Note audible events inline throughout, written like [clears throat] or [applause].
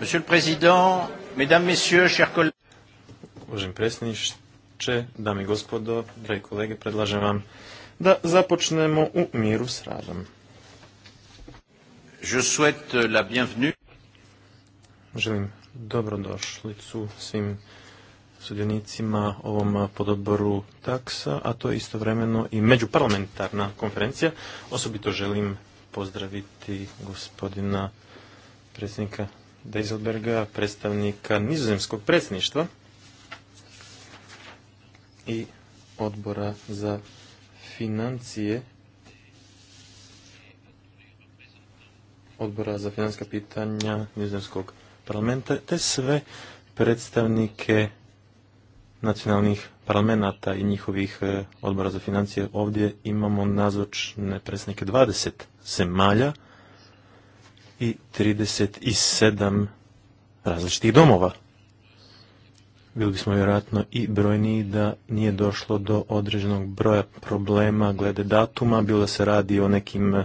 Monsieur le Président, Mesdames, Messieurs, chers collègues. Uvaženi predsjedniče, dame i gospodo, dragi kolege, predlažem vam da započnemo u miru s radom. Je souhaite la bienvenue. Želim dobrodošlicu svim sudionicima ovom podoboru taksa, a to je istovremeno i međuparlamentarna konferencija. Osobito želim pozdraviti gospodina predsjednika Deiselberga, predstavnika nizozemskog predsjedništva i odbora za financije odbora za financijska pitanja nizozemskog parlamenta te sve predstavnike nacionalnih parlamenta i njihovih e, odbora za financije. Ovdje imamo nazočne predstavnike 20 zemalja i 37 različitih domova. Bili bismo vjerojatno i brojniji da nije došlo do određenog broja problema glede datuma, bilo da se radi o nekim eh,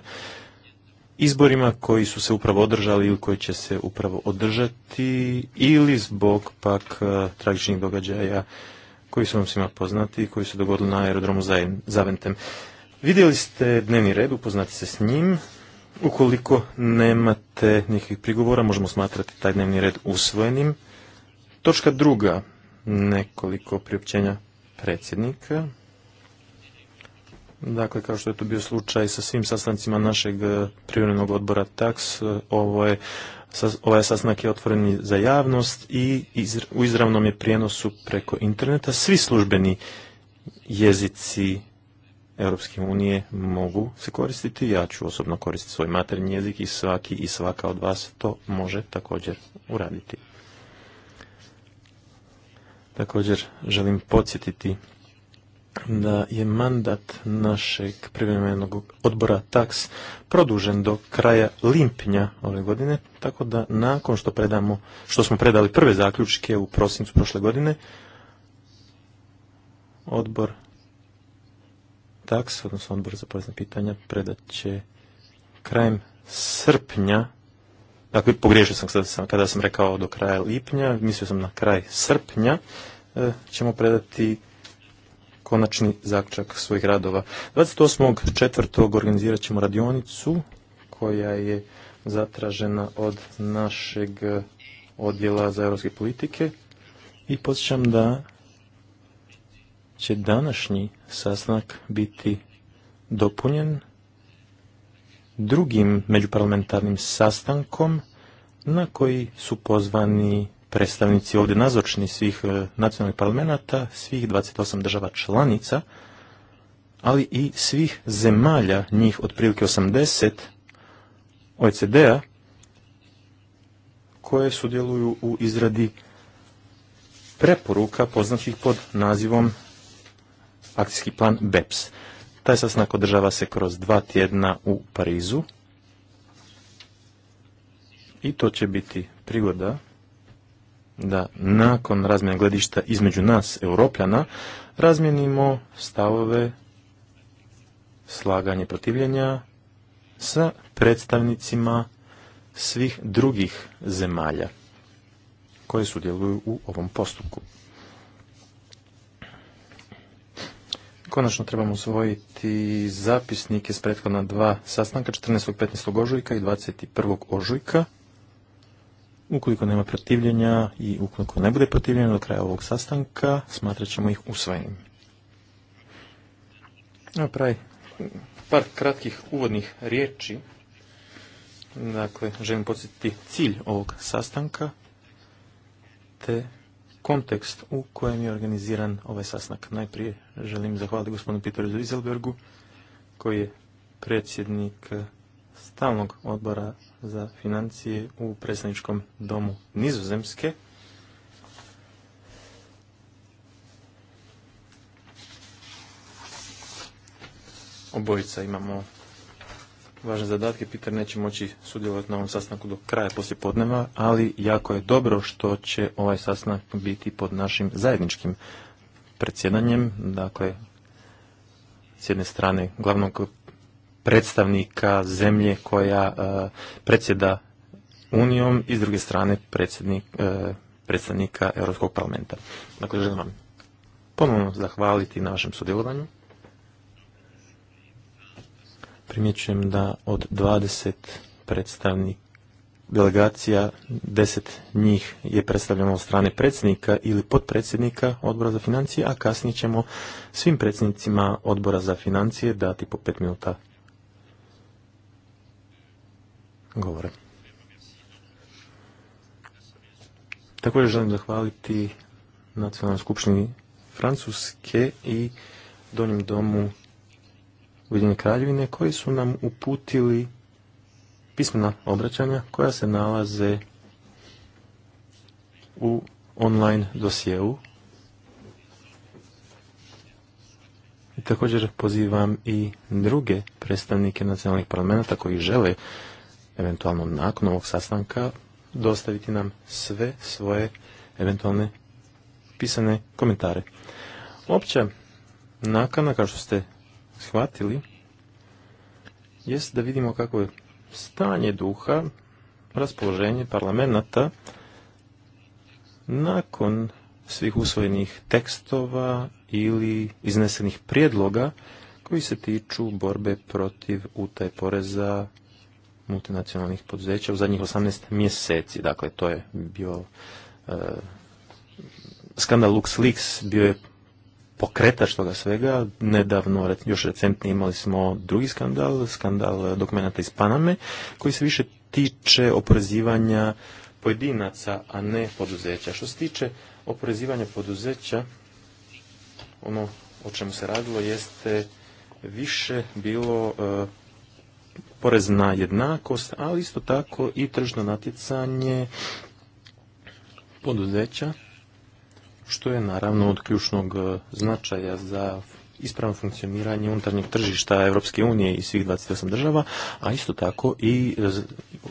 izborima koji su se upravo održali ili koji će se upravo održati ili zbog pak eh, tragičnih događaja koji su vam svima poznati i koji su dogodili na aerodromu Zaventem. Vidjeli ste dnevni red, upoznati se s njim. Ukoliko nemate nikakvih prigovora, možemo smatrati taj dnevni red usvojenim. Točka druga, nekoliko priopćenja predsjednika. Dakle, kao što je to bio slučaj sa svim sastancima našeg e, privrednog odbora TAX, e, ovo je, ovaj sastanak je otvoren za javnost i u izravnom je prijenosu preko interneta. Svi službeni jezici Europske unije mogu se koristiti. Ja ću osobno koristiti svoj materni jezik i svaki i svaka od vas to može također uraditi. Također želim podsjetiti da je mandat našeg privremenog odbora TAX produžen do kraja limpnja ove godine, tako da nakon što, predamo, što smo predali prve zaključke u prosincu prošle godine, odbor taks, odnosno odbor za porezne pitanja, predat će krajem srpnja, dakle pogriješio sam kada sam rekao do kraja lipnja, mislio sam na kraj srpnja, e, ćemo predati konačni zaključak svojih radova. 28.4. organizirat ćemo radionicu koja je zatražena od našeg odjela za europske politike i podsjećam da će današnji sastanak biti dopunjen drugim međuparlamentarnim sastankom na koji su pozvani predstavnici ovdje nazočni svih e, nacionalnih parlamenta, svih 28 država članica, ali i svih zemalja, njih otprilike 80 OECD-a, koje sudjeluju u izradi preporuka poznatih pod nazivom akcijski plan BEPS. Taj sastanak održava se kroz dva tjedna u Parizu. I to će biti prigoda da nakon razmjena gledišta između nas, Europljana, razmjenimo stavove slaganje protivljenja sa predstavnicima svih drugih zemalja koje sudjeluju u ovom postupku. Konačno trebamo usvojiti zapisnike s prethodna dva sastanka 14. 15. ožujka i 21. ožujka. Ukoliko nema protivljenja i ukoliko ne bude protivljenja do kraja ovog sastanka, smatrat ćemo ih usvojenim. Evo pravi par kratkih uvodnih riječi. Dakle, želim podsjetiti cilj ovog sastanka te kontekst u kojem je organiziran ovaj sastanak. Najprije želim zahvaliti gospodinu Pitoru Zizelbergu, koji je predsjednik stalnog odbora za financije u predsjedničkom domu Nizozemske. Obojica imamo važne zadatke. Peter neće moći sudjelovati na ovom sastanku do kraja poslije podneva, ali jako je dobro što će ovaj sastanak biti pod našim zajedničkim predsjedanjem, dakle, s jedne strane glavnog predstavnika zemlje koja e, predsjeda Unijom i s druge strane predsjednik, e, predstavnika Europskog parlamenta. Dakle, želim vam ponovno zahvaliti na vašem sudjelovanju. Primjećujem da od 20 predstavnika delegacija, deset njih je predstavljeno od strane predsjednika ili potpredsjednika odbora za financije, a kasnije ćemo svim predsjednicima odbora za financije dati po pet minuta govore. Također želim zahvaliti Nacionalnoj skupštini Francuske i Donjem domu Ujedinjene kraljevine koji su nam uputili pismena obraćanja koja se nalaze u online dosjeu. I također pozivam i druge predstavnike nacionalnih parlamenta koji žele eventualno nakon ovog sastanka dostaviti nam sve svoje eventualne pisane komentare. Opća nakana, kao što ste shvatili, jest da vidimo kako je stanje duha, raspoloženje parlamenta nakon svih usvojenih tekstova ili iznesenih prijedloga koji se tiču borbe protiv utaj poreza multinacionalnih poduzeća u zadnjih 18 mjeseci. Dakle, to je bio e, skandal LuxLeaks bio je pokretač toga svega. Nedavno, još recentni imali smo drugi skandal, skandal dokumenta iz Paname, koji se više tiče oprezivanja pojedinaca, a ne poduzeća. Što se tiče oporezivanja poduzeća, ono o čemu se radilo jeste više bilo e, porezna jednakost, ali isto tako i tržno natjecanje poduzeća što je naravno od ključnog e, značaja za ispravno funkcioniranje unutarnjeg tržišta Europske unije i svih 28 država, a isto tako i e,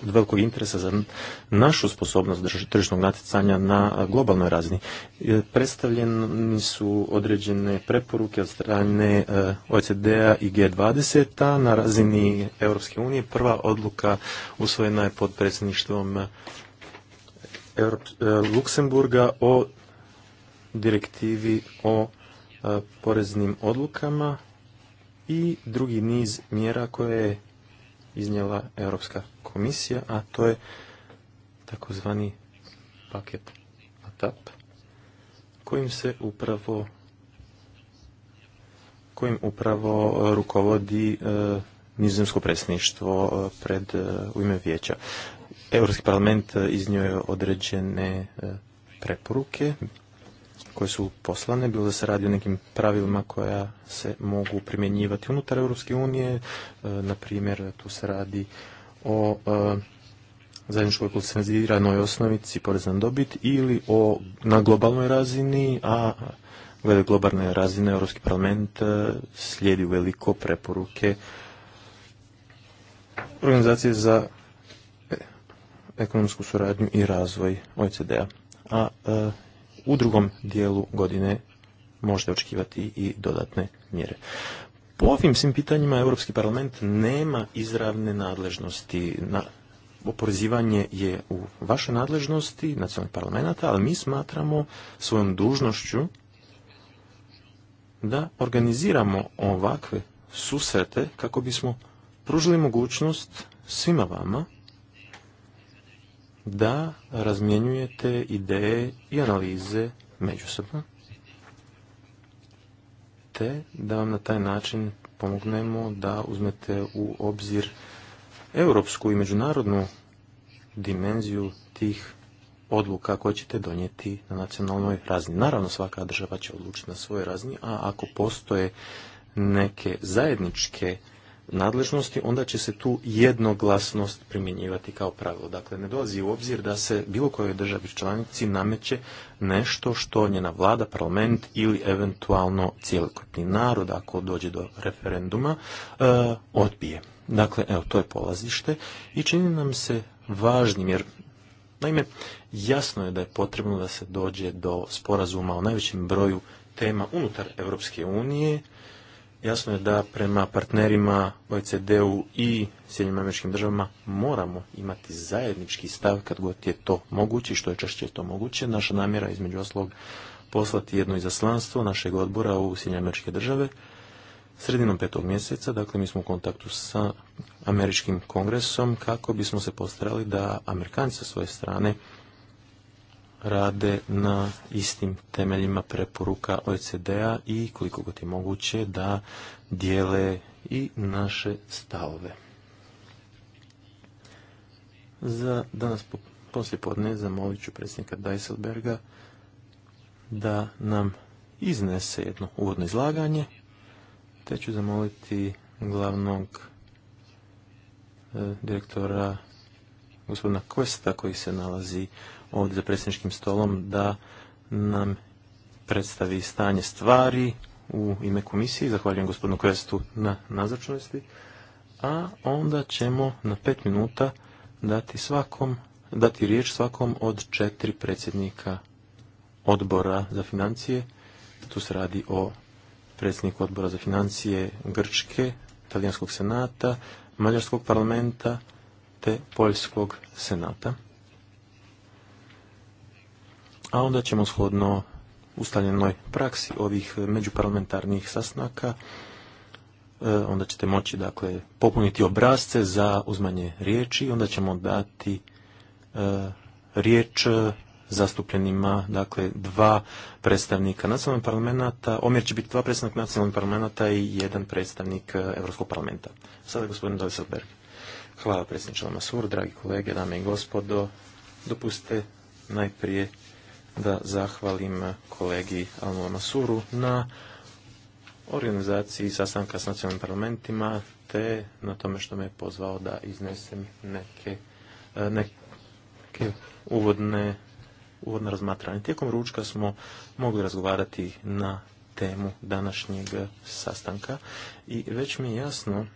od velikog interesa za našu sposobnost tržišnog natjecanja na globalnoj razini. E, predstavljeni su određene preporuke od strane OECD-a i G20-a na razini Europske unije. Prva odluka usvojena je pod predsjedništvom Luksemburga o direktivi o e, poreznim odlukama i drugi niz mjera koje je iznijela Europska komisija, a to je takozvani paket ATAP, kojim se upravo kojim upravo rukovodi e, nizemsko predsjedništvo e, pred u ime vijeća. Europski parlament iznio je određene preporuke, koje su poslane, bilo da se radi o nekim pravilima koja se mogu primjenjivati unutar Europske unije, e, na primjer tu se radi o e, zajedničkoj konsenziranoj osnovici porezan dobit ili o, na globalnoj razini, a glede globalne razine Europski parlament e, slijedi veliko preporuke organizacije za ekonomsku suradnju i razvoj OECD-a. a u drugom dijelu godine možete očekivati i dodatne mjere. Po ovim svim pitanjima Europski parlament nema izravne nadležnosti. Na, oporezivanje je u vašoj nadležnosti nacionalnih parlamenta, ali mi smatramo svojom dužnošću da organiziramo ovakve susrete kako bismo pružili mogućnost svima vama da razmjenjujete ideje i analize međusobno, te da vam na taj način pomognemo da uzmete u obzir europsku i međunarodnu dimenziju tih odluka koje ćete donijeti na nacionalnoj razini. Naravno svaka država će odlučiti na svojoj razini, a ako postoje neke zajedničke nadležnosti, onda će se tu jednoglasnost primjenjivati kao pravilo. Dakle, ne dolazi u obzir da se bilo kojoj državi članici nameće nešto što njena vlada, parlament ili eventualno cijelokotni narod, ako dođe do referenduma, e, odbije. Dakle, evo, to je polazište i čini nam se važnim, jer naime, jasno je da je potrebno da se dođe do sporazuma o najvećem broju tema unutar Europske unije, Jasno je da prema partnerima OECD-u i Sjednjim američkim državama moramo imati zajednički stav kad god je to moguće i što je češće to moguće. Naša namjera između oslog poslati jedno izaslanstvo našeg odbora u Sjedinim američke države sredinom petog mjeseca, dakle mi smo u kontaktu sa američkim kongresom kako bismo se postarali da Amerikanci sa svoje strane rade na istim temeljima preporuka OECD-a i koliko god je moguće da dijele i naše stavove. Za danas poslijepodne zamolit ću predsjednika Dijsselberga da nam iznese jedno uvodno izlaganje, te ću zamoliti glavnog e, direktora gospodina Questa koji se nalazi ovdje za predsjedničkim stolom da nam predstavi stanje stvari u ime komisije. Zahvaljujem gospodinu Krestu na nazočnosti. A onda ćemo na pet minuta dati svakom, dati riječ svakom od četiri predsjednika odbora za financije. Tu se radi o predsjedniku odbora za financije Grčke, Talijanskog senata, Mađarskog parlamenta te Poljskog senata a onda ćemo shodno ustaljenoj praksi ovih e, međuparlamentarnih sasnaka e, onda ćete moći dakle popuniti obrazce za uzmanje riječi onda ćemo dati e, riječ zastupljenima dakle dva predstavnika nacionalnog parlamenta, omjer će biti dva predstavnika nacionalnog parlamenta i jedan predstavnik Europskog parlamenta. Sada gospodin Dojselberg. Hvala predsjedniče Lamasur, dragi kolege, dame i gospodo. Dopustite najprije da zahvalim kolegi Almu Masuru na organizaciji sastanka s nacionalnim parlamentima te na tome što me je pozvao da iznesem neke, e, neke uvodne, uvodne razmatranje. Tijekom ručka smo mogli razgovarati na temu današnjeg sastanka i već mi je jasno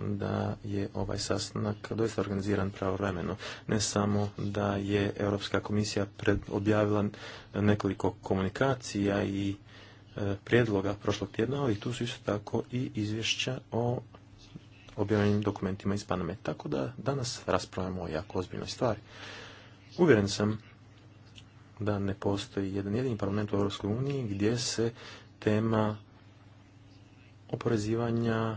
da je ovaj sastanak doista organiziran pravovremeno. Ne samo da je Europska komisija objavila nekoliko komunikacija i e, prijedloga prošlog tjedna, ali tu su isto tako i izvješća o objavljenim dokumentima iz Paname. Tako da danas raspravljamo o jako ozbiljnoj stvari. Uvjeren sam da ne postoji jedan jedini parlament u Europskoj uniji gdje se tema oporezivanja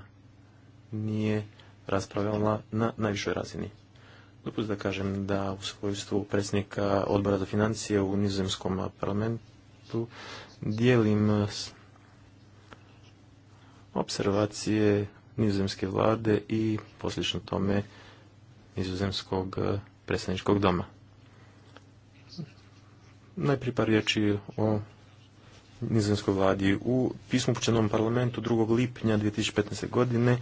nije raspravljala na najvišoj razini. Dopust da kažem da u svojstvu predsjednika odbora za financije u nizozemskom parlamentu dijelim observacije nizozemske vlade i posljedično tome nizozemskog eh, predsjedničkog doma. Najprije par riječi o nizozemskoj vladi. U pismu upućenom parlamentu 2. lipnja 2015. godine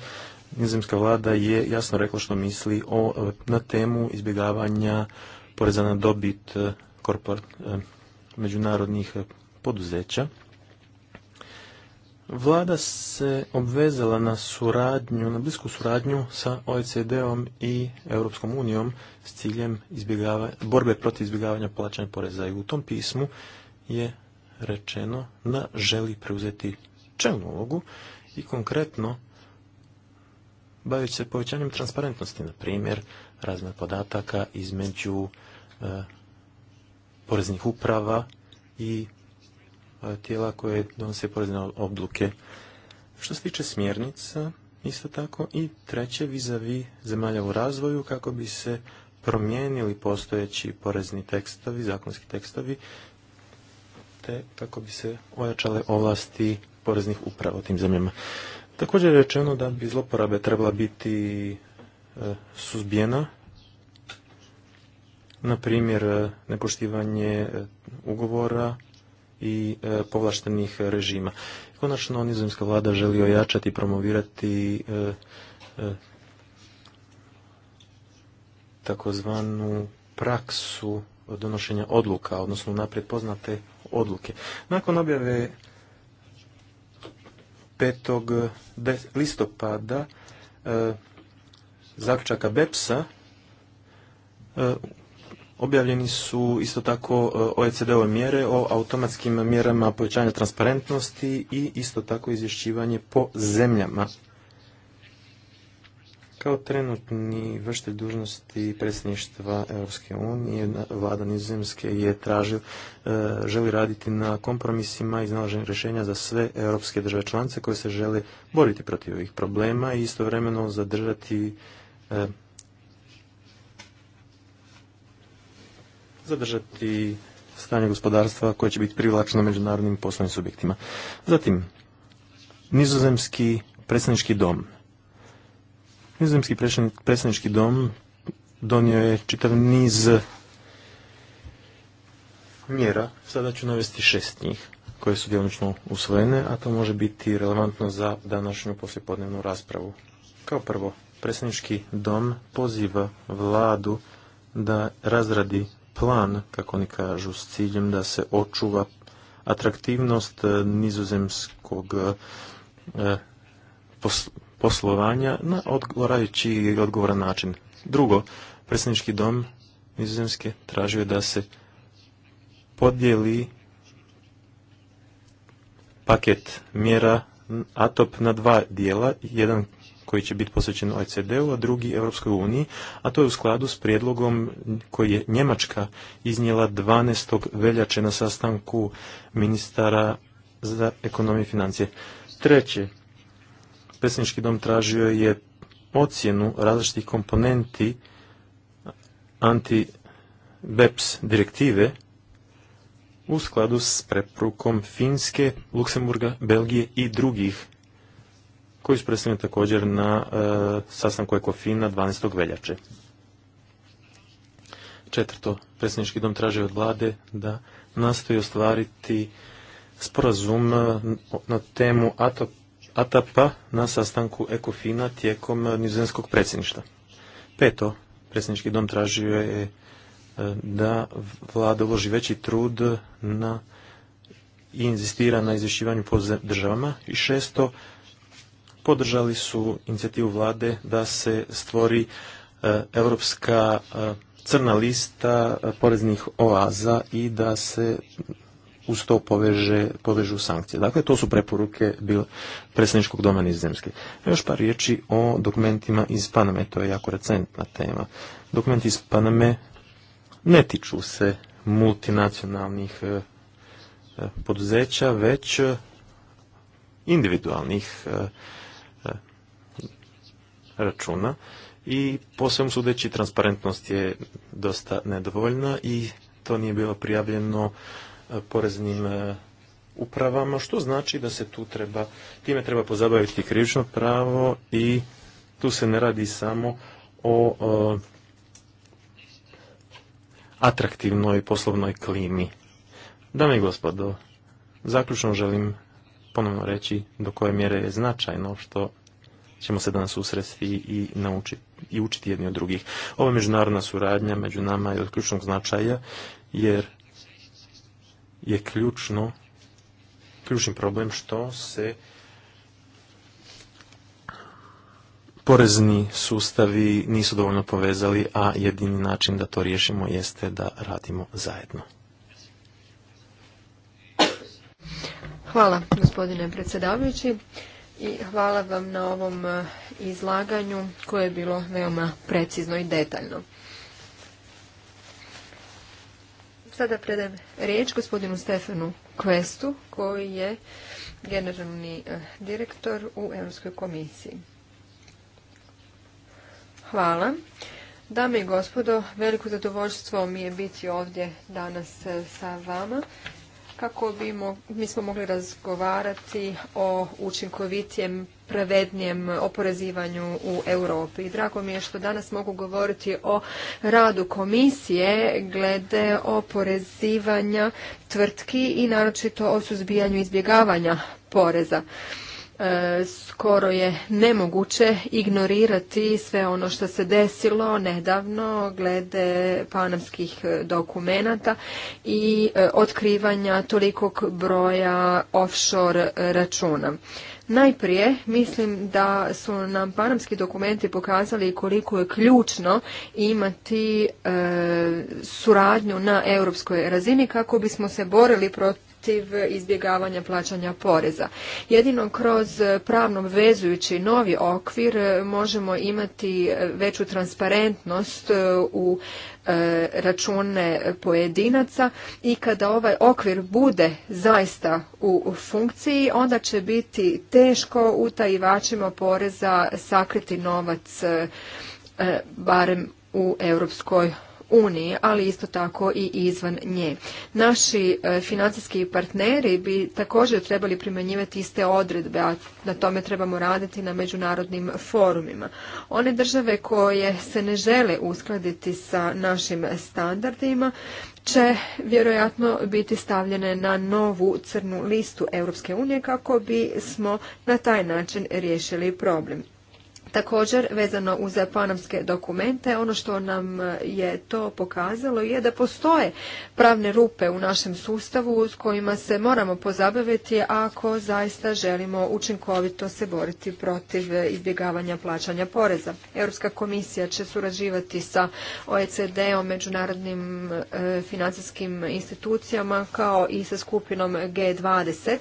Nizemska vlada je jasno rekla što misli o, na temu izbjegavanja poreza na dobit e, korpor, e, međunarodnih e, poduzeća. Vlada se obvezala na suradnju, na blisku suradnju sa OECD-om i Europskom unijom s ciljem borbe protiv izbjegavanja plaćanja poreza. I u tom pismu je rečeno da želi preuzeti čelnu ulogu i konkretno baviti se povećanjem transparentnosti, na primjer, razmjena podataka između e, poreznih uprava i e, tijela koje donose porezne odluke. Što se tiče smjernica, isto tako, i treće, vizavi zemalja u razvoju, kako bi se promijenili postojeći porezni tekstovi, zakonski tekstovi, te kako bi se ojačale ovlasti poreznih uprava u tim zemljama. Također je rečeno da bi zloporabe trebala biti e, suzbijena, na primjer e, nepoštivanje e, ugovora i povlaštenih režima. Konačno, nizozemska vlada želi ojačati i promovirati takozvanu praksu donošenja odluka, odnosno naprijed poznate odluke. Nakon objave 5. listopada e, zaključaka BEPS-a e, objavljeni su isto tako e, OECD-ove mjere o automatskim mjerama povećanja transparentnosti i isto tako izvješćivanje po zemljama. Kao trenutni vršitelj dužnosti predsjedništva Europske unije, vlada nizozemske je tražio, e, želi raditi na kompromisima i znalaženju rješenja za sve europske države članice koje se žele boriti protiv ovih problema i istovremeno zadržati e, zadržati stanje gospodarstva koje će biti privlačno međunarodnim poslovnim subjektima. Zatim, nizozemski predsjednički dom Nizozemski predstavnički dom donio je čitav niz mjera, sada ću navesti šest njih koje su djelomično usvojene, a to može biti relevantno za današnju poslijepodnevnu raspravu. Kao prvo, predsjednički dom poziva vladu da razradi plan, kako oni kažu, s ciljem da se očuva atraktivnost nizozemskog eh, poslovanja na odgovarajući i odgovoran način. Drugo, predsjednički dom Nizozemske tražio da se podijeli paket mjera ATOP na dva dijela, jedan koji će biti posvećen OECD-u, a drugi Europskoj uniji, a to je u skladu s prijedlogom koji je Njemačka iznijela 12. veljače na sastanku ministara za ekonomiju i financije. Treće, predsjednički dom tražio je ocjenu različitih komponenti anti-BEPS direktive u skladu s preporukom Finske, Luksemburga, Belgije i drugih koji su predstavljeni također na sastanku e, sastanku Ekofina 12. veljače. Četvrto, predsjednički dom traži od vlade da nastoji ostvariti sporazum e, na temu Atapa na sastanku Ekofina tijekom nizozemskog predsjedništva. Peto, predsjednički dom tražio je e, da vlada uloži veći trud na i inzistira na izvješćivanju po državama. I šesto, podržali su inicijativu vlade da se stvori e, europska e, crna lista poreznih oaza i da se uz to povežu sankcije. Dakle, to su preporuke bil predsjedničkog doma nizozemske. Još par riječi o dokumentima iz Paname, to je jako recentna tema. Dokumenti iz Paname ne tiču se multinacionalnih e, e, poduzeća, već e, individualnih računa i po svemu sudeći transparentnost je dosta nedovoljna i to nije bilo prijavljeno poreznim e, upravama, što znači da se tu treba, time treba pozabaviti krivično pravo i tu se ne radi samo o, e, atraktivnoj poslovnoj klimi. Dame i gospodo, zaključno želim ponovno reći do koje mjere je značajno što ćemo se danas susresti i naučiti i učiti jedni od drugih. Ova međunarodna suradnja među nama je od ključnog značaja jer je ključno, ključni problem što se porezni sustavi nisu dovoljno povezali, a jedini način da to riješimo jeste da radimo zajedno. Hvala gospodine predsjedavajući i hvala vam na ovom eh, izlaganju koje je bilo veoma precizno i detaljno. Sada predajem riječ gospodinu Stefanu Kvestu, koji je generalni eh, direktor u Europskoj komisiji. Hvala. Dame i gospodo, veliko zadovoljstvo mi je biti ovdje danas eh, sa vama kako bi mo, mi smo mogli razgovarati o učinkovitijem, pravednijem oporezivanju u Europi. Drago mi je što danas mogu govoriti o radu komisije glede oporezivanja tvrtki i naročito o suzbijanju izbjegavanja poreza. E, skoro je nemoguće ignorirati sve ono što se desilo nedavno glede panamskih dokumenata i e, otkrivanja tolikog broja offshore računa. Najprije mislim da su nam panamski dokumenti pokazali koliko je ključno imati e, suradnju na europskoj razini kako bismo se borili protiv protiv izbjegavanja plaćanja poreza. Jedino kroz pravno vezujući novi okvir možemo imati veću transparentnost u e, račune pojedinaca i kada ovaj okvir bude zaista u funkciji, onda će biti teško utajivačima poreza sakriti novac e, barem u Europskoj uniji, ali isto tako i izvan nje. Naši e, financijski partneri bi također trebali primjenjivati iste odredbe, a na tome trebamo raditi na međunarodnim forumima. One države koje se ne žele uskladiti sa našim standardima će vjerojatno biti stavljene na novu crnu listu Europske unije kako bi smo na taj način riješili problem. Također, vezano uz panamske dokumente, ono što nam je to pokazalo je da postoje pravne rupe u našem sustavu s kojima se moramo pozabaviti ako zaista želimo učinkovito se boriti protiv izbjegavanja plaćanja poreza. Europska komisija će surađivati sa OECD-om, međunarodnim e, financijskim institucijama kao i sa skupinom G20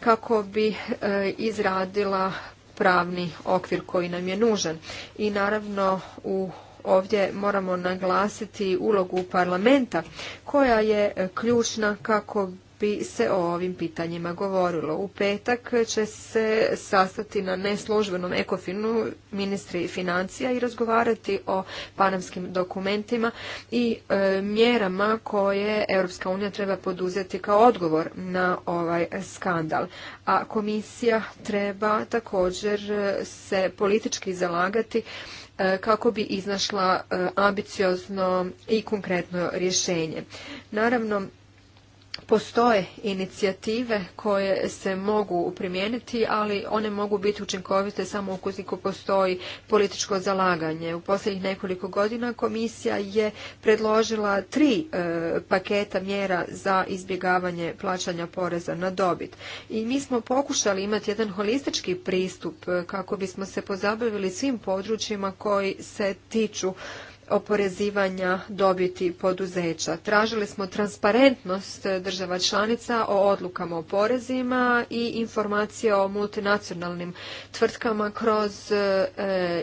kako bi e, izradila pravni okvir koji nam je nužan. I naravno u ovdje moramo naglasiti ulogu parlamenta koja je ključna kako bi se o ovim pitanjima govorilo. U petak će se sastati na neslužbenom ekofinu ministri financija i razgovarati o panamskim dokumentima i e, mjerama koje Europska unija treba poduzeti kao odgovor na ovaj skandal. A komisija treba također e, se politički zalagati e, kako bi iznašla ambiciozno i konkretno rješenje. Naravno, postoje inicijative koje se mogu primijeniti, ali one mogu biti učinkovite samo ukoliko postoji političko zalaganje. U posljednjih nekoliko godina komisija je predložila tri e, paketa mjera za izbjegavanje plaćanja poreza na dobit. I mi smo pokušali imati jedan holistički pristup e, kako bismo se pozabavili svim područjima koji se tiču oporezivanja dobiti poduzeća. Tražili smo transparentnost država članica o odlukama o porezima i informacije o multinacionalnim tvrtkama kroz e,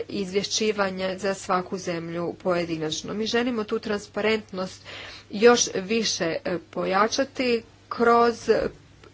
izvješćivanje za svaku zemlju pojedinačno. Mi želimo tu transparentnost još više e, pojačati kroz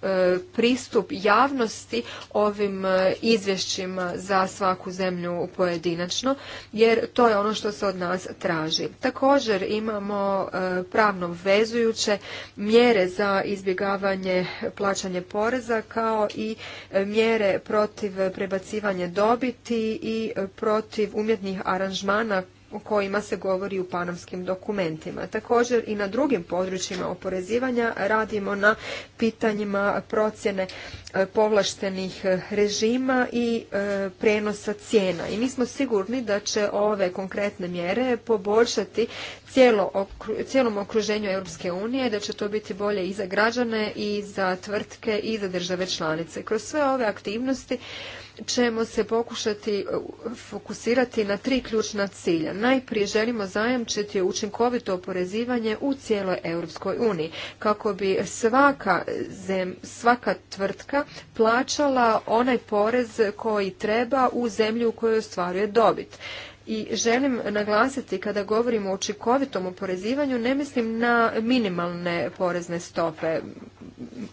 E, pristup javnosti ovim e, izvješćima za svaku zemlju pojedinačno, jer to je ono što se od nas traži. Također imamo e, pravno vezujuće mjere za izbjegavanje plaćanje poreza kao i mjere protiv prebacivanje dobiti i protiv umjetnih aranžmana o kojima se govori u panamskim dokumentima. Također i na drugim područjima oporezivanja radimo na pitanjima procjene e, povlaštenih e, režima i e, prenosa cijena. I mi smo sigurni da će ove konkretne mjere poboljšati cijelom okruženju Europske unije, da će to biti bolje i za građane i za tvrtke i za države članice. Kroz sve ove aktivnosti ćemo se pokušati e, fokusirati na tri ključna cilja. Najprije želimo zajamčiti učinkovito oporezivanje u cijeloj Europskoj uniji kako bi svaka, zem, svaka tvrtka plaćala onaj porez koji treba u zemlju u kojoj ostvaruje dobit. I želim naglasiti kada govorimo o učinkovitom oporezivanju ne mislim na minimalne porezne stope.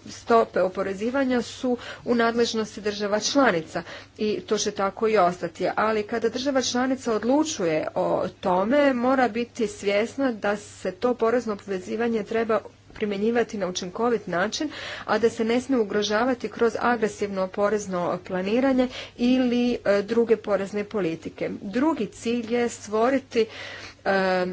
Stope oporezivanja su u nadležnosti država članica i to će tako i ostati. Ali kada država članica odlučuje o tome mora biti svjesna da se to porezno oporezivanje treba primjenjivati na učinkovit način, a da se ne smije ugrožavati kroz agresivno porezno planiranje ili e, druge porezne politike. Drugi cilj je stvoriti e,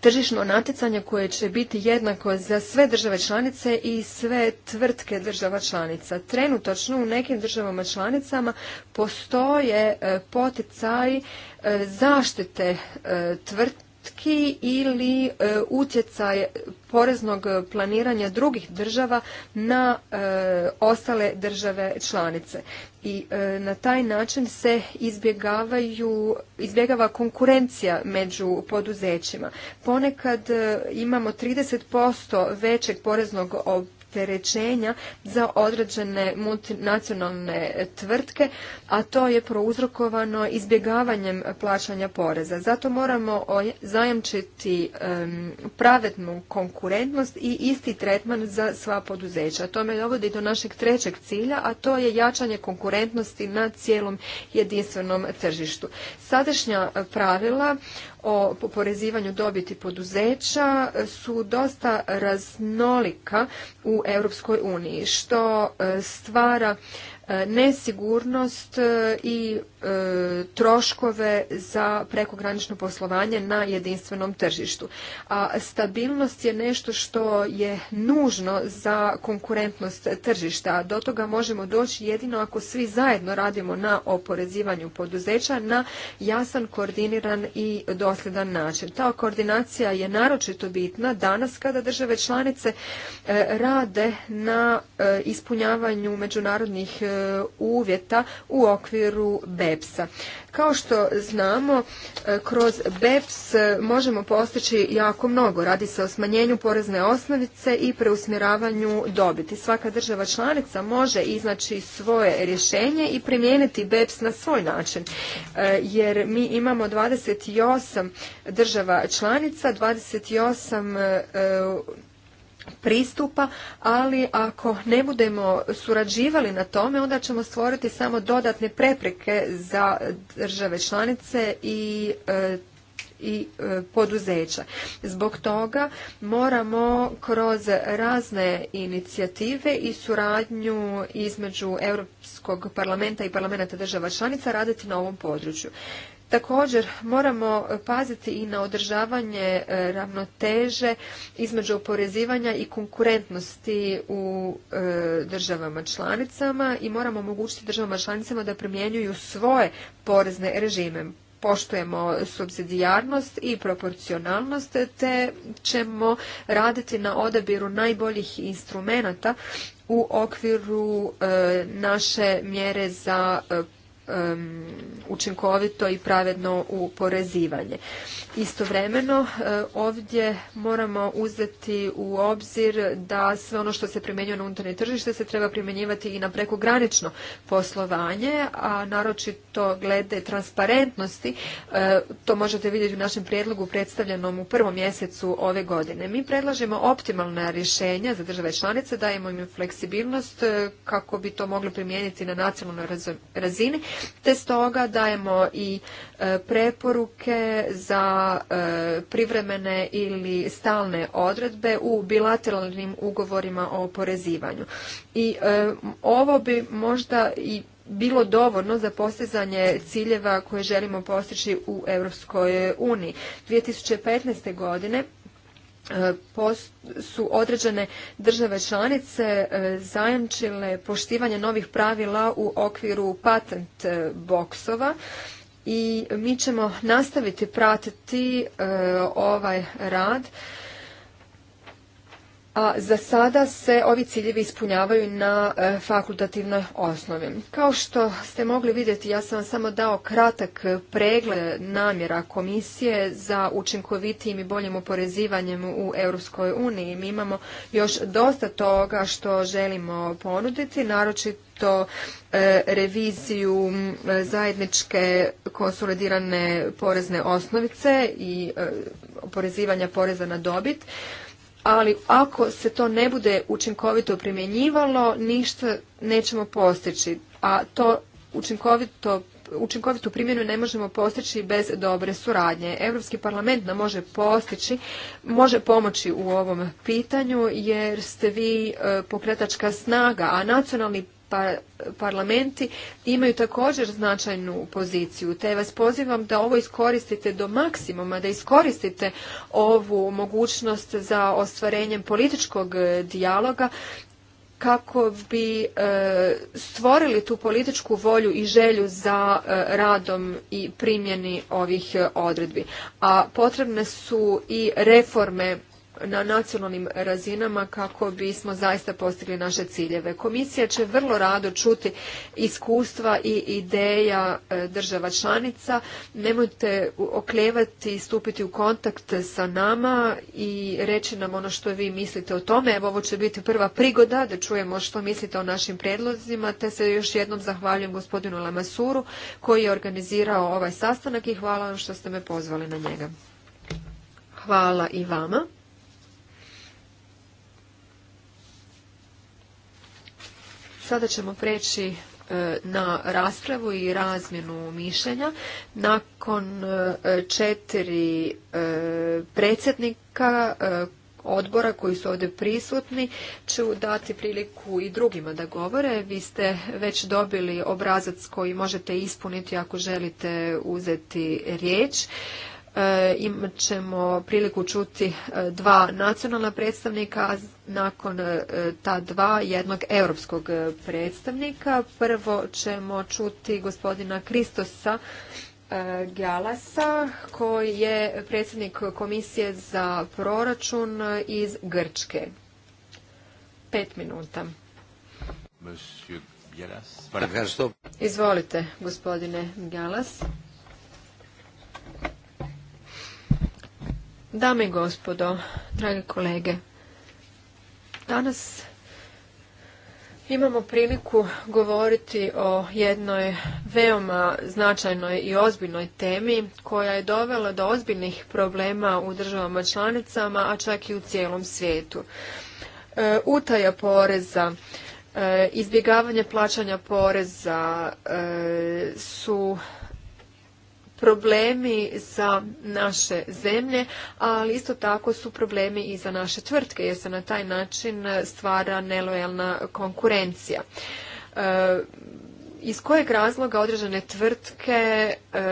tržišno natjecanje koje će biti jednako za sve države članice i sve tvrtke država članica. Trenutočno u nekim državama članicama postoje e, poticaji zaštite tvrtke tvrtki ili e, utjecaj poreznog planiranja drugih država na e, ostale države članice i e, na taj način se izbjegava konkurencija među poduzećima ponekad imamo 30% većeg poreznog opterećenja za određene multinacionalne tvrtke, a to je prouzrokovano izbjegavanjem plaćanja poreza. Zato moramo zajamčiti pravednu konkurentnost i isti tretman za sva poduzeća. To me dovodi do našeg trećeg cilja, a to je jačanje konkurentnosti na cijelom jedinstvenom tržištu. Sadašnja pravila o porezivanju dobiti poduzeća su dosta raznolika u Europskoj uniji, što e, stvara E, nesigurnost e, i e, troškove za prekogranično poslovanje na jedinstvenom tržištu. A stabilnost je nešto što je nužno za konkurentnost tržišta. Do toga možemo doći jedino ako svi zajedno radimo na oporezivanju poduzeća na jasan, koordiniran i dosljedan način. Ta koordinacija je naročito bitna danas kada države članice rade na ispunjavanju međunarodnih E, uvjeta u okviru BEPS-a. Kao što znamo, e, kroz BEPS e, možemo postići jako mnogo. Radi se o smanjenju porezne osnovice i preusmjeravanju dobiti. Svaka država članica može iznaći svoje rješenje i primijeniti BEPS na svoj način. Jer mi imamo 28 država članica, 28 pristupa, ali ako ne budemo surađivali na tome, onda ćemo stvoriti samo dodatne prepreke za države članice i e, i e, poduzeća. Zbog toga moramo kroz razne inicijative i suradnju između Europskog parlamenta i parlamenta država članica raditi na ovom području. Također moramo paziti i na održavanje e, ravnoteže između oporezivanja i konkurentnosti u e, državama članicama i moramo omogućiti državama članicama da primjenjuju svoje porezne režime poštujemo subsidijarnost i proporcionalnost te ćemo raditi na odabiru najboljih instrumenata u okviru e, naše mjere za učinkovito i pravedno uporezivanje. Istovremeno e, ovdje moramo uzeti u obzir da sve ono što se primjenjuje na unutarnje tržište se treba primjenjivati i na prekogranično poslovanje, a naročito glede transparentnosti, e, to možete vidjeti u našem prijedlogu predstavljenom u prvom mjesecu ove godine. Mi predlažemo optimalna rješenja za države članice, dajemo im fleksibilnost e, kako bi to mogli primijeniti na nacionalnoj razini, te stoga dajemo i e, preporuke za e, privremene ili stalne odredbe u bilateralnim ugovorima o oporezivanju. I e, ovo bi možda i bilo dovoljno za postizanje ciljeva koje želimo postići u Europskoj uniji. 2015. godine E, su određene države članice e, zajamčile poštivanje novih pravila u okviru patent e, boksova i mi ćemo nastaviti pratiti ovaj rad a za sada se ovi ciljevi ispunjavaju na e, fakultativnoj osnovi. Kao što ste mogli vidjeti, ja sam vam samo dao kratak pregled namjera komisije za učinkovitijim i boljim oporezivanjem u Europskoj uniji. Mi imamo još dosta toga što želimo ponuditi, naročito e, reviziju zajedničke konsolidirane porezne osnovice i e, oporezivanja poreza na dobit ali ako se to ne bude učinkovito primjenjivalo, ništa nećemo postići, a to učinkovito učinkovitu primjenu ne možemo postići bez dobre suradnje. Europski parlament nam može postići, može pomoći u ovom pitanju jer ste vi e, pokretačka snaga, a nacionalni pa, parlamenti imaju također značajnu poziciju, te vas pozivam da ovo iskoristite do maksimuma, da iskoristite ovu mogućnost za ostvarenjem političkog dijaloga kako bi e, stvorili tu političku volju i želju za e, radom i primjeni ovih e, odredbi. A potrebne su i reforme na nacionalnim razinama kako bismo zaista postigli naše ciljeve. Komisija će vrlo rado čuti iskustva i ideja e, država članica. Nemojte oklevati, stupiti u kontakt sa nama i reći nam ono što vi mislite o tome. Evo ovo će biti prva prigoda da čujemo što mislite o našim predlozima, te se još jednom zahvaljujem gospodinu Lamasuru koji je organizirao ovaj sastanak i hvala vam što ste me pozvali na njega. Hvala i vama. Sada ćemo preći e, na raspravu i razmjenu mišljenja. Nakon e, četiri e, predsjednika odbora koji su ovdje prisutni ću dati priliku i drugima da govore. Vi ste već dobili obrazac koji možete ispuniti ako želite uzeti riječ. E, imat ćemo priliku čuti e, dva nacionalna predstavnika, nakon e, ta dva jednog europskog predstavnika. Prvo ćemo čuti gospodina Kristosa Galasa, koji je predsjednik Komisije za proračun iz Grčke. Pet minuta. Izvolite, gospodine Galas. Dame i gospodo, drage kolege, danas imamo priliku govoriti o jednoj veoma značajnoj i ozbiljnoj temi koja je dovela do ozbiljnih problema u državama članicama, a čak i u cijelom svijetu. E, utaja poreza, e, izbjegavanje plaćanja poreza e, su problemi za naše zemlje, ali isto tako su problemi i za naše tvrtke jer se na taj način stvara nelojalna konkurencija. E, iz kojeg razloga određene tvrtke e,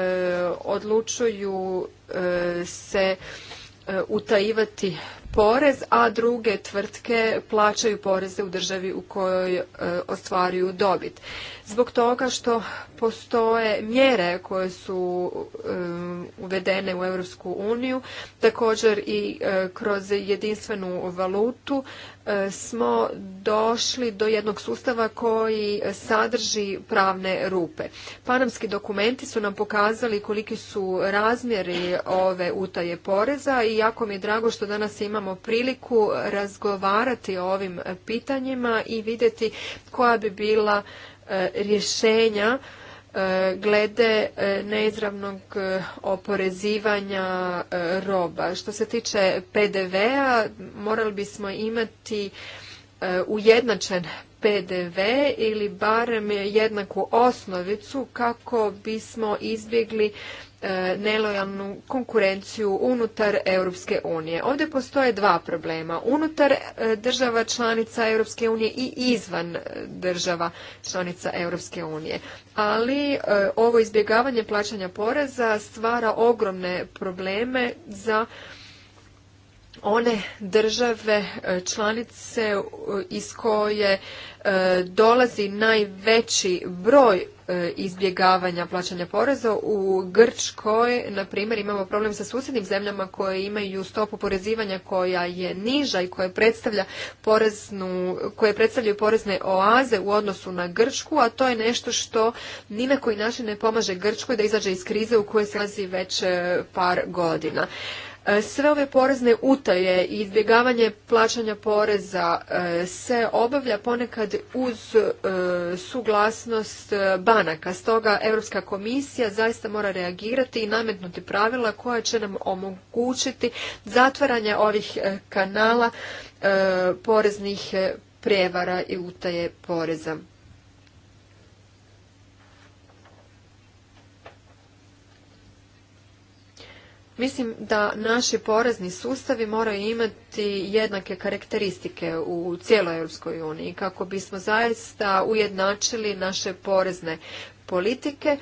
odlučuju e, se utajivati porez, a druge tvrtke plaćaju poreze u državi u kojoj ostvaruju dobit zbog toga što postoje mjere koje su um, uvedene u Europsku uniju, također i uh, kroz jedinstvenu valutu uh, smo došli do jednog sustava koji sadrži pravne rupe. Panamski dokumenti su nam pokazali koliki su razmjeri ove utaje poreza i jako mi je drago što danas imamo priliku razgovarati o ovim pitanjima i vidjeti koja bi bila E, rješenja e, glede e, neizravnog oporezivanja roba. Što se tiče PDV-a, morali bismo imati ujednačen PDV ili barem jednaku osnovicu kako bismo izbjegli E, nelojalnu konkurenciju unutar Europske unije. Ovdje postoje dva problema. Unutar e, država članica Europske unije i izvan e, država članica Europske unije. Ali ovo izbjegavanje plaćanja poreza stvara ogromne probleme za one države članice iz koje dolazi najveći broj E, izbjegavanja plaćanja poreza. U Grčkoj, na primjer, imamo problem sa susjednim zemljama koje imaju stopu porezivanja koja je niža i koje, predstavlja poreznu, koje predstavljaju porezne oaze u odnosu na Grčku, a to je nešto što ni na koji način ne pomaže Grčkoj da izađe iz krize u kojoj se nalazi već e, par godina. E, sve ove porezne utaje i izbjegavanje plaćanja poreza e, se obavlja ponekad uz e, suglasnost banaka. Stoga Europska komisija zaista mora reagirati i nametnuti pravila koja će nam omogućiti zatvaranje ovih kanala poreznih prijevara i utaje poreza. Mislim da naši porezni sustavi moraju imati jednake karakteristike u cijeloj Europskoj uniji kako bismo zaista ujednačili naše porezne politike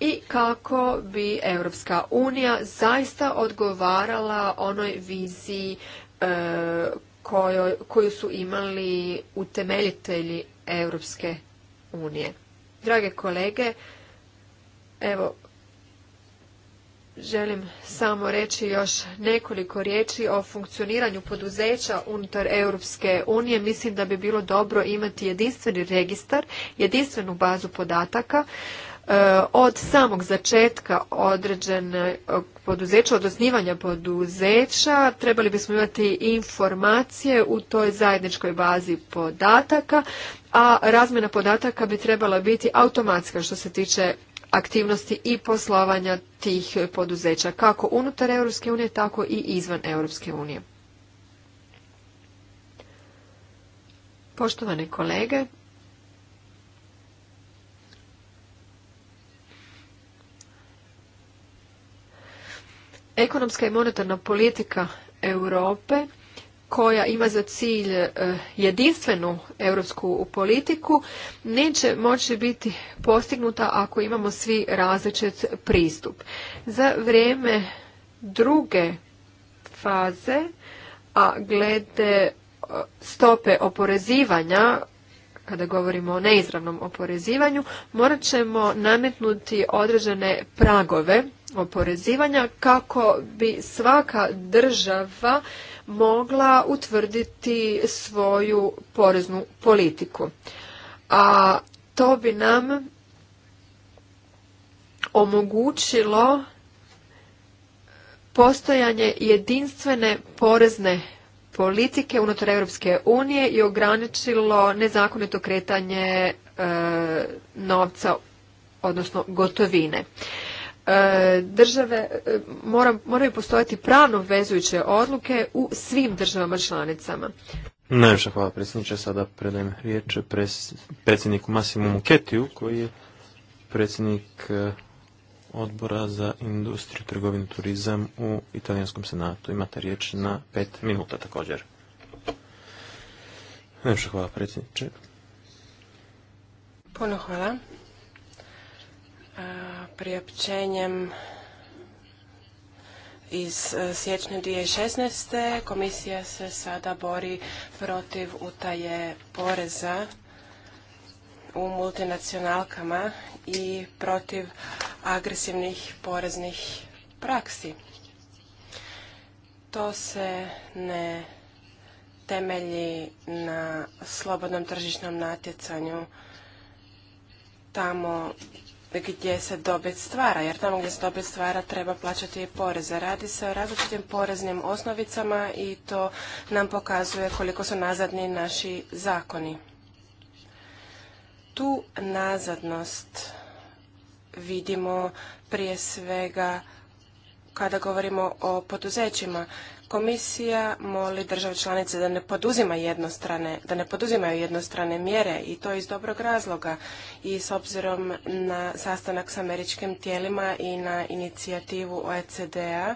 i kako bi Europska unija zaista odgovarala onoj viziji e, koju, koju su imali utemeljitelji Europske unije. Drage kolege, evo želim samo reći još nekoliko riječi o funkcioniranju poduzeća unutar Europske unije. Mislim da bi bilo dobro imati jedinstveni registar, jedinstvenu bazu podataka e, od samog začetka određene e, poduzeća, od osnivanja poduzeća, trebali bismo imati informacije u toj zajedničkoj bazi podataka, a razmjena podataka bi trebala biti automatska što se tiče aktivnosti i poslovanja tih poduzeća, kako unutar EU, tako i izvan EU. Poštovane kolege, ekonomska i monetarna politika Europe koja ima za cilj eh, jedinstvenu europsku politiku neće moći biti postignuta ako imamo svi različit pristup. Za vrijeme druge faze, a glede eh, stope oporezivanja, kada govorimo o neizravnom oporezivanju, morat ćemo nametnuti određene pragove oporezivanja kako bi svaka država mogla utvrditi svoju poreznu politiku. A to bi nam omogućilo postojanje jedinstvene porezne politike unutar Europske unije i ograničilo nezakonito kretanje e, novca odnosno gotovine. E, države e, mora, moraju postojati pravno vezujuće odluke u svim državama članicama. Najviše hvala predsjedniče. Sada predajem riječ predsjedniku Masimu Muketiju koji je predsjednik e, odbora za industriju, trgovinu, turizam u italijanskom senatu. Imate riječ na pet minuta također. Najviše hvala predsjedniče. Puno hvala. E, priopćenjem iz e, siječnja 2016. komisija se sada bori protiv utaje poreza u multinacionalkama i protiv agresivnih poreznih praksi. To se ne temelji na slobodnom tržišnom natjecanju tamo gdje se dobit stvara, jer tamo gdje se dobit stvara treba plaćati i poreze. Radi se o različitim poreznim osnovicama i to nam pokazuje koliko su nazadni naši zakoni. Tu nazadnost vidimo prije svega kada govorimo o poduzećima. Komisija moli države članice da ne poduzima jednostrane, da ne poduzimaju jednostrane mjere i to iz dobrog razloga i s obzirom na sastanak s američkim tijelima i na inicijativu OECD-a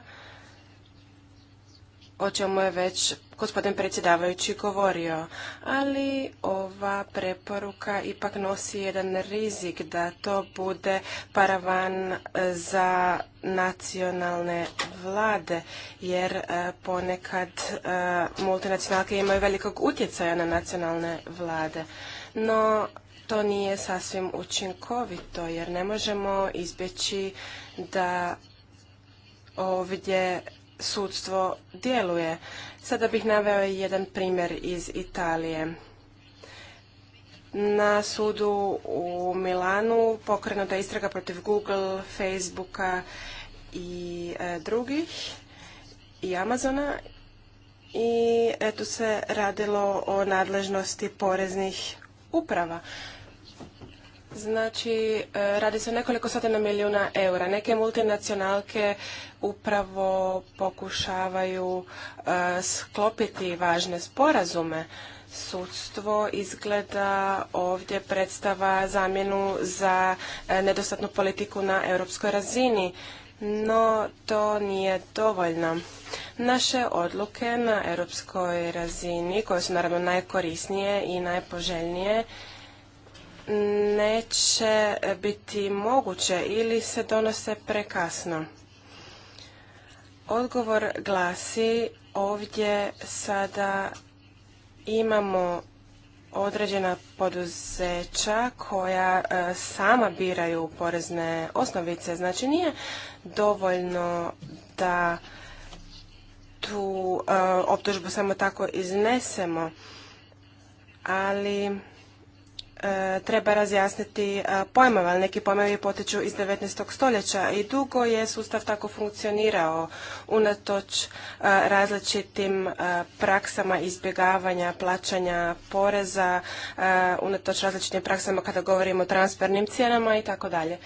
o čemu je već gospodin predsjedavajući govorio, ali ova preporuka ipak nosi jedan rizik da to bude paravan za nacionalne vlade, jer e, ponekad e, multinacionalke imaju velikog utjecaja na nacionalne vlade. No, to nije sasvim učinkovito, jer ne možemo izbjeći da ovdje sudstvo djeluje. Sada bih naveo jedan primjer iz Italije. Na sudu u Milanu pokrenuta je istraga protiv Google, Facebooka i e, drugih i Amazona i eto se radilo o nadležnosti poreznih uprava. Znači, e, radi se o nekoliko stotina milijuna eura. Neke multinacionalke upravo pokušavaju e, sklopiti važne sporazume. Sudstvo izgleda ovdje predstava zamjenu za e, nedostatnu politiku na europskoj razini, no to nije dovoljno. Naše odluke na europskoj razini, koje su naravno najkorisnije i najpoželjnije, neće biti moguće ili se donose prekasno. Odgovor glasi ovdje sada imamo određena poduzeća koja e, sama biraju porezne osnovice. Znači nije dovoljno da tu e, optužbu samo tako iznesemo, ali E, treba razjasniti e, pojmove, ali neki pojmovi potiču iz 19. stoljeća i dugo je sustav tako funkcionirao unatoč e, različitim praksama izbjegavanja, plaćanja poreza, unatoč različitim praksama kada govorimo o transfernim cijenama i tako dalje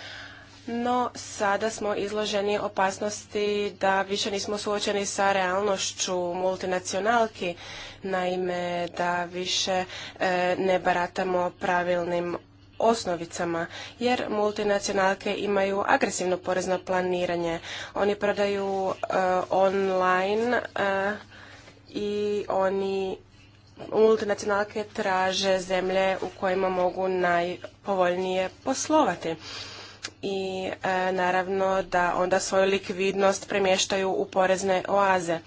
no sada smo izloženi opasnosti da više nismo suočeni sa realnošću multinacionalki, naime da više e, ne baratamo pravilnim osnovicama, jer multinacionalke imaju agresivno porezno planiranje. Oni prodaju e, online e, i oni multinacionalke traže zemlje u kojima mogu najpovoljnije poslovati i e, naravno da onda svoju likvidnost premještaju u porezne oaze.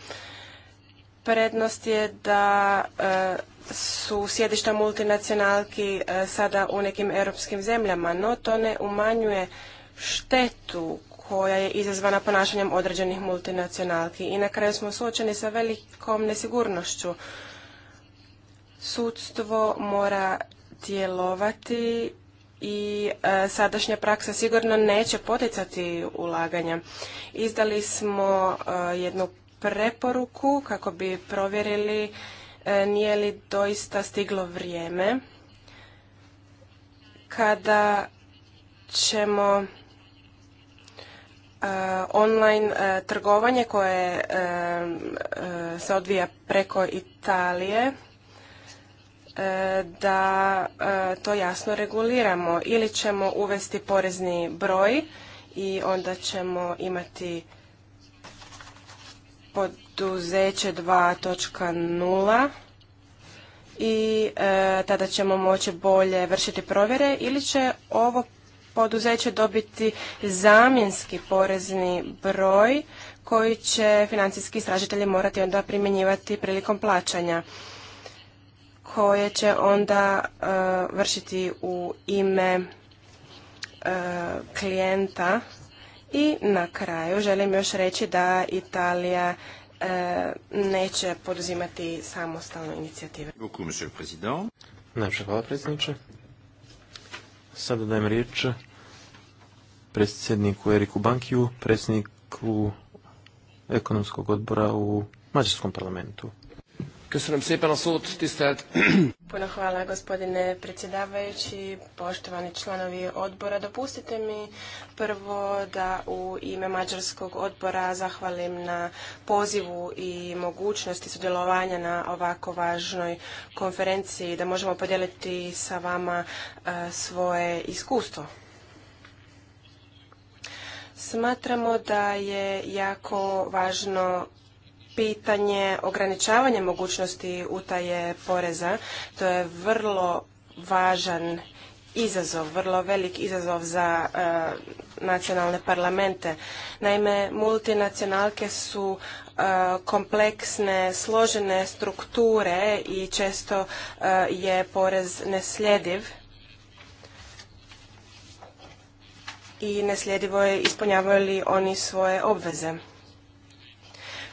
Prednost je da e, su sjedišta multinacionalki e, sada u nekim europskim zemljama, no to ne umanjuje štetu koja je izazvana ponašanjem određenih multinacionalki. I na kraju smo suočeni sa velikom nesigurnošću. Sudstvo mora djelovati i e, sadašnja praksa sigurno neće poticati ulaganja. Izdali smo e, jednu preporuku kako bi provjerili e, nije li doista stiglo vrijeme kada ćemo e, online trgovanje koje se odvija preko Italije E, da e, to jasno reguliramo ili ćemo uvesti porezni broj i onda ćemo imati poduzeće 2.0 i e, tada ćemo moći bolje vršiti provjere ili će ovo poduzeće dobiti zamjenski porezni broj koji će financijski istražitelji morati onda primjenjivati prilikom plaćanja koje će onda e, vršiti u ime e, klijenta. I na kraju želim još reći da Italija e, neće poduzimati samostalnu inicijative. Najpšte hvala predsjedniče. Sada dajem riječ predsjedniku Eriku Bankiju, predsjedniku ekonomskog odbora u Mađarskom parlamentu. Köszönöm Puno hvala gospodine predsjedavajući, poštovani članovi odbora. Dopustite mi prvo da u ime Mađarskog odbora zahvalim na pozivu i mogućnosti sudjelovanja na ovako važnoj konferenciji, da možemo podijeliti sa vama e, svoje iskustvo. Smatramo da je jako važno pitanje ograničavanja mogućnosti utaje poreza. To je vrlo važan izazov, vrlo velik izazov za e, nacionalne parlamente. Naime, multinacionalke su e, kompleksne, složene strukture i često e, je porez nesljediv i nesljedivo je ispunjavaju li oni svoje obveze.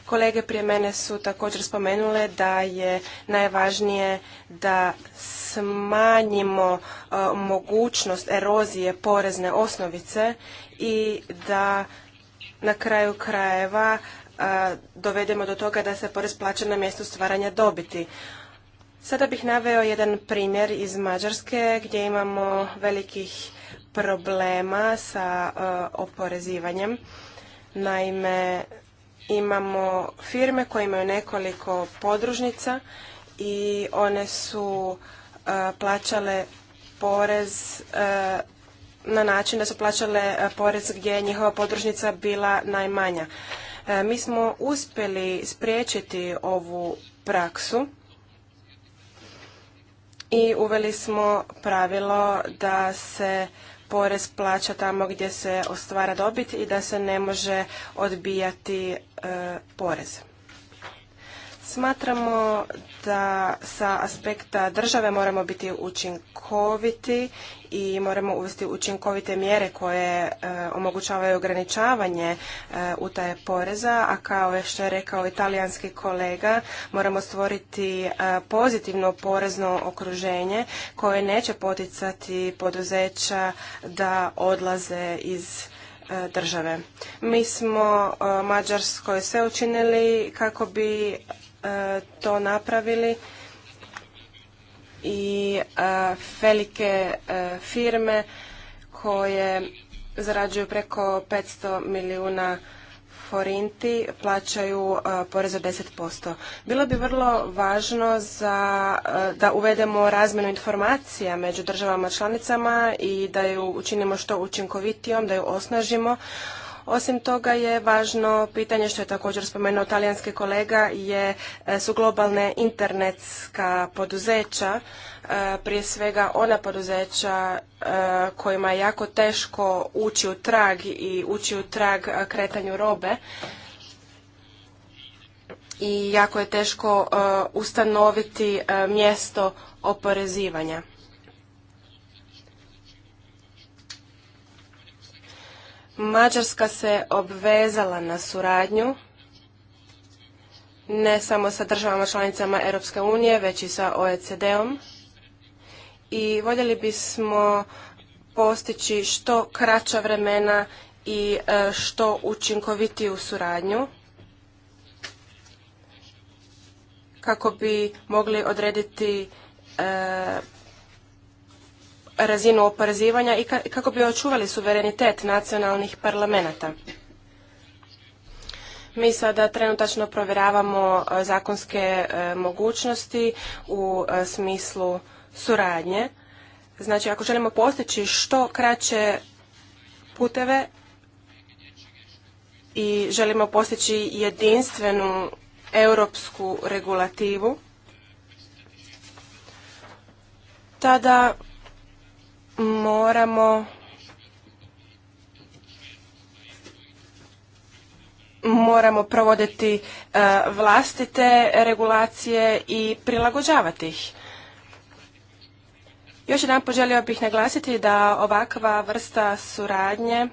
Kolege prije mene su također spomenule da je najvažnije da smanjimo e, mogućnost erozije porezne osnovice i da na kraju krajeva e, dovedemo do toga da se porez plaća na mjestu stvaranja dobiti. Sada bih naveo jedan primjer iz Mađarske gdje imamo velikih problema sa e, oporezivanjem. Naime, imamo firme koje imaju nekoliko podružnica i one su e, plaćale porez e, na način da su plaćale e, porez gdje je njihova podružnica bila najmanja. Mi smo uspjeli spriječiti ovu praksu i uveli smo pravilo da se porez plaća tamo gdje se ostvara dobit i da se ne može odbijati e, porez. Smatramo da sa aspekta države moramo biti učinkoviti i moramo uvesti učinkovite mjere koje e, omogućavaju ograničavanje e, utaje poreza, a kao što je rekao italijanski kolega, moramo stvoriti e, pozitivno porezno okruženje koje neće poticati poduzeća da odlaze iz e, države. Mi smo Mađarskoj sve učinili kako bi E, to napravili i e, velike e, firme koje zarađuju preko 500 milijuna forinti plaćaju porez 10%. Bilo bi vrlo važno za, da uvedemo razmjenu informacija među državama članicama i da ju učinimo što učinkovitijom, da ju osnažimo osim toga je važno pitanje što je također spomenuo talijanski kolega je, e, su globalne internetska poduzeća, e, prije svega ona poduzeća e, kojima je jako teško ući u trag i ući u trag kretanju robe i jako je teško ustanoviti mjesto oporezivanja. Mađarska se obvezala na suradnju ne samo sa državama članicama Europske unije, već i sa OECD-om i voljeli bismo postići što kraća vremena i e, što učinkovitiju suradnju kako bi mogli odrediti e, razinu oporezivanja i kako bi očuvali suverenitet nacionalnih parlamenta. Mi sada trenutačno provjeravamo e, zakonske e, mogućnosti u e, smislu suradnje. Znači, ako želimo postići što kraće puteve i želimo postići jedinstvenu europsku regulativu, tada moramo moramo provoditi e, vlastite regulacije i prilagođavati ih. Još jedan poželio bih naglasiti da ovakva vrsta suradnje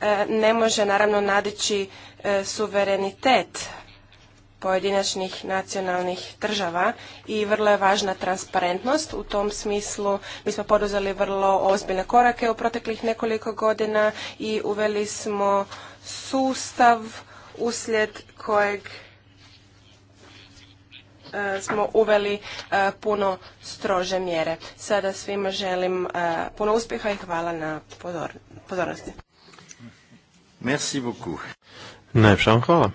e, ne može naravno nadići e, suverenitet pojedinačnih nacionalnih država i vrlo je važna transparentnost. U tom smislu mi smo poduzeli vrlo ozbiljne korake u proteklih nekoliko godina i uveli smo sustav uslijed kojeg e, smo uveli e, puno strože mjere. Sada svima želim e, puno uspjeha i hvala na pozornosti. Merci beaucoup. hvala.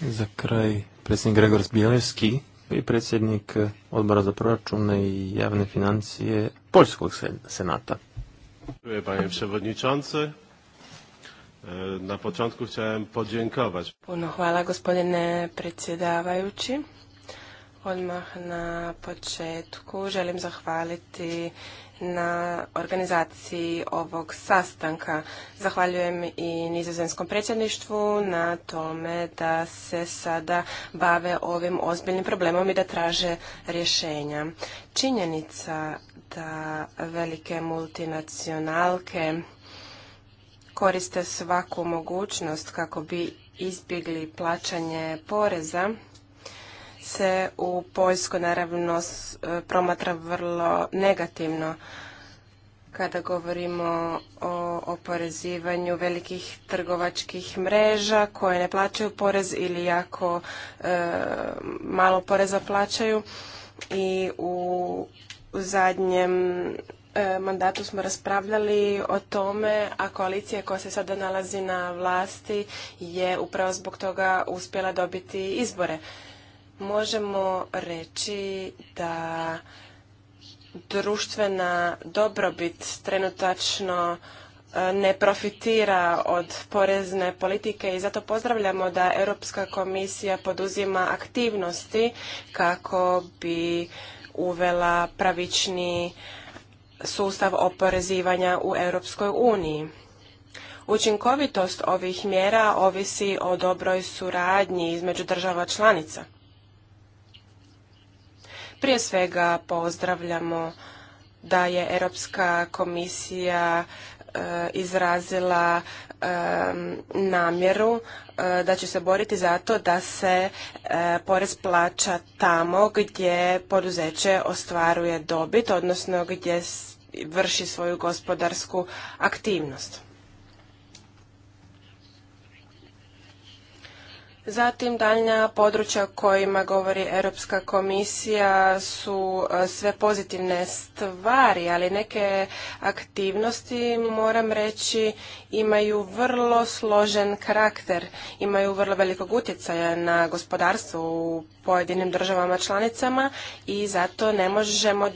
Za kraj predsjednik Gregor Zbjelevski i predsjednik odbora za proračune i javne financije Poljskog senata. Dziękuję panie przewodniczący. E, na początku chciałem podziękować. Puno hvala gospodine predsjedavajući. Odmah na početku želim zahvaliti na organizaciji ovog sastanka. Zahvaljujem i nizozemskom predsjedništvu na tome da se sada bave ovim ozbiljnim problemom i da traže rješenja. Činjenica da velike multinacionalke koriste svaku mogućnost kako bi izbjegli plaćanje poreza se u Poljsku naravno e, promatra vrlo negativno kada govorimo o oporezivanju velikih trgovačkih mreža koje ne plaćaju porez ili jako e, malo poreza plaćaju i u zadnjem e, mandatu smo raspravljali o tome, a koalicija koja se sada nalazi na vlasti je upravo zbog toga uspjela dobiti izbore možemo reći da društvena dobrobit trenutačno e, ne profitira od porezne politike i zato pozdravljamo da Europska komisija poduzima aktivnosti kako bi uvela pravični sustav oporezivanja u Europskoj uniji. Učinkovitost ovih mjera ovisi o dobroj suradnji između država članica. Prije svega pozdravljamo da je Europska komisija e, izrazila e, namjeru e, da će se boriti za to da se porez plaća tamo gdje poduzeće ostvaruje dobit, odnosno gdje vrši svoju gospodarsku aktivnost. Zatim daljnja područja o kojima govori Europska komisija su e, sve pozitivne stvari, ali neke aktivnosti, moram reći, imaju vrlo složen karakter, imaju vrlo velikog utjecaja na gospodarstvo u pojedinim državama članicama i zato ne možemo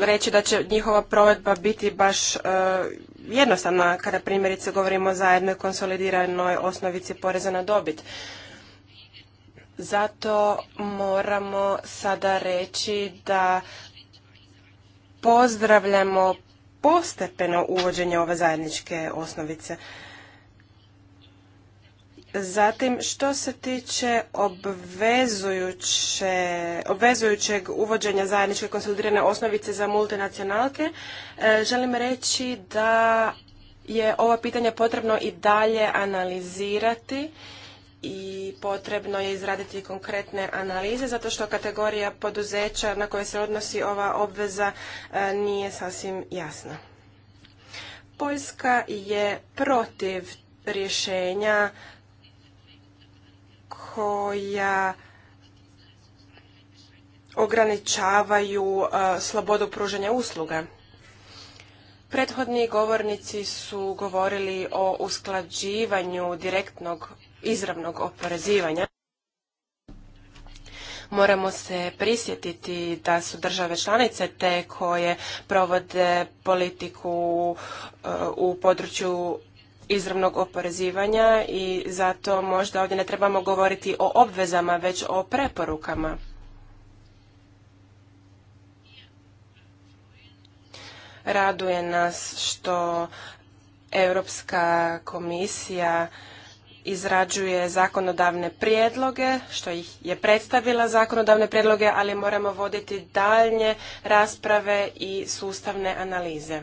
reći da će njihova provedba biti baš e, jednostavna kada primjerice govorimo o zajednoj konsolidiranoj osnovici poreza na dobit. Zato moramo sada reći da pozdravljamo postepeno uvođenje ove zajedničke osnovice. Zatim, što se tiče obvezujuće, obvezujućeg uvođenja zajedničke konsolidirane osnovice za multinacionalke, e, želim reći da je ova pitanja potrebno i dalje analizirati i potrebno je izraditi konkretne analize zato što kategorija poduzeća na koje se odnosi ova obveza e, nije sasvim jasna. Poljska je protiv rješenja koja ograničavaju e, slobodu pružanja usluga. Prethodni govornici su govorili o usklađivanju direktnog izravnog oporezivanja. Moramo se prisjetiti da su države članice te koje provode politiku e, u području izravnog oporezivanja i zato možda ovdje ne trebamo govoriti o obvezama, već o preporukama. Raduje nas što Europska komisija izrađuje zakonodavne prijedloge, što ih je predstavila zakonodavne prijedloge, ali moramo voditi daljnje rasprave i sustavne analize.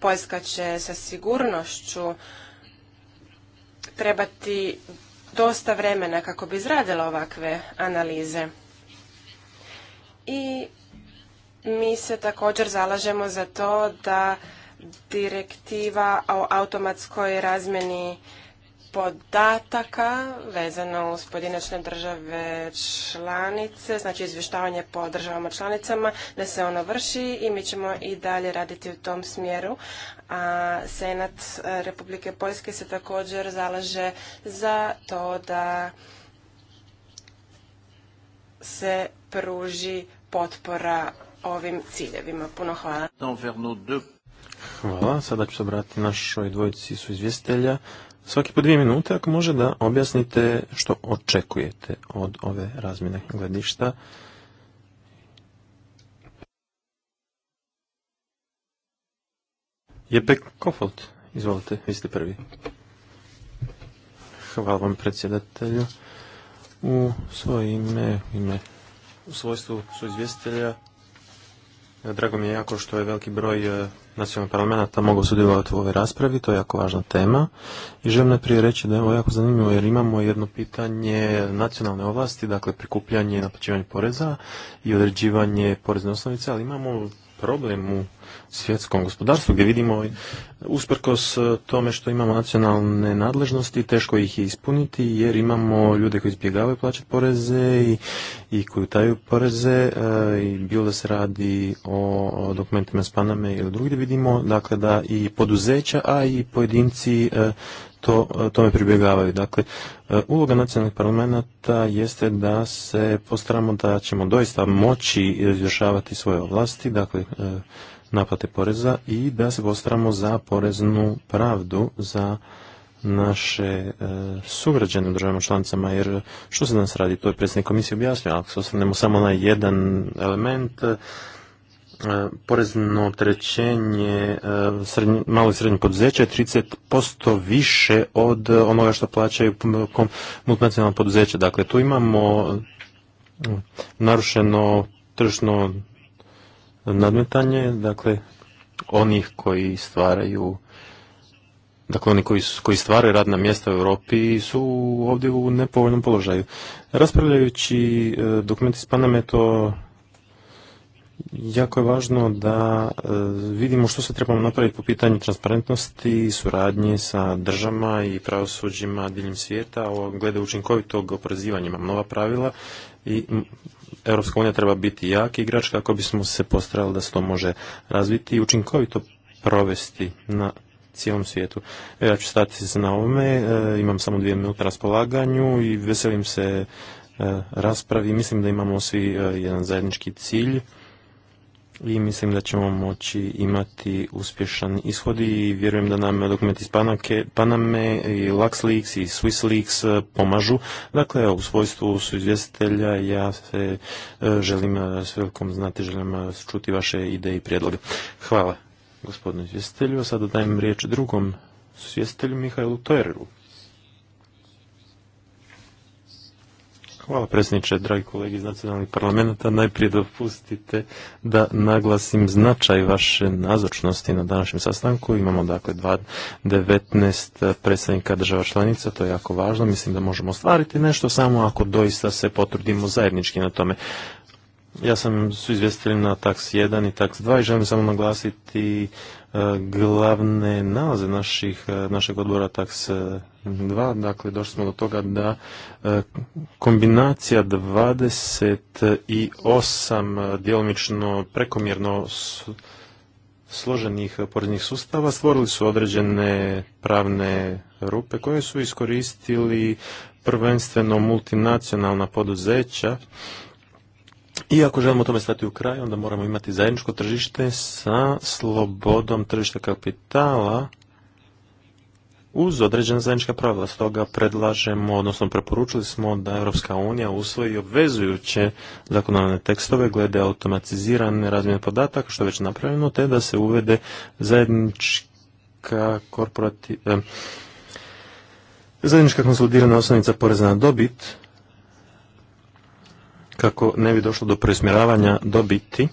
Poljska će sa sigurnošću trebati dosta vremena kako bi izradila ovakve analize. I mi se također zalažemo za to da direktiva o automatskoj razmjeni podataka vezano uz pojedinačne države članice, znači izvještavanje po državama članicama, da se ono vrši i mi ćemo i dalje raditi u tom smjeru. A Senat e, Republike Poljske se također zalaže za to da se pruži potpora ovim ciljevima. Puno hvala. Hvala. Sada ću se obratiti našoj dvojici su izvjestelja svaki po dvije minute ako može da objasnite što očekujete od ove razmjene gledišta. Jepek Kofold, izvolite, vi ste prvi. Hvala vam predsjedatelju. U svoje ime, ime u svojstvu su izvjestitelja, drago mi je jako što je veliki broj eh, nacionalnih parlamenta mogu sudjelovati u ovoj raspravi, to je jako važna tema. I želim najprije reći da je ovo jako zanimljivo jer imamo jedno pitanje nacionalne ovlasti, dakle prikupljanje i naplaćivanje poreza i određivanje porezne osnovice, ali imamo problem u svjetskom gospodarstvu gdje vidimo e, usprkos e, tome što imamo nacionalne nadležnosti teško ih je ispuniti jer imamo ljude koji izbjegavaju plaćati poreze i, i koji utaju poreze e, i bilo da se radi o, dokumentima s Paname ili drugdje vidimo dakle da i poduzeća a i pojedinci e, to, tome pribjegavaju. Dakle, e, uloga nacionalnih parlamenta jeste da se postaramo da ćemo doista moći izvršavati svoje ovlasti, dakle, e, naplate poreza i da se postaramo za poreznu pravdu za naše e, sugrađane u državama članicama, jer što se danas radi, to je predsjednik komisije objasnio, ako se osvrnemo samo na jedan element, E, porezno opterećenje e, malo i srednje poduzeća je 30% više od e, onoga što plaćaju multinacionalna poduzeća. Dakle, tu imamo narušeno tržno nadmetanje, dakle, onih koji stvaraju Dakle, oni koji, stvaraju radna mjesta u Europi su ovdje u nepovoljnom položaju. Raspravljajući dokument iz Paname, to Jako je važno da e, vidimo što se trebamo napraviti po pitanju transparentnosti i suradnje sa državama i pravosuđima diljem svijeta glede učinkovitog oporezivanja. Imam nova pravila i Europska unija treba biti jak igrač kako bismo se postarali da se to može razviti i učinkovito provesti na cijelom svijetu. Ja ću stati se na ovome, e, imam samo dvije minute raspolaganju i veselim se e, raspravi. Mislim da imamo svi jedan zajednički cilj i mislim da ćemo moći imati uspješan ishod i vjerujem da nam dokumenti iz Paname i LuxLeaks i SwissLeaks e, pomažu. Dakle, u svojstvu su izvjestitelja ja se e, želim e, s velikom znati, želim čuti vaše ideje i prijedloge. Hvala gospodinu izvjestitelju. Sada dajem riječ drugom izvjestitelju Mihajlu Toereru. Hvala predsjedniče, dragi kolegi iz nacionalnih parlamenta. Najprije dopustite da naglasim značaj vaše nazočnosti na današnjem sastanku. Imamo dakle 19 predstavnika država članica, to je jako važno. Mislim da možemo ostvariti nešto samo ako doista se potrudimo zajednički na tome. Ja sam su izvjestitelj na TAX 1 i TAX 2 i želim samo naglasiti e, glavne nalaze naših, e, našeg odbora TAX 2. E, dakle, došli smo do toga da kombinacija 28 djelomično prekomjerno složenih poreznih sustava stvorili su određene pravne rupe koje su iskoristili prvenstveno multinacionalna poduzeća i ako želimo tome stati u kraj, onda moramo imati zajedničko tržište sa slobodom tržišta kapitala uz određena zajednička pravila. Stoga predlažemo, odnosno preporučili smo da Europska unija usvoji obvezujuće zakonodavne tekstove glede automatizirane razmjene podataka, što je već napravljeno, te da se uvede zajednička korporativna... Eh, zajednička konsolidirana osnovnica poreza na dobit kako ne bi došlo do preusmjeravanja dobiti.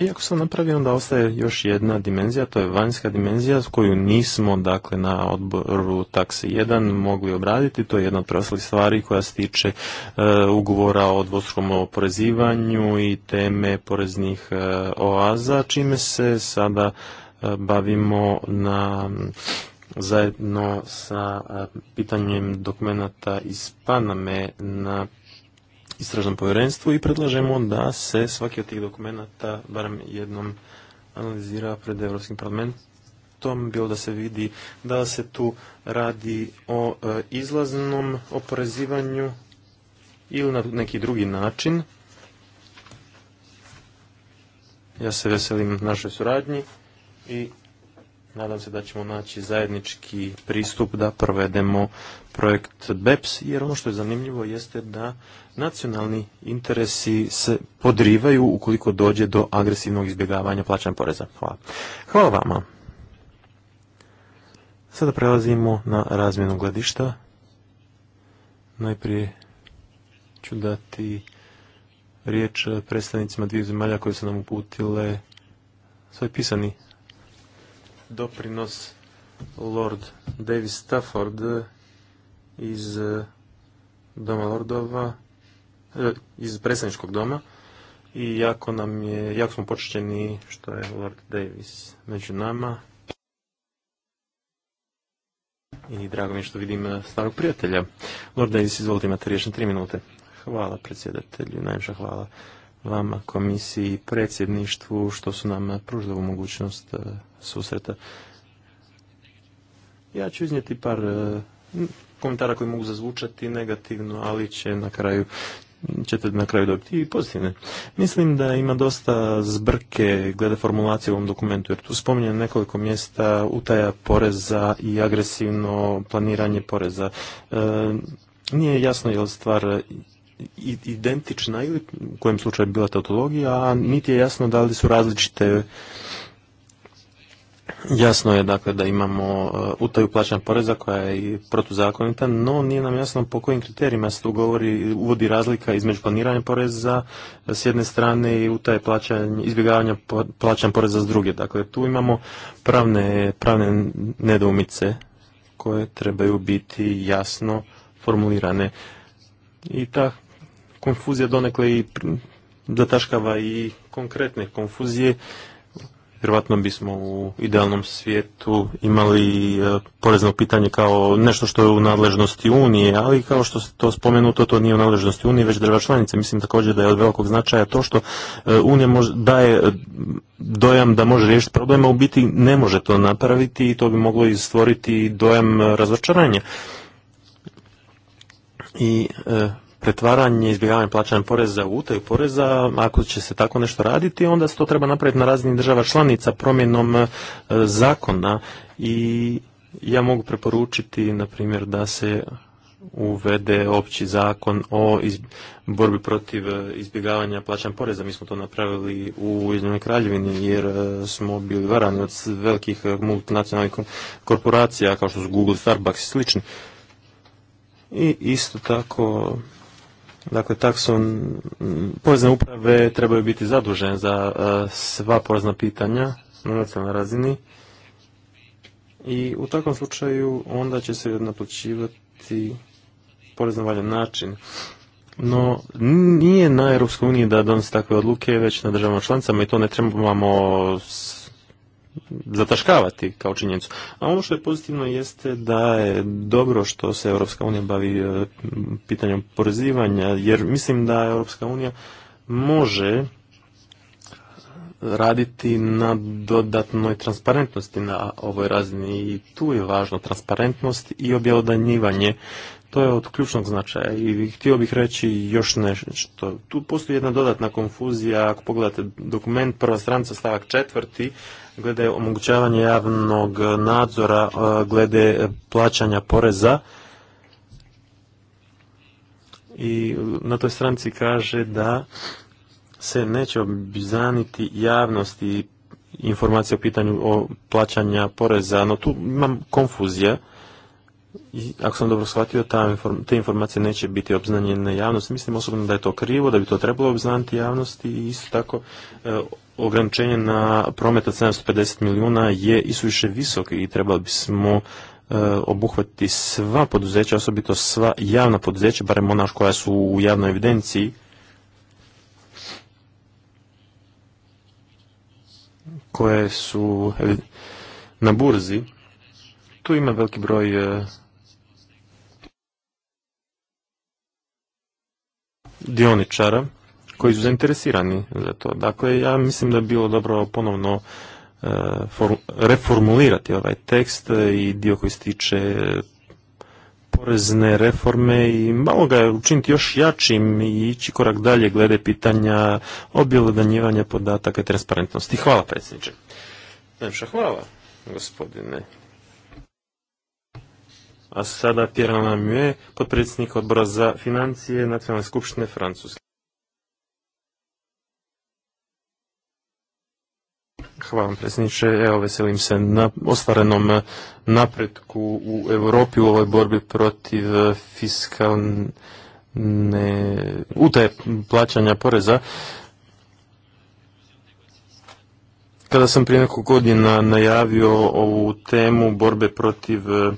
Iako sam napravio, onda ostaje još jedna dimenzija, to je vanjska dimenzija koju nismo dakle, na odboru taksi 1 mogli obraditi. To je jedna od preostalih stvari koja se tiče eh, ugovora o dvostrukom oporezivanju i teme poreznih eh, oaza, čime se sada eh, bavimo na zajedno sa pitanjem dokumenata iz Paname na istražnom povjerenstvu i predlažemo da se svaki od tih dokumenata barem jednom analizira pred Europskim parlamentom, bilo da se vidi da se tu radi o e, izlaznom oporezivanju ili na neki drugi način. Ja se veselim našoj suradnji i nadam se da ćemo naći zajednički pristup da provedemo projekt BEPS, jer ono što je zanimljivo jeste da nacionalni interesi se podrivaju ukoliko dođe do agresivnog izbjegavanja plaćanja poreza. Hvala. Hvala vama. Sada prelazimo na razmjenu gledišta. Najprije ću dati riječ predstavnicima dvije zemalja koje su nam uputile svoj pisani doprinos Lord Davis Stafford iz e, Doma Lordova, e, iz predstavničkog doma i jako nam je, jako smo počećeni što je Lord Davis među nama. I drago mi je što vidim e, starog prijatelja. Lord Davis, izvolite, imate na tri minute. Hvala predsjedatelju, najviše hvala vama, komisiji i predsjedništvu što su nam pružili mogućnost e, susreta. Ja ću iznijeti par e, komentara koji mogu zazvučati negativno, ali će na kraju ćete na kraju dobiti i pozitivne. Mislim da ima dosta zbrke glede formulacije u ovom dokumentu, jer tu spominje nekoliko mjesta utaja poreza i agresivno planiranje poreza. E, nije jasno je li stvar identična ili u kojem slučaju bila tautologija, a niti je jasno da li su različite Jasno je dakle da imamo uh, utaju plaćanja poreza koja je protuzakonita, no nije nam jasno po kojim kriterijima se tu govori, uvodi razlika između planiranja poreza s jedne strane i utaje plaćanja, izbjegavanja plaćanja poreza s druge. Dakle, tu imamo pravne, pravne nedoumice koje trebaju biti jasno formulirane. I ta konfuzija donekle i zataškava i konkretne konfuzije. Vjerojatno bismo u idealnom svijetu imali e, porezno pitanje kao nešto što je u nadležnosti Unije, ali kao što se to spomenuto, to nije u nadležnosti Unije, već država članice. Mislim također da je od velikog značaja to što e, Unija daje e, dojam da može riješiti problema, u biti ne može to napraviti i to bi moglo i stvoriti dojam razočaranja. I pretvaranje izbjegavanje plaćanja poreza u utaju poreza, ako će se tako nešto raditi, onda se to treba napraviti na razini država članica promjenom e, zakona i ja mogu preporučiti, na primjer, da se uvede opći zakon o borbi protiv e, izbjegavanja plaćanja poreza. Mi smo to napravili u Ujedinjenoj kraljevini jer e, smo bili varani od velikih multinacionalnih korporacija kao što su Google, Starbucks i slični. I isto tako Dakle, takson, porezne uprave trebaju biti zadužene za e, sva porezna pitanja na nacionalnoj razini i u takvom slučaju onda će se naplaćivati porez valjan način. No, nije na Europskoj uniji da donosi takve odluke, već na državama članicama i to ne trebamo zataškavati kao činjenicu. A ono što je pozitivno jeste da je dobro što se Europska unija bavi e, pitanjem porezivanja, jer mislim da Europska unija može raditi na dodatnoj transparentnosti na ovoj razini i tu je važno transparentnost i objelodanjivanje. To je od ključnog značaja i htio bih reći još nešto. Tu postoji jedna dodatna konfuzija, ako pogledate dokument, prva stranca stavak četvrti, glede omogućavanja javnog nadzora, e, glede plaćanja poreza. I na toj stranici kaže da se neće obizaniti javnosti informacije o pitanju o plaćanja poreza, no tu imam konfuzije. I ako sam dobro shvatio, ta, te informacije neće biti obznanjene javnosti. Mislim osobno da je to krivo, da bi to trebalo obznaniti javnosti i isto tako e, ograničenje na promet od 750 milijuna je isuviše visok i trebali bismo e, obuhvatiti sva poduzeća, osobito sva javna poduzeća, barem ona koja su u javnoj evidenciji, koje su e, na burzi. Tu ima veliki broj e, dioničara koji su zainteresirani za to. Dakle, ja mislim da bi bilo dobro ponovno e, reformulirati ovaj tekst i dio koji se tiče porezne reforme i malo ga učiniti još jačim i ići korak dalje glede pitanja objelodanjivanja podataka i transparentnosti. Hvala predsjedniče. hvala gospodine. A sada Pierre je potpredsjednik odbora za financije Nacionalne skupštine Francuske. Hvala vam predsjedniče. Evo veselim se na ostvarenom eh, napretku u Europi u ovoj borbi protiv eh, fiskalne utaje plaćanja poreza. Kada sam prije nekog godina najavio ovu temu borbe protiv eh,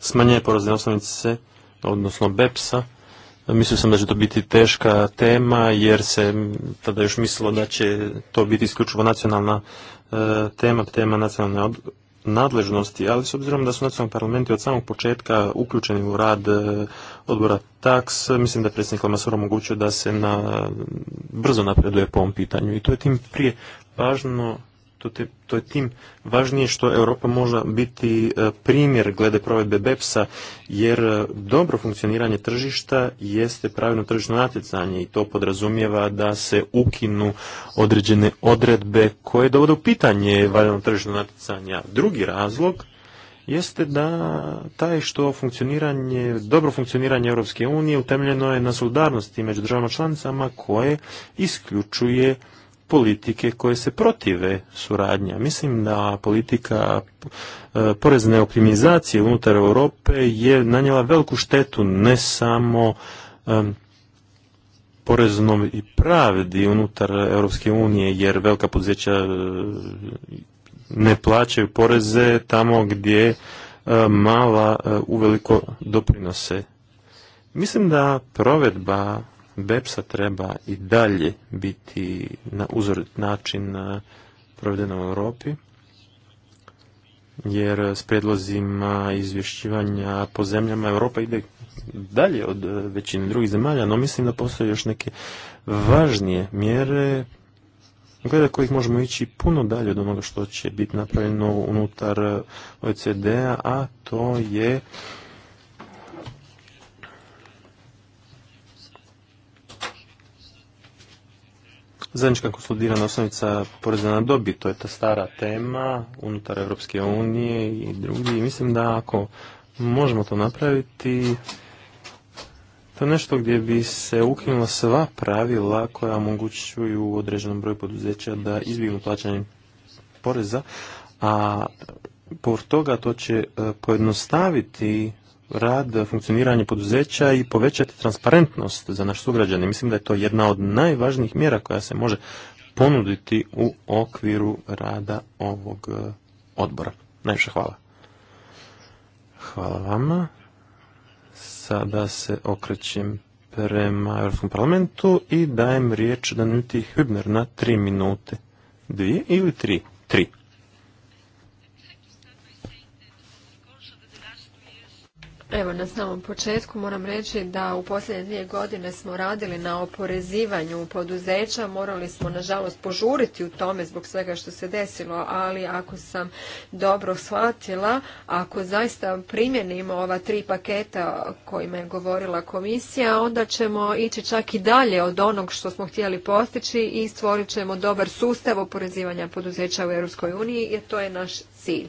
smanjenja porezne osnovice, odnosno BEPS-a, Mislio sam da će to biti teška tema jer se tada još mislilo da će to biti isključivo nacionalna e, tema, tema nacionalne nadležnosti, ali s obzirom da su nacionalni parlamenti od samog početka uključeni u rad e, odbora taks, mislim da je predsjednik Lamasura omogućio da se na, brzo napreduje po ovom pitanju i to je tim prije važno to, to je tim važnije što Europa može biti e, primjer glede provedbe BEPS-a, jer e, dobro funkcioniranje tržišta jeste pravilno tržišno natjecanje i to podrazumijeva da se ukinu određene odredbe koje dovode u pitanje valjano tržišno natjecanja. Drugi razlog jeste da taj što funkcioniranje, dobro funkcioniranje Europske unije utemljeno je na solidarnosti među državama članicama koje isključuje politike koje se protive suradnja. Mislim da politika e, porezne optimizacije unutar Europe je nanijela veliku štetu ne samo poreznom i pravdi unutar Europske unije, jer velika poduzeća e, ne plaćaju poreze tamo gdje e, mala uveliko doprinose. Mislim da provedba BEPS-a treba i dalje biti na uzorit način eh, provedena u Europi, jer s predlozima izvješćivanja po zemljama Europa ide dalje od eh, većine drugih zemalja, no mislim da postoje još neke važnije mjere glede kojih možemo ići puno dalje od onoga što će biti napravljeno unutar eh, OECD-a, a to je Zajednička konsolidirana osnovica poreza na dobit, to je ta stara tema unutar Europske unije i drugi. Mislim da ako možemo to napraviti, to je nešto gdje bi se ukinula sva pravila koja omogućuju određenom broju poduzeća da izbjegnu plaćanje poreza, a povr toga to će e, pojednostaviti rad, funkcioniranje poduzeća i povećati transparentnost za naš sugrađane. Mislim da je to jedna od najvažnijih mjera koja se može ponuditi u okviru rada ovog e, odbora. Najviše hvala. Hvala vama. Sada se okrećem prema Europskom parlamentu i dajem riječ Danuti Hübner na tri minute. Dvije ili tri? Tri. Evo, na samom početku moram reći da u posljednje dvije godine smo radili na oporezivanju poduzeća, morali smo nažalost požuriti u tome zbog svega što se desilo, ali ako sam dobro shvatila, ako zaista primjenimo ova tri paketa kojima je govorila komisija, onda ćemo ići čak i dalje od onog što smo htjeli postići i stvorit ćemo dobar sustav oporezivanja poduzeća u EU jer to je naš cilj.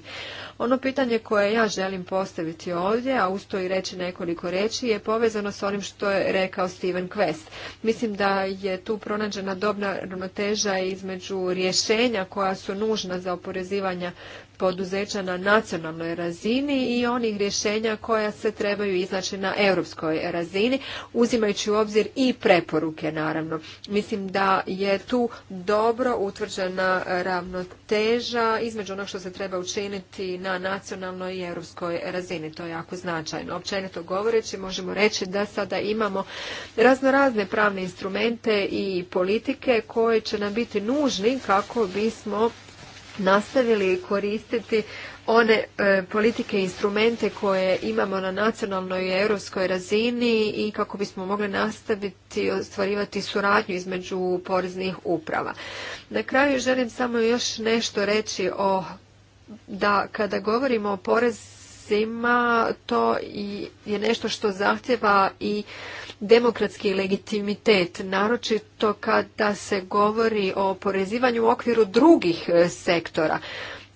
Ono pitanje koje ja želim postaviti ovdje, a usto i reći nekoliko reći, je povezano s onim što je rekao Steven Quest. Mislim da je tu pronađena dobna ravnoteža između rješenja koja su nužna za oporezivanja poduzeća na nacionalnoj razini i onih rješenja koja se trebaju iznaći na europskoj razini, uzimajući u obzir i preporuke naravno. Mislim da je tu dobro utvrđena ravnoteža između onog što se treba učiniti na nacionalnoj i europskoj razini. To je jako značajno. Općenito govoreći možemo reći da sada imamo raznorazne pravne instrumente i politike koje će nam biti nužni kako bismo nastavili koristiti one e, politike i instrumente koje imamo na nacionalnoj i europskoj razini i kako bismo mogli nastaviti ostvarivati suradnju između poreznih uprava. Na kraju želim samo još nešto reći o da kada govorimo o porez procesima, to je nešto što zahtjeva i demokratski legitimitet, naročito kada se govori o porezivanju u okviru drugih e, sektora.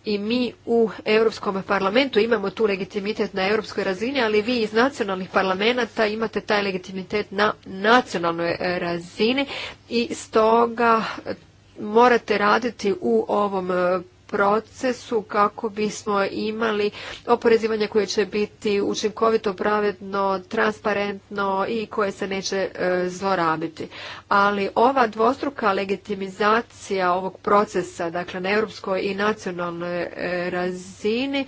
I mi u Europskom parlamentu imamo tu legitimitet na europskoj razini, ali vi iz nacionalnih parlamenta imate taj legitimitet na nacionalnoj e, razini i stoga morate raditi u ovom e, procesu kako bismo imali oporezivanje koje će biti učinkovito, pravedno, transparentno i koje se neće e, zlorabiti. Ali ova dvostruka legitimizacija ovog procesa, dakle na europskoj i nacionalnoj e, razini,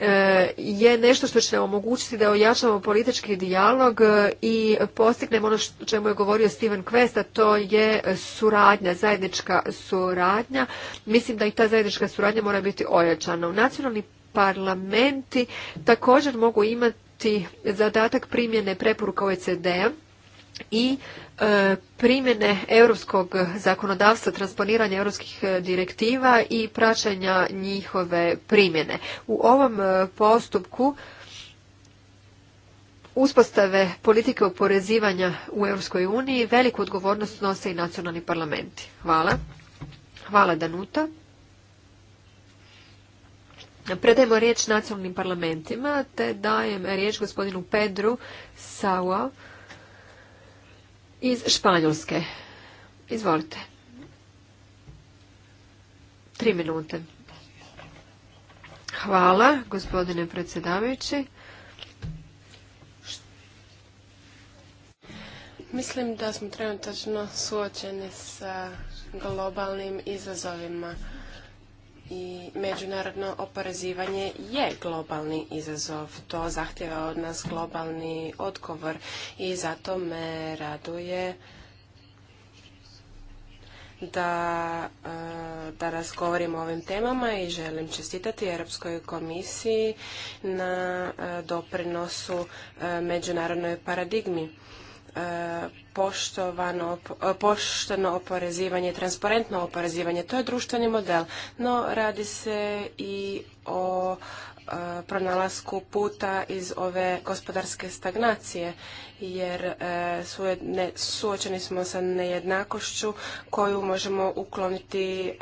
E, je nešto što će omogućiti da ojačamo politički dijalog e, i postignemo ono o čemu je govorio Steven Quest, a to je suradnja, zajednička suradnja. Mislim da i ta zajednička suradnja mora biti ojačana. U nacionalni parlamenti također mogu imati zadatak primjene preporuka OECD-a i e, primjene europskog zakonodavstva, transponiranja europskih e, direktiva i praćenja njihove primjene. U ovom e, postupku uspostave politike oporezivanja u Europskoj uniji veliku odgovornost nose i nacionalni parlamenti. Hvala. Hvala Danuta. Predajemo riječ nacionalnim parlamentima te dajem riječ gospodinu Pedru Sauau iz Španjolske. Izvolite. Tri minute. Hvala, gospodine predsjedavajući. Mislim da smo trenutačno suočeni sa globalnim izazovima i međunarodno oporezivanje je globalni izazov. To zahtjeva od nas globalni odgovor i zato me raduje da e, da o ovim temama i želim čestitati Europskoj komisiji na e, doprinosu e, međunarodnoj paradigmi poštovano, eh, pošteno oporezivanje, transparentno oporezivanje. To je društveni model, no radi se i o eh, pronalasku puta iz ove gospodarske stagnacije jer eh, suočeni smo sa nejednakošću koju možemo ukloniti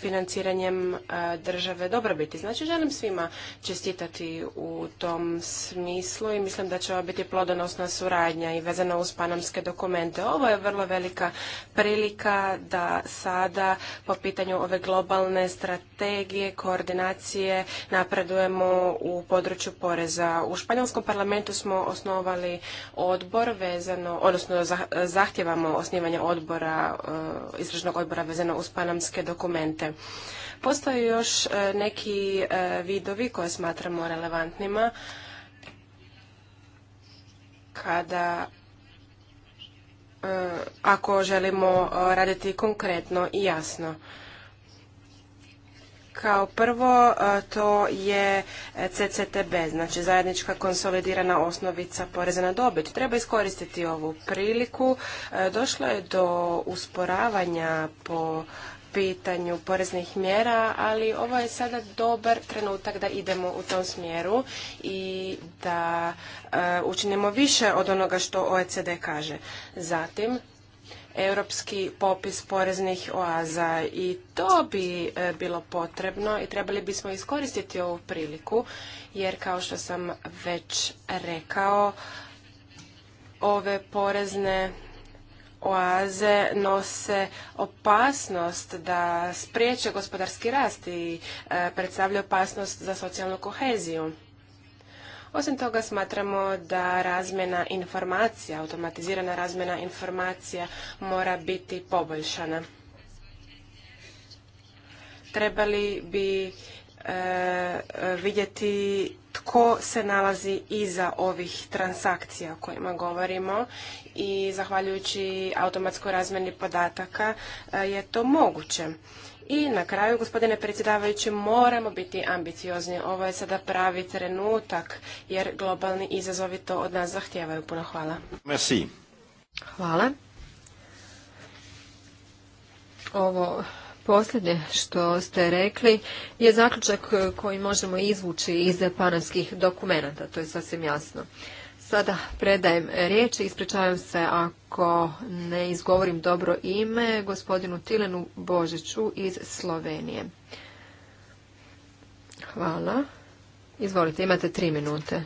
financiranjem e, države dobrobiti. Znači želim svima čestitati u tom smislu i mislim da će ovo biti plodonosna suradnja i vezano uz panamske dokumente. Ovo je vrlo velika prilika da sada po pitanju ove globalne strategije, koordinacije napredujemo u području poreza. U Španjolskom parlamentu smo osnovali odbor vezano, odnosno zahtjevamo osnivanje odbora, e, izražnog odbora vezano uz panamske dokumente. Postoje još e, neki e, vidovi koje smatramo relevantnima kada e, ako želimo raditi konkretno i jasno. Kao prvo to je CCTB, znači zajednička konsolidirana osnovica poreza na dobit. Treba iskoristiti ovu priliku. Došlo je do usporavanja po pitanju poreznih mjera, ali ovo je sada dobar trenutak da idemo u tom smjeru i da e, učinimo više od onoga što OECD kaže. Zatim, europski popis poreznih oaza i to bi e, bilo potrebno i trebali bismo iskoristiti ovu priliku jer kao što sam već rekao ove porezne oaze nose opasnost da spriječe gospodarski rast i e, predstavlja opasnost za socijalnu koheziju. Osim toga smatramo da razmjena informacija, automatizirana razmjena informacija mora biti poboljšana. Trebali bi e, vidjeti tko se nalazi iza ovih transakcija o kojima govorimo i zahvaljujući automatskoj razmjeni podataka e, je to moguće. I na kraju, gospodine predsjedavajući, moramo biti ambiciozni. Ovo je sada pravi trenutak, jer globalni izazovi to od nas zahtijevaju. Puno hvala. Hvala. Ovo Posljednje što ste rekli je zaključak koji možemo izvući iz panamskih dokumenata, to je sasvim jasno. Sada predajem riječ ispričavam se ako ne izgovorim dobro ime gospodinu Tilenu Božiću iz Slovenije. Hvala. Izvolite, imate tri minute.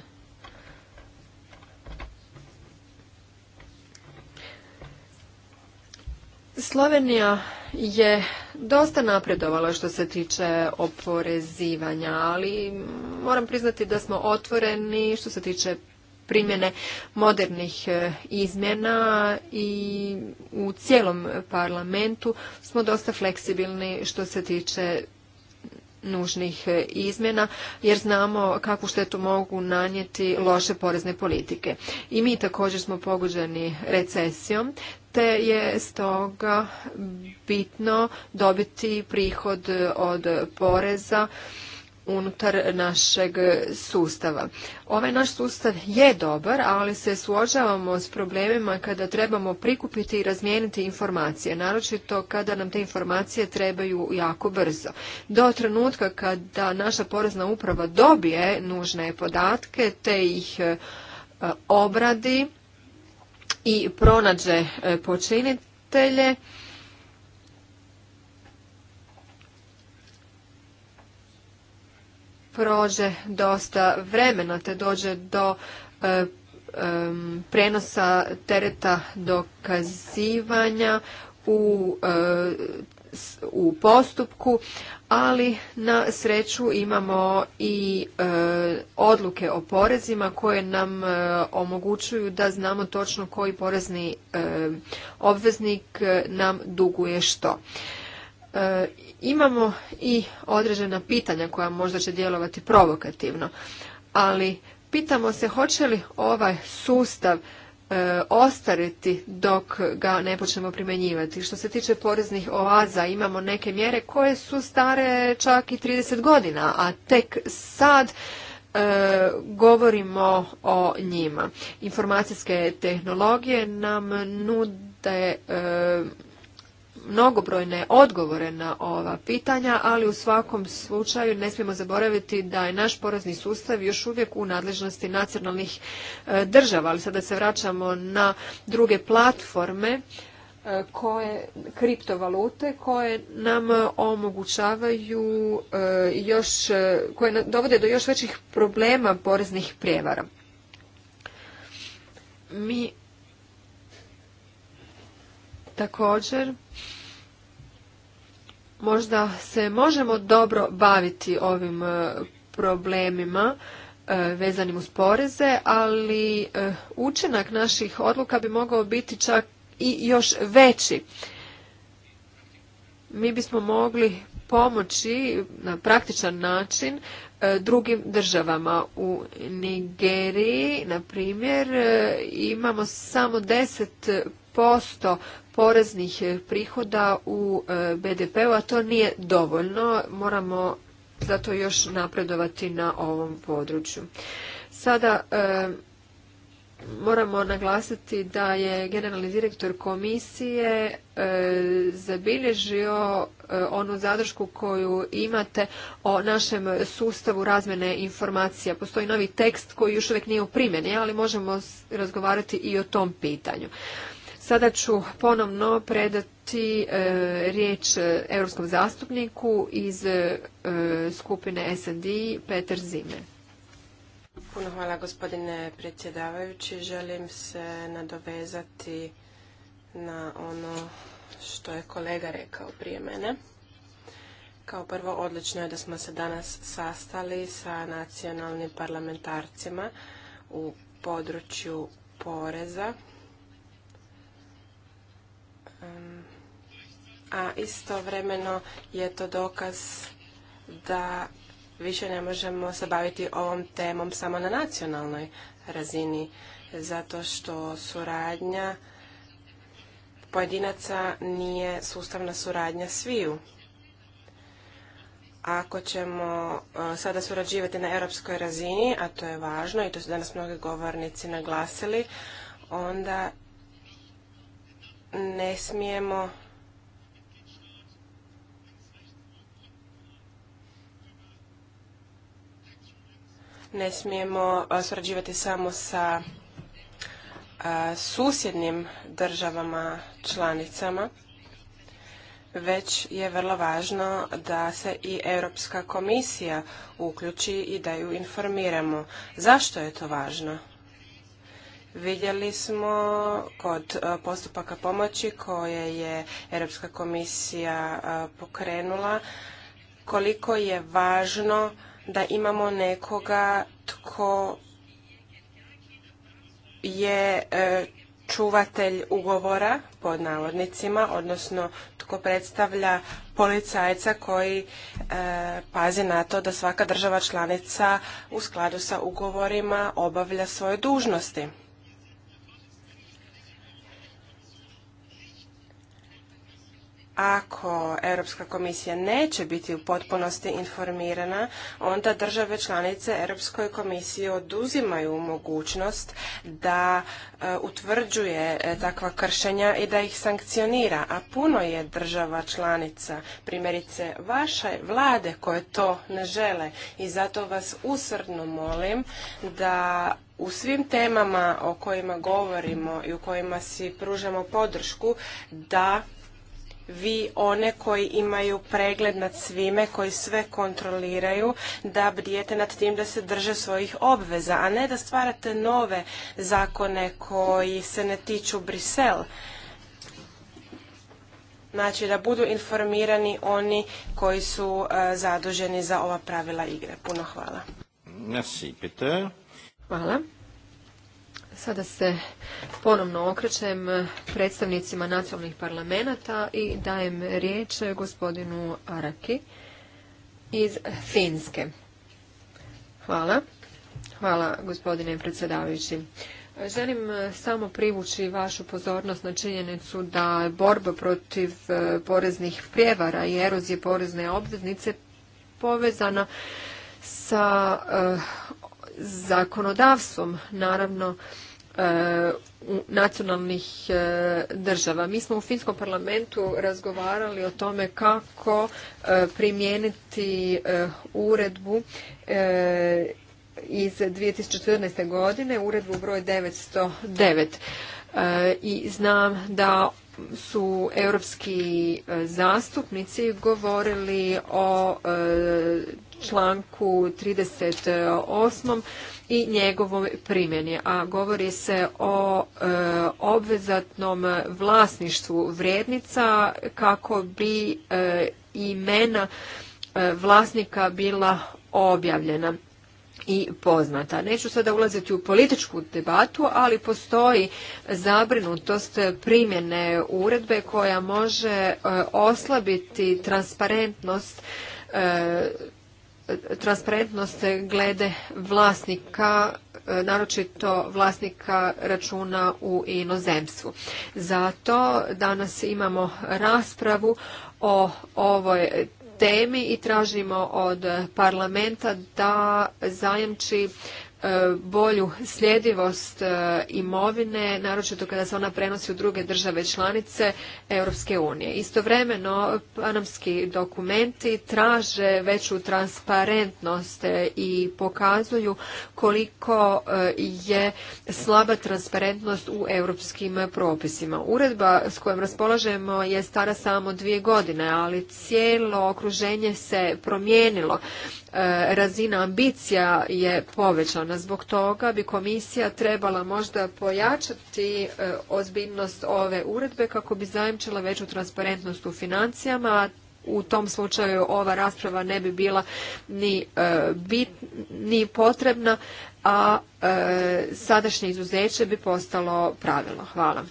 Slovenija je dosta napredovalo što se tiče oporezivanja, ali moram priznati da smo otvoreni što se tiče primjene modernih e, izmjena i u cijelom parlamentu smo dosta fleksibilni što se tiče nužnih e, izmjena jer znamo kakvu štetu mogu nanijeti loše porezne politike. I mi također smo poguđeni recesijom te je stoga bitno dobiti prihod od poreza unutar našeg sustava. Ovaj naš sustav je dobar, ali se suočavamo s problemima kada trebamo prikupiti i razmijeniti informacije, naročito kada nam te informacije trebaju jako brzo. Do trenutka kada naša porezna uprava dobije nužne podatke, te ih e, obradi, i pronađe e, počinitelje. Prođe dosta vremena te dođe do e, prenosa tereta dokazivanja u e, u postupku, ali na sreću imamo i e, odluke o porezima koje nam e, omogućuju da znamo točno koji porezni e, obveznik nam duguje što. Imamo i određena pitanja koja možda će djelovati provokativno, ali pitamo se hoće li ovaj sustav E, ostariti dok ga ne počnemo primjenjivati. Što se tiče poreznih oaza, imamo neke mjere koje su stare čak i 30 godina, a tek sad e, govorimo o njima. Informacijske tehnologije nam nude e, mnogobrojne odgovore na ova pitanja, ali u svakom slučaju ne smijemo zaboraviti da je naš porezni sustav još uvijek u nadležnosti nacionalnih e, država, ali sada se vraćamo na druge platforme e, koje kriptovalute koje nam omogućavaju e, još koje dovode do još većih problema poreznih prijevara. Mi također možda se možemo dobro baviti ovim e, problemima e, vezanim uz poreze, ali e, učinak naših odluka bi mogao biti čak i još veći. Mi bismo mogli pomoći na praktičan način drugim državama. U Nigeriji, na primjer, imamo samo 10 posto poreznih prihoda u e, BDP-u, a to nije dovoljno. Moramo zato još napredovati na ovom području. Sada e, moramo naglasiti da je generalni direktor komisije e, zabilježio onu zadršku koju imate o našem sustavu razmjene informacija. Postoji novi tekst koji još uvijek nije u primjeni, ali možemo razgovarati i o tom pitanju. Sada ću ponovno predati e, riječ e, europskom zastupniku iz e, skupine SND, Peter Zime. Puno hvala gospodine predsjedavajući. Želim se nadovezati na ono što je kolega rekao prije mene. Kao prvo, odlično je da smo se danas sastali sa nacionalnim parlamentarcima u području poreza a istovremeno je to dokaz da više ne možemo se baviti ovom temom samo na nacionalnoj razini, zato što suradnja pojedinaca nije sustavna suradnja sviju. Ako ćemo e, sada surađivati na europskoj razini, a to je važno i to su danas mnogi govornici naglasili, onda ne smijemo Ne smijemo surađivati samo sa susjednim državama članicama, već je vrlo važno da se i Europska komisija uključi i da ju informiramo. Zašto je to važno? Vidjeli smo kod postupaka pomoći koje je Europska komisija pokrenula koliko je važno da imamo nekoga tko je e, čuvatelj ugovora pod navodnicima, odnosno tko predstavlja policajca koji e, pazi na to da svaka država članica u skladu sa ugovorima obavlja svoje dužnosti. ako Europska komisija neće biti u potpunosti informirana, onda države članice Europskoj komisiji oduzimaju mogućnost da e, utvrđuje e, takva kršenja i da ih sankcionira, a puno je država članica, primjerice vaše vlade koje to ne žele i zato vas usrdno molim da u svim temama o kojima govorimo i u kojima si pružamo podršku da vi one koji imaju pregled nad svime, koji sve kontroliraju, da bdijete nad tim da se drže svojih obveza, a ne da stvarate nove zakone koji se ne tiču Brisel. Znači da budu informirani oni koji su e, zaduženi za ova pravila igre. Puno hvala. Hvala. Sada se ponovno okrećem predstavnicima nacionalnih parlamenta i dajem riječ gospodinu Araki iz Finske. Hvala. Hvala gospodine predsjedavajući. Želim samo privući vašu pozornost na činjenicu da borba protiv e, poreznih prijevara i erozije porezne obveznice povezana sa e, zakonodavstvom naravno e, nacionalnih e, država. Mi smo u Finskom parlamentu razgovarali o tome kako e, primijeniti uredbu iz 2014. godine, uredbu broj 909. I znam da su europski e, zastupnici govorili o e, članku 38. i njegovoj primjeni, a govori se o e, obvezatnom vlasništvu vrijednica kako bi imena vlasnika bila objavljena i poznata. Neću sada ulaziti u političku debatu, ali postoji zabrinutost primjene uredbe koja može e, oslabiti transparentnost e, transparentnost glede vlasnika, e, naročito vlasnika računa u inozemstvu. Zato danas imamo raspravu o ovoj temi i tražimo od parlamenta da zajamči E, bolju sljedivost e, imovine, naročito kada se ona prenosi u druge države članice Europske unije. Istovremeno, panamski dokumenti traže veću transparentnost e, i pokazuju koliko je slaba transparentnost u europskim propisima. Uredba s kojom raspolažemo je stara samo dvije godine, ali cijelo okruženje se promijenilo. E, razina ambicija je povećana. Zbog toga bi komisija trebala možda pojačati e, ozbiljnost ove uredbe kako bi zajemčila veću transparentnost u financijama, u tom slučaju ova rasprava ne bi bila ni, e, ni potrebna, a sadašnje izuzeće bi postalo pravilo. Hvala.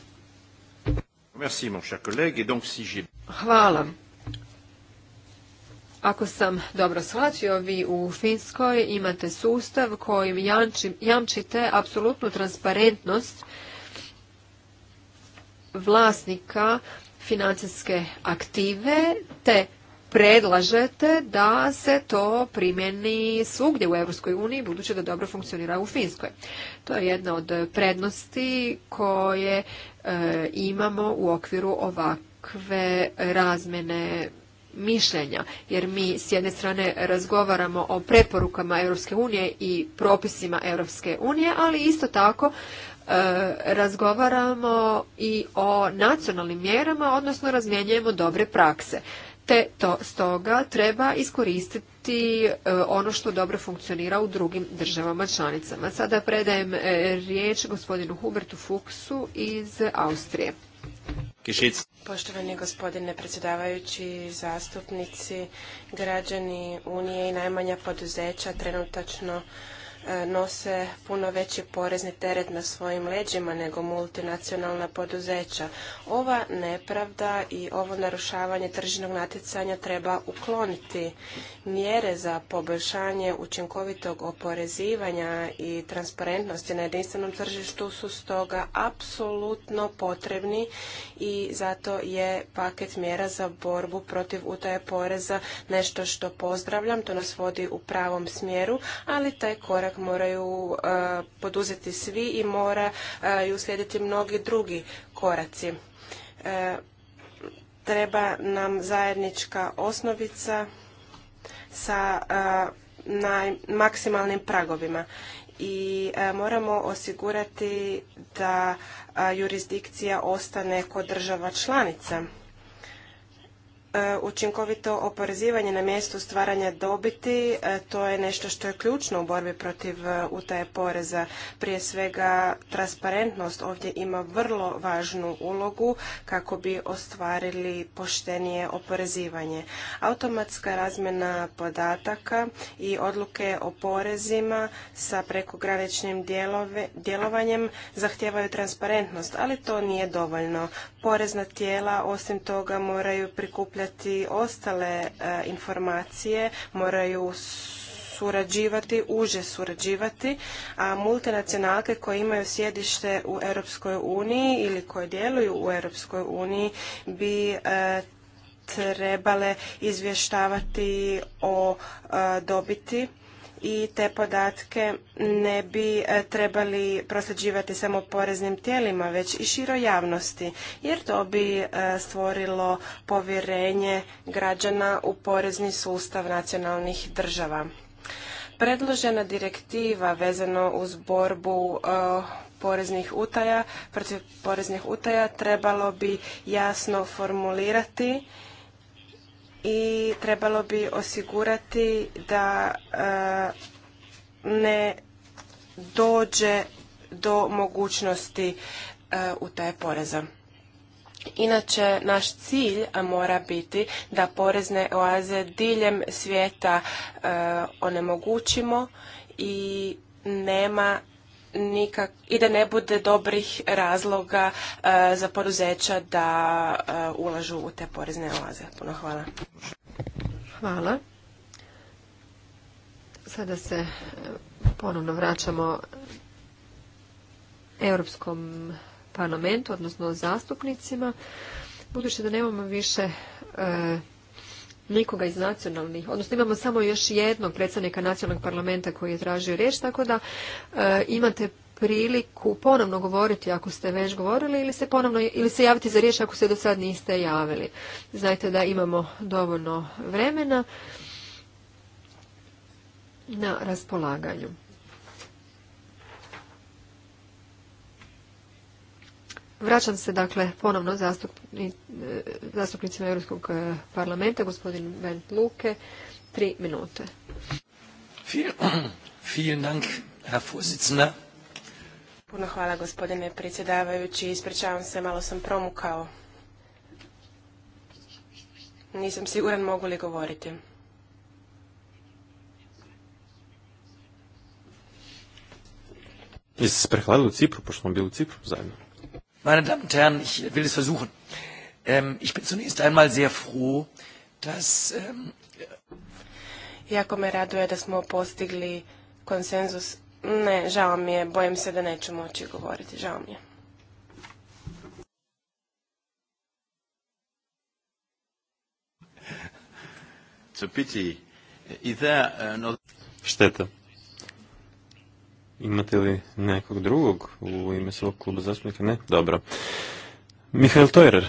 Hvala. Ako sam dobro shvatio, vi u Finskoj imate sustav kojim jamčite apsolutnu transparentnost vlasnika financijske aktive te predlažete da se to primjeni svugdje u EU budući da dobro funkcionira u Finskoj. To je jedna od prednosti koje e, imamo u okviru ovakve razmjene mišljenja, jer mi s jedne strane razgovaramo o preporukama Europske unije i propisima Europske unije, ali isto tako e, razgovaramo i o nacionalnim mjerama, odnosno razmjenjujemo dobre prakse. Te to stoga treba iskoristiti e, ono što dobro funkcionira u drugim državama članicama. Sada predajem e, riječ gospodinu Hubertu Fuksu iz Austrije. Poštovani gospodine predsjedavajući, zastupnici, građani Unije i najmanja poduzeća trenutačno E, nose puno veći porezni teret na svojim leđima nego multinacionalna poduzeća. Ova nepravda i ovo narušavanje tržišnog natjecanja treba ukloniti. Mjere za poboljšanje učinkovitog oporezivanja i transparentnosti na jedinstvenom tržištu su stoga apsolutno potrebni i zato je paket mjera za borbu protiv utaje poreza nešto što pozdravljam, to nas vodi u pravom smjeru, ali taj korak moraju e, poduzeti svi i moraju e, uslijediti mnogi drugi koraci. E, treba nam zajednička osnovica sa maksimalnim pragovima i moramo osigurati da jurisdikcija ostane kod država članica E, učinkovito oporezivanje na mjestu stvaranja dobiti, e, to je nešto što je ključno u borbi protiv e, utaje poreza. Prije svega transparentnost ovdje ima vrlo važnu ulogu kako bi ostvarili poštenije oporezivanje. Automatska razmjena podataka i odluke o porezima sa prekograničnim djelovanjem zahtijevaju transparentnost, ali to nije dovoljno. Porezna tijela osim toga moraju prikupljati ostale e, informacije, moraju surađivati, uže surađivati, a multinacionalke koje imaju sjedište u Europskoj uniji ili koje djeluju u Europskoj uniji bi e, trebale izvještavati o e, dobiti i te podatke ne bi e, trebali prosljeđivati samo poreznim tijelima, već i široj javnosti, jer to bi e, stvorilo povjerenje građana u porezni sustav nacionalnih država. Predložena direktiva vezano uz borbu e, poreznih utaja, protiv poreznih utaja trebalo bi jasno formulirati i trebalo bi osigurati da e, ne dođe do mogućnosti e, utaje poreza. Inače, naš cilj mora biti da porezne oaze diljem svijeta e, onemogućimo i nema nikak, i da ne bude dobrih razloga e, za poduzeća da e, ulažu u te porezne oaze. Puno hvala. Hvala. Sada se e, ponovno vraćamo Europskom parlamentu, odnosno zastupnicima. Budući da nemamo više nikoga iz nacionalnih, odnosno imamo samo još jednog predstavnika nacionalnog parlamenta koji je tražio riječ, tako da e, imate priliku ponovno govoriti ako ste već govorili ili se ponovno ili se javiti za riječ ako se do sad niste javili. Znajte da imamo dovoljno vremena na raspolaganju. Vraćam se dakle ponovno e, zastupnicima Europskog e, parlamenta, gospodin Bent Luke, tri minute. [clears throat] Puno hvala gospodine predsjedavajući, ispričavam se, malo sam promukao. Nisam siguran mogu li govoriti. Jeste se prehladili u Cipru, pošto smo bili u Cipru zajedno? Meine Damen und Herren, ich will es versuchen. Ähm, ich bin zunächst einmal sehr froh, dass... Ähm, jako me raduje da smo postigli konsenzus. Ne, žao mi je, bojim se da neću moći govoriti, žao mi je. Uh, Šteta. Imate li nekog drugog u ime svog kluba zastupnika? Ne? Dobro. Mihael Teurer.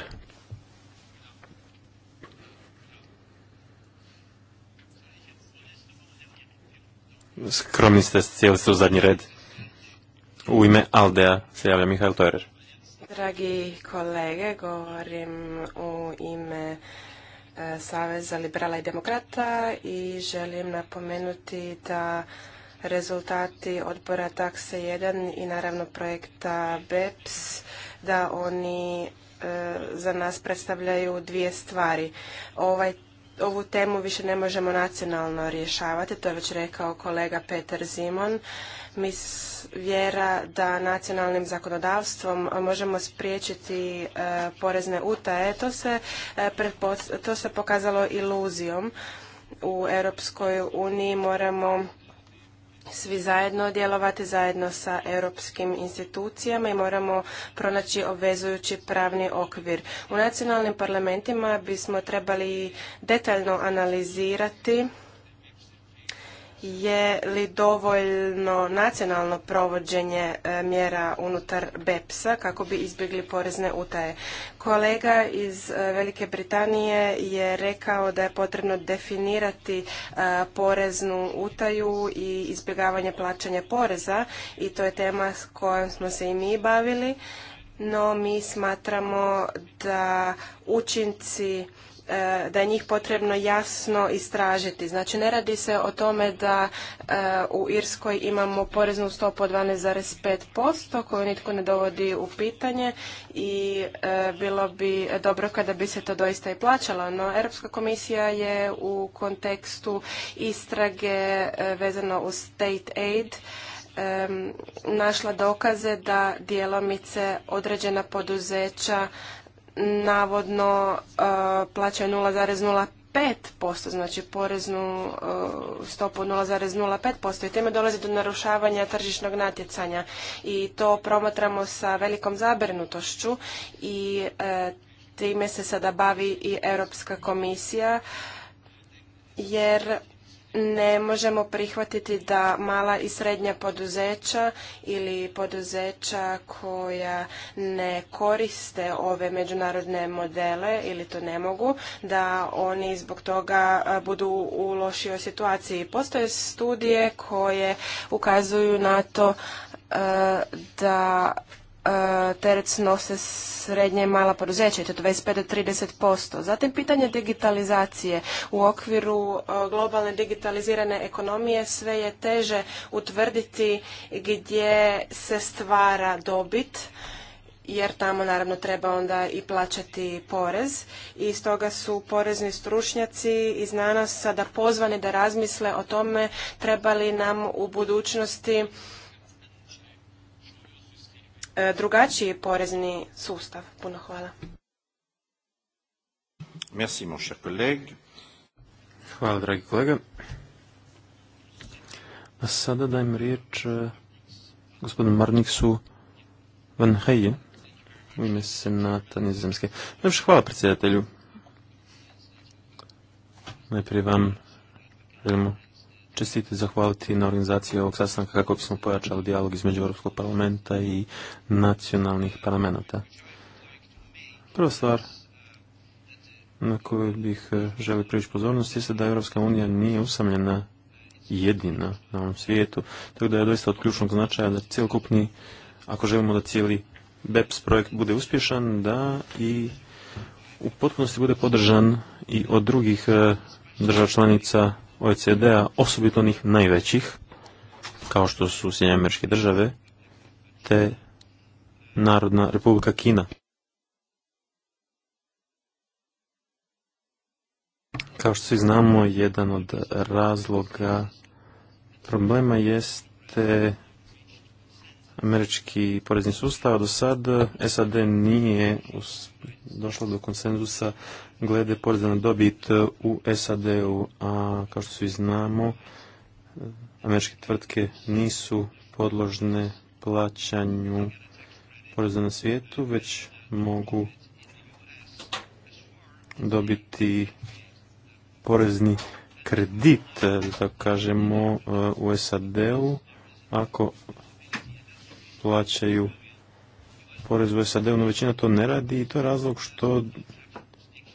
Skromni ste, cijeli ste u zadnji red. U ime Aldea se javlja Mihael Teurer. Dragi kolege, govorim u ime e, Saveza liberala i demokrata i želim napomenuti da rezultati odbora takse 1 i naravno projekta BEPS da oni e, za nas predstavljaju dvije stvari. Ovaj Ovu temu više ne možemo nacionalno rješavati, to je već rekao kolega Peter Zimon. Mi vjera da nacionalnim zakonodavstvom možemo spriječiti e, porezne utaje, to se, e, to se pokazalo iluzijom. U Europskoj uniji moramo svi zajedno djelovati zajedno sa europskim institucijama i moramo pronaći obvezujući pravni okvir. U nacionalnim parlamentima bismo trebali detaljno analizirati je li dovoljno nacionalno provođenje e, mjera unutar BEPS-a kako bi izbjegli porezne utaje. Kolega iz e, Velike Britanije je rekao da je potrebno definirati e, poreznu utaju i izbjegavanje plaćanja poreza i to je tema s kojom smo se i mi bavili, no mi smatramo da učinci E, da je njih potrebno jasno istražiti. Znači ne radi se o tome da e, u Irskoj imamo poreznu stopu od 12,5% koju nitko ne dovodi u pitanje i e, bilo bi dobro kada bi se to doista i plaćalo. No Europska komisija je u kontekstu istrage vezano u state aid našla dokaze da djelomice određena poduzeća navodno e, plaćaju 0,05%, znači poreznu e, stopu 0,05% i time dolazi do narušavanja tržišnog natjecanja i to promatramo sa velikom zabrinutošću i e, time se sada bavi i Europska komisija jer ne možemo prihvatiti da mala i srednja poduzeća ili poduzeća koja ne koriste ove međunarodne modele ili to ne mogu, da oni zbog toga budu u lošijoj situaciji. Postoje studije koje ukazuju na to da E, teret snose srednje i mala poduzeća i to 25 do 30%. Zatim pitanje digitalizacije. U okviru e, globalne digitalizirane ekonomije sve je teže utvrditi gdje se stvara dobit jer tamo naravno treba onda i plaćati porez i stoga su porezni stručnjaci iz nas sada pozvani da razmisle o tome treba li nam u budućnosti E, drugačiji porezni sustav. Puno hvala. Merci, mon cher collègue. Hvala, dragi kolega. A sada dajem riječ e, gospodinu Marniksu Van Heije u ime Senata Nizozemske. Najviše hvala predsjedatelju. Najprije vam želimo Čestite zahvaliti na organizaciji ovog sastanka kako bismo pojačali dijalog između Europskog parlamenta i nacionalnih parlamenta. Prva stvar na koju bih e, želio prijeći pozornost jeste da Europska unija nije usamljena jedina na ovom svijetu, tako da je doista od ključnog značaja da cijelokupni, ako želimo da cijeli BEPS projekt bude uspješan, da i u potpunosti bude podržan i od drugih e, država članica OECD-a, osobito onih najvećih, kao što su Sjedinje američke države, te Narodna republika Kina. Kao što svi znamo, jedan od razloga problema jeste američki porezni sustav, do sad eh, SAD nije došlo do konsenzusa glede poreza na dobit eh, u SAD-u, a kao što svi znamo, eh, američke tvrtke nisu podložne plaćanju poreza na svijetu, već mogu dobiti porezni kredit, da kažemo, u SAD-u, ako plaćaju porez u SAD-u, većina to ne radi i to je razlog što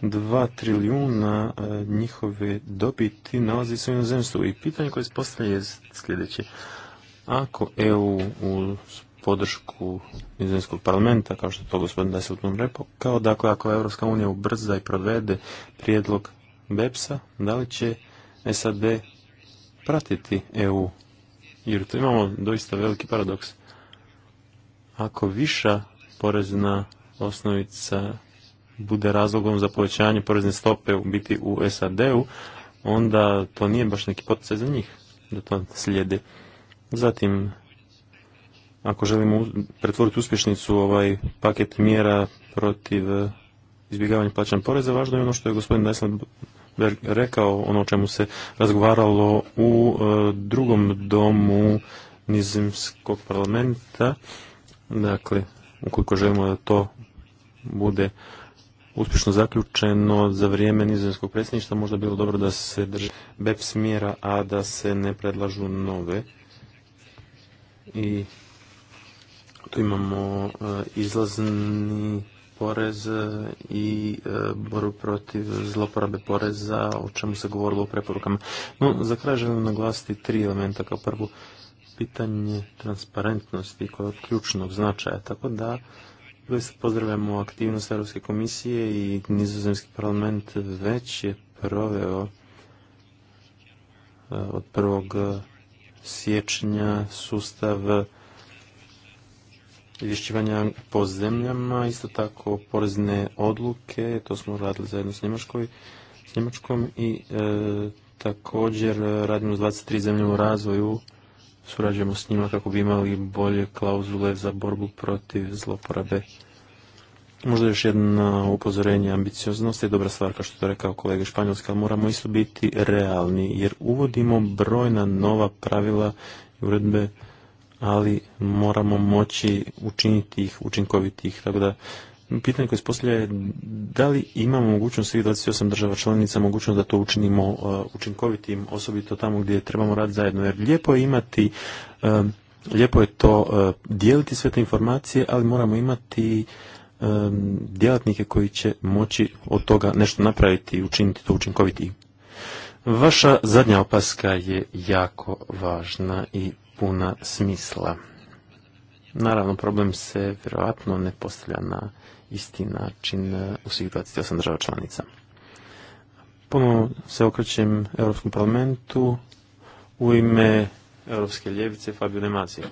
2 trilijuna e, njihove dobiti nalazi se u inozemstvu. I pitanje koje se postavlja je sljedeće. Ako EU u podršku inozemskog parlamenta, kao što je to gospodin Dasilton repo, kao dakle ako Evropska unija ubrza i provede prijedlog BEPS-a, da li će SAD pratiti EU? Jer tu imamo doista veliki paradoks. Ako viša porezna osnovica bude razlogom za povećanje porezne stope u biti u SAD-u, onda to nije baš neki poticaj za njih da to slijede. Zatim, ako želimo pretvoriti uspješnicu ovaj paket mjera protiv eh, izbjegavanja plaćanja poreza, važno je ono što je gospodin Dajsland rekao, ono o čemu se razgovaralo u eh, drugom domu nizimskog parlamenta, Dakle, ukoliko želimo da to bude uspješno zaključeno za vrijeme nizozemskog predsjedništva, možda bilo dobro da se drži BEP smjera, a da se ne predlažu nove. I tu imamo e, izlazni porez i e, boru protiv zloporabe poreza, o čemu se govorilo u preporukama. No, za kraj želim naglasiti tri elementa. Kao prvo, pitanje transparentnosti koje je od ključnog značaja, tako da pozdravljamo aktivnost Europske komisije i nizozemski parlament već je proveo e, od 1. E, siječnja sustav e, izvješćivanja po zemljama, isto tako porezne odluke, to smo radili zajedno s, Njemačkoj, Njemačkom i također radimo s 23 zemlje u razvoju surađujemo s njima kako bi imali bolje klauzule za borbu protiv zloporabe. Možda još jedno upozorenje ambicioznosti je dobra stvar, kao što je rekao kolega Španjolska, ali moramo isto biti realni, jer uvodimo brojna nova pravila i uredbe, ali moramo moći učiniti ih učinkovitih, tako da pitanje koje se postavlja je da li imamo mogućnost svih 28 država članica mogućnost da to učinimo uh, učinkovitim, osobito tamo gdje trebamo raditi zajedno. Jer lijepo je imati, um, lijepo je to uh, dijeliti sve te informacije, ali moramo imati um, djelatnike koji će moći od toga nešto napraviti i učiniti to učinkovitim Vaša zadnja opaska je jako važna i puna smisla. Naravno, problem se vjerojatno ne postavlja na isti način e, u svih 28 država članica. Ponovo se okrećem Europskom parlamentu u ime Europske ljevice Fabio Demacije.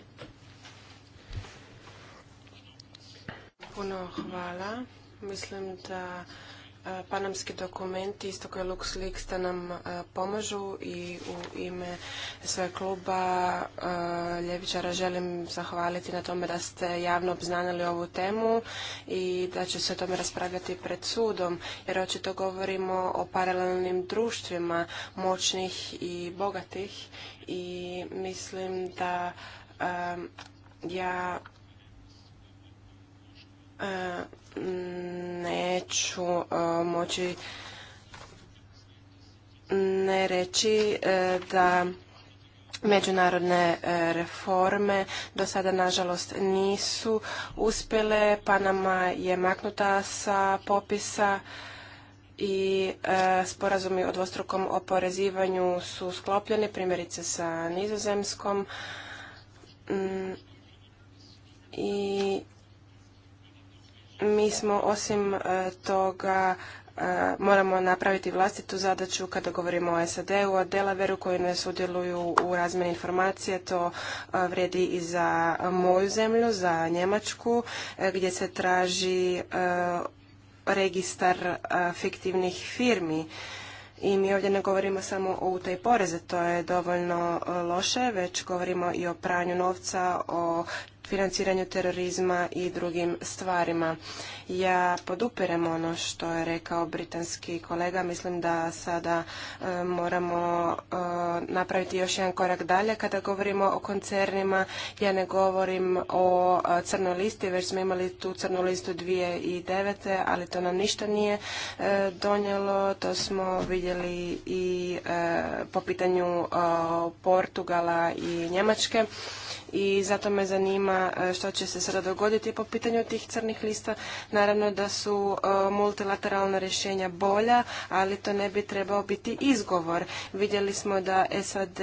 Puno hvala. Mislim da E, panamski dokumenti, isto je LuxLeaks, da nam e, pomažu i u ime svoje kluba e, Ljevičara želim zahvaliti na tome da ste javno obznanili ovu temu i da će se o tome raspravljati pred sudom, jer očito govorimo o paralelnim društvima moćnih i bogatih i mislim da ja neću e, moći ne reći e, da međunarodne e, reforme do sada nažalost nisu uspjele. Panama je maknuta sa popisa i sporazumi o dvostrukom oporezivanju su sklopljeni, primjerice sa nizozemskom. Mm, I mi smo osim e, toga e, moramo napraviti vlastitu zadaću kada govorimo o SAD-u, o Delaveru koji ne sudjeluju u razmjeni informacije, To e, vredi i za moju zemlju, za Njemačku, gdje se traži registar fiktivnih firmi. I mi ovdje ne govorimo samo o utaj poreze, to je dovoljno loše, već govorimo i o pranju novca, o financiranju terorizma i drugim stvarima. Ja podupirem ono što je rekao britanski kolega. Mislim da sada e, moramo e, napraviti još jedan korak dalje. Kada govorimo o koncernima, ja ne govorim o e, crnoj listi, već smo imali tu crnu listu 2009. ali to nam ništa nije donijelo. To smo vidjeli i po pitanju Portugala i Njemačke i zato me zanima e, što će se sada dogoditi po pitanju tih crnih lista. Naravno da su e, multilateralna rješenja bolja, ali to ne bi trebao biti izgovor. Vidjeli smo da SAD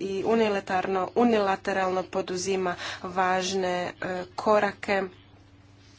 i unilateralno, unilateralno poduzima važne e, korake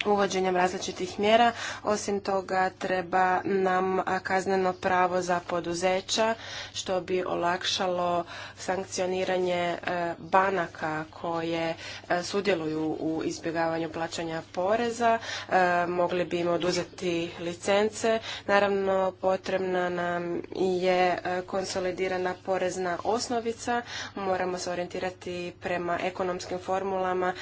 uvođenjem različitih mjera. Osim toga treba nam kazneno pravo za poduzeća što bi olakšalo sankcioniranje e, banaka koje e, sudjeluju u izbjegavanju plaćanja poreza. E, mogli bi im oduzeti licence. Naravno potrebna nam je konsolidirana porezna osnovica. Moramo se orijentirati prema ekonomskim formulama.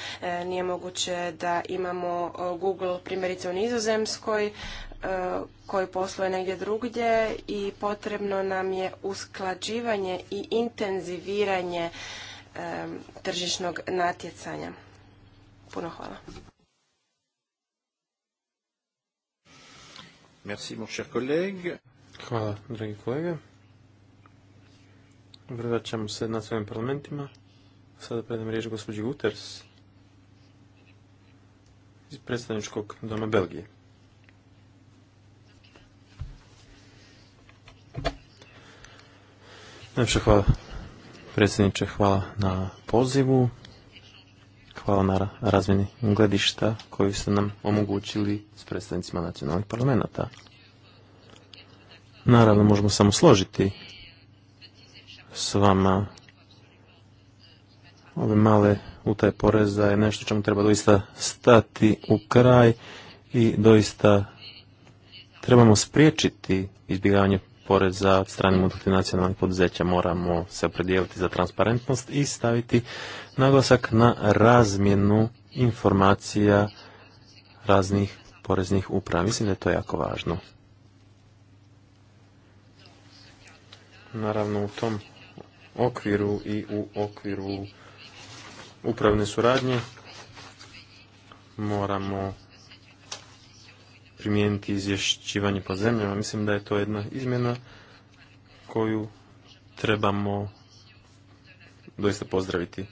Nije moguće da imamo Google primjerice u Nizozemskoj e, koji posluje negdje drugdje i potrebno nam je usklađivanje i intenziviranje e, tržišnog natjecanja. Puno hvala. Merci, mon cher collègue. Hvala, dragi kolege. se svojim parlamentima. Sada predam riječ gospođi Guters iz predstavničkog doma Belgije. Najpša hvala predsjedniče, hvala na pozivu, hvala na razmjeni gledišta koji ste nam omogućili s predstavnicima nacionalnih parlamenta. Naravno, možemo samo složiti s vama ove male utaje poreza je nešto čemu treba doista stati u kraj i doista trebamo spriječiti izbjegavanje poreza od strane multinacionalnih poduzeća. Moramo se opredijeliti za transparentnost i staviti naglasak na razmjenu informacija raznih poreznih uprava. Mislim da je to jako važno. Naravno u tom okviru i u okviru upravne suradnje moramo primijeniti izvješćivanje po zemljama. Mislim da je to jedna izmjena koju trebamo doista pozdraviti.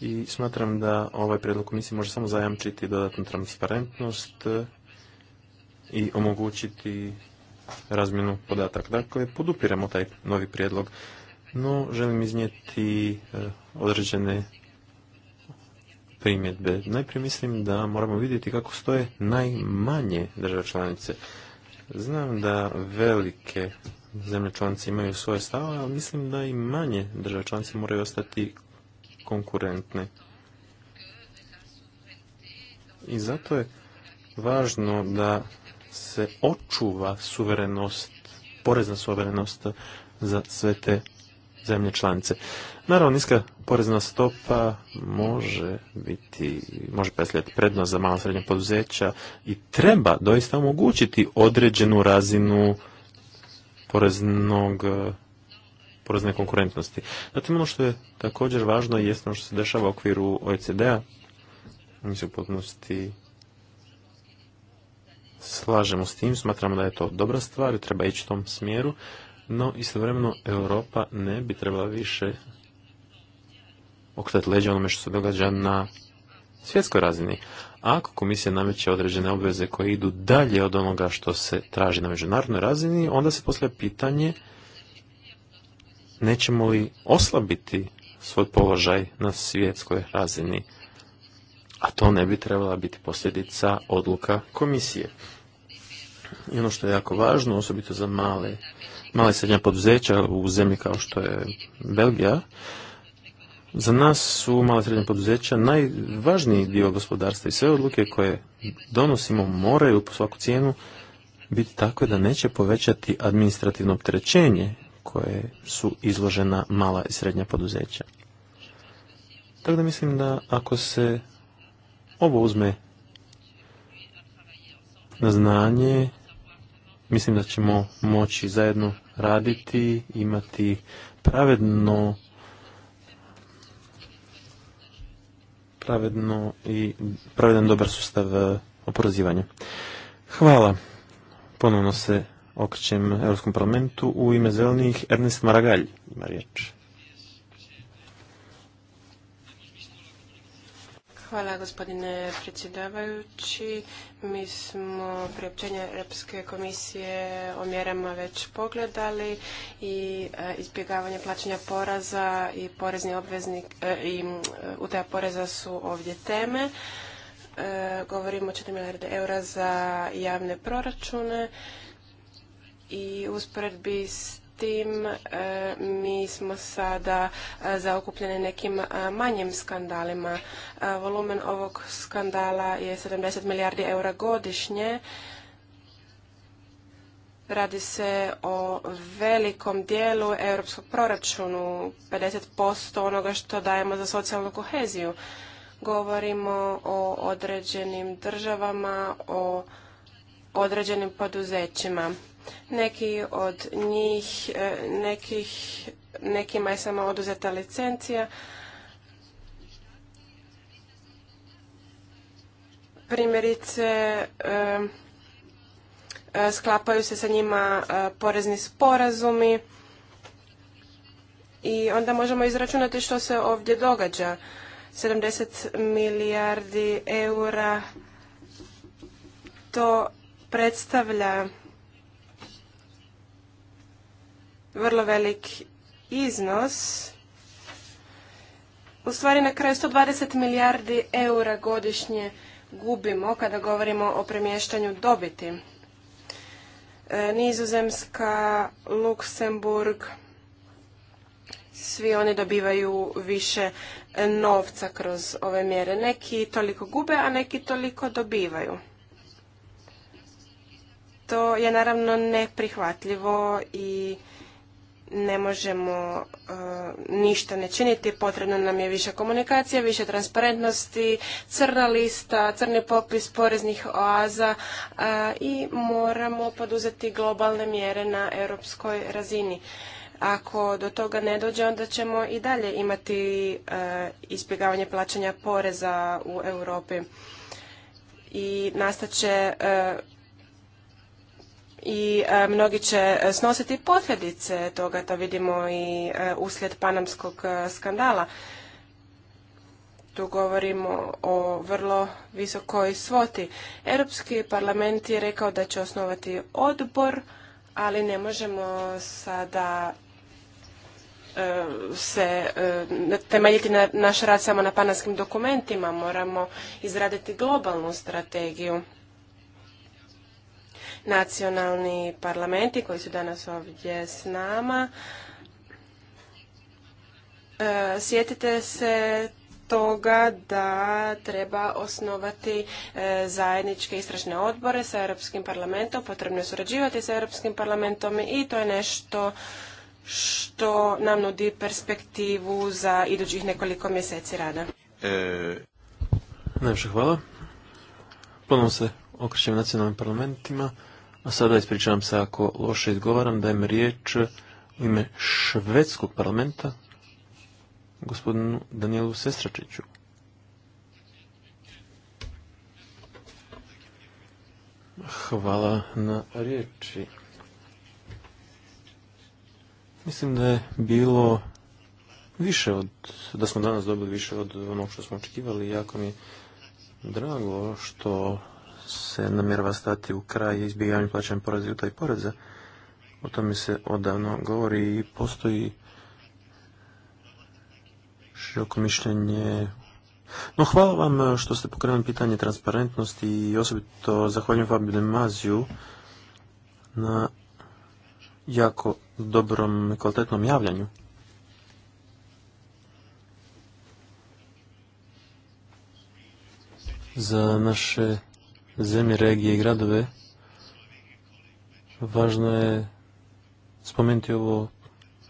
I smatram da ovaj prijedlog komisije može samo zajamčiti dodatnu transparentnost i omogućiti razmjenu podataka. Dakle, podupiramo taj novi prijedlog, no želim iznijeti eh, određene primjedbe. Najprije mislim da moramo vidjeti kako stoje najmanje države članice. Znam da velike zemlje članice imaju svoje stave, ali mislim da i manje države članice moraju ostati konkurentne. I zato je važno da se očuva suverenost, porezna suverenost za sve te zemlje članice. Naravno, niska porezna stopa može biti, može predstavljati prednost za malo srednje poduzeća i treba doista omogućiti određenu razinu poreznog porezne konkurentnosti. Zatim ono što je također važno je ono što se dešava u okviru OECD-a. Mi se u potpunosti slažemo s tim, smatramo da je to dobra stvar i treba ići u tom smjeru no istovremeno Europa ne bi trebala više okretati leđa onome što se događa na svjetskoj razini. Ako komisija nameće određene obveze koje idu dalje od onoga što se traži na međunarodnoj razini, onda se postavlja pitanje nećemo li oslabiti svoj položaj na svjetskoj razini. A to ne bi trebala biti posljedica odluka komisije. I ono što je jako važno, osobito za male mala i srednja poduzeća u zemlji kao što je Belgija, za nas su mala i srednja poduzeća najvažniji dio gospodarstva i sve odluke koje donosimo moraju po svaku cijenu biti takve da neće povećati administrativno opterećenje koje su izložena mala i srednja poduzeća. Tako da mislim da ako se ovo uzme na znanje Mislim da ćemo moći zajedno raditi, imati pravedno pravedno i pravedan dobar sustav e, oporazivanja. Hvala. Ponovno se okrećem Europskom parlamentu u ime zelenih Ernest Maragalj ima riječ. Hvala gospodine predsjedavajući. Mi smo priopćenje Europske komisije o mjerama već pogledali i e, izbjegavanje plaćanja poraza i porezni obveznik e, i utaja poreza su ovdje teme. E, govorimo o 4 milijarde eura za javne proračune i usporedbi s Međutim, e, mi smo sada e, zaokupljeni nekim e, manjim skandalima. Volumen ovog skandala je 70 milijardi eura godišnje. Radi se o velikom dijelu europskog proračunu, 50% onoga što dajemo za socijalnu koheziju. Govorimo o određenim državama, o određenim poduzećima. Neki od njih, e, nekih, nekima je samo oduzeta licencija. Primjerice, e, e, sklapaju se sa njima porezni sporazumi i onda možemo izračunati što se ovdje događa. 70 milijardi eura to predstavlja vrlo velik iznos. U stvari na kraju 120 milijardi eura godišnje gubimo kada govorimo o premještanju dobiti. E, Nizozemska, Luksemburg, svi oni dobivaju više novca kroz ove mjere. Neki toliko gube, a neki toliko dobivaju. To je naravno neprihvatljivo i ne možemo e, ništa ne činiti, potrebno nam je više komunikacije, više transparentnosti, crna lista, crni popis poreznih oaza e, i moramo poduzeti globalne mjere na europskoj razini. Ako do toga ne dođe, onda ćemo i dalje imati e, ispjegavanje plaćanja poreza u Europi i nastat će i e, mnogi će e, snositi posljedice toga, to vidimo i e, uslijed panamskog skandala. Tu govorimo o vrlo visokoj svoti. Europski parlament je rekao da će osnovati odbor, ali ne možemo sada se temeljiti na naš rad samo na panamskim dokumentima. Moramo izraditi globalnu strategiju nacionalni parlamenti koji su danas ovdje s nama. E, sjetite se toga da treba osnovati e, zajedničke istražne odbore sa Europskim parlamentom, potrebno je surađivati sa Europskim parlamentom i to je nešto što nam nudi perspektivu za idućih nekoliko mjeseci rada. E, hvala. Ponovno se okrećem nacionalnim parlamentima. A sada ispričavam se ako loše izgovaram, dajem riječ u ime švedskog parlamenta gospodinu Danielu Sestračiću. Hvala na riječi. Mislim da je bilo više od, da smo danas dobili više od onog što smo očekivali. Jako mi je drago što se namjerava stati u kraj izbjegavanju plaćanja poreza i utaj poreza. O tome se odavno govori i postoji široko mišljenje. No hvala vam što ste pokrenuli pitanje transparentnosti i osobito zahvaljujem Fabio Maziju na jako dobrom i kvalitetnom javljanju. Za naše zemlje, regije i gradove, važno je spomenuti ovo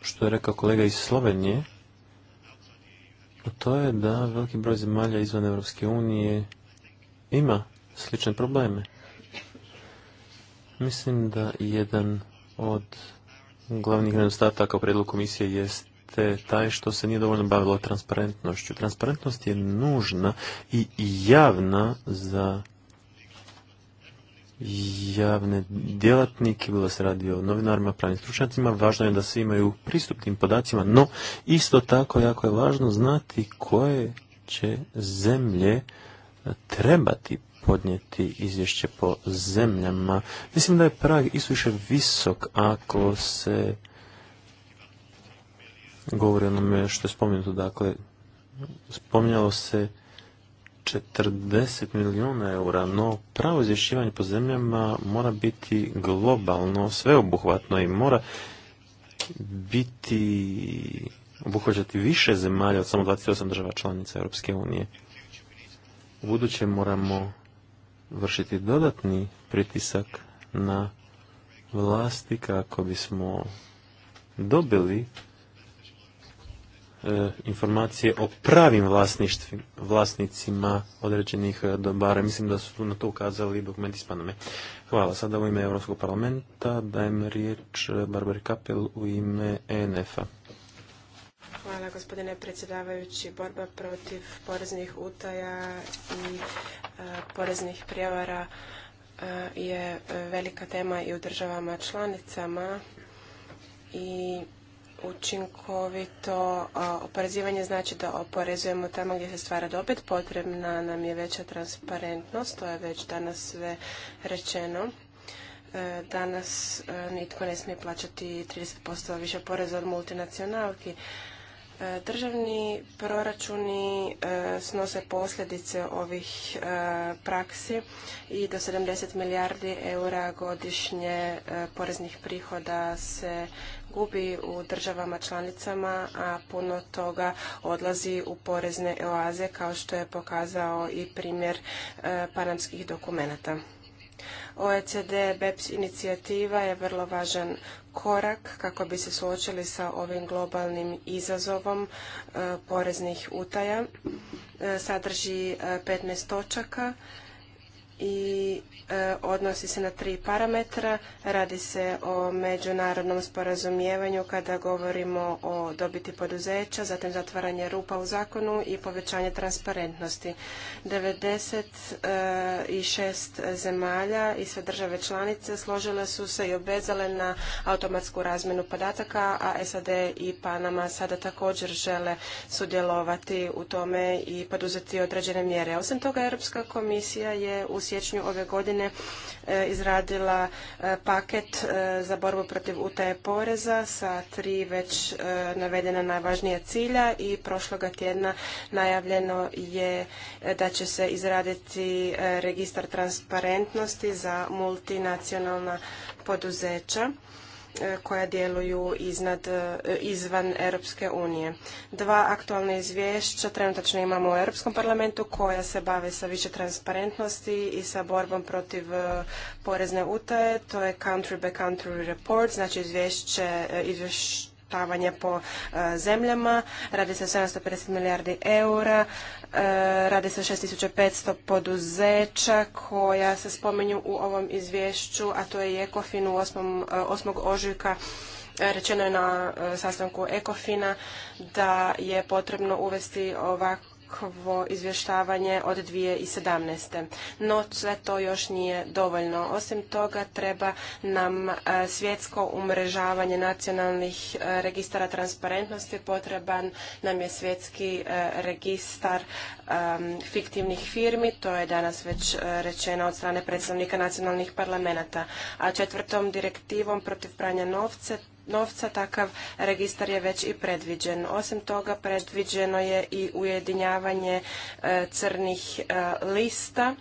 što je rekao kolega iz Slovenije, a to je da veliki broj zemalja izvan EU unije ima slične probleme. Mislim da jedan od glavnih nedostataka u predlogu komisije jeste taj što se nije dovoljno bavilo transparentnošću. Transparentnost je nužna i javna za javne djelatnike, bilo se radi o novinarima, pravnim stručnjacima, važno je da svi imaju pristup pristupnim podacima, no isto tako jako je važno znati koje će zemlje trebati podnijeti izvješće po zemljama. Mislim da je prag isuviše visok ako se govori onome što je spomenuto. Dakle, spominjalo se 40 milijuna eura, no pravo izvješćivanje po zemljama mora biti globalno, sveobuhvatno i mora biti obuhvaćati više zemalja od samo 28 država članica Europske unije. U budućem moramo vršiti dodatni pritisak na vlasti kako bismo dobili E, informacije o pravim vlasnicima određenih e, dobara. Mislim da su na to ukazali dokumenti s panome. Hvala. Sada u ime Europskog parlamenta dajem riječ e, Barbari Kapel u ime ENF-a. Hvala gospodine predsjedavajući. Borba protiv poreznih utaja i poreznih prijevara je velika tema i u državama članicama i učinkovito oporezivanje znači da oporezujemo tamo gdje se stvara dobit. Potrebna nam je veća transparentnost, to je već danas sve rečeno. E, danas e, nitko ne smije plaćati 30% više poreza od multinacionalki. E, državni proračuni e, snose posljedice ovih e, praksi i do 70 milijardi eura godišnje poreznih prihoda se gubi u državama članicama, a puno toga odlazi u porezne oaze kao što je pokazao i primjer panamskih dokumenata. OECD BEPS inicijativa je vrlo važan korak kako bi se suočili sa ovim globalnim izazovom e, poreznih utaja. E, sadrži e, 15 točaka i e, odnosi se na tri parametra. Radi se o međunarodnom sporazumijevanju kada govorimo o dobiti poduzeća, zatim zatvaranje rupa u zakonu i povećanje transparentnosti. 96 e, šest zemalja i sve države članice složile su se i obvezale na automatsku razmjenu podataka, a SAD i Panama sada također žele sudjelovati u tome i poduzeti određene mjere. Osim toga, Europska komisija je u siječnju ove godine e, izradila e, paket e, za borbu protiv utaje poreza sa tri već navedena najvažnija cilja i prošloga tjedna najavljeno je da će se izraditi registar transparentnosti za multinacionalna poduzeća E, koja djeluju iznad, e, izvan Europske unije. Dva aktualna izvješća trenutačno imamo u Europskom parlamentu koja se bave sa više transparentnosti i sa borbom protiv e, porezne utaje. To je country by country report, znači izvješće, izvješće razvrstavanje po e, zemljama. Radi se o 750 milijardi eura, e, radi se o 6500 poduzeća koja se spominju u ovom izvješću, a to je Ekofin u 8. 8. E, ožujka rečeno je na sastanku Ekofina da je potrebno uvesti ovakvu njihovo izvještavanje od 2017. No sve to još nije dovoljno. Osim toga treba nam e, svjetsko umrežavanje nacionalnih e, registara transparentnosti. Potreban nam je svjetski e, registar fiktivnih firmi. To je danas već rečeno od strane predstavnika nacionalnih parlamenta. A četvrtom direktivom protiv pranja novca novca, takav registar je već i predviđen. Osim toga predviđeno je i ujedinjavanje e, crnih e, lista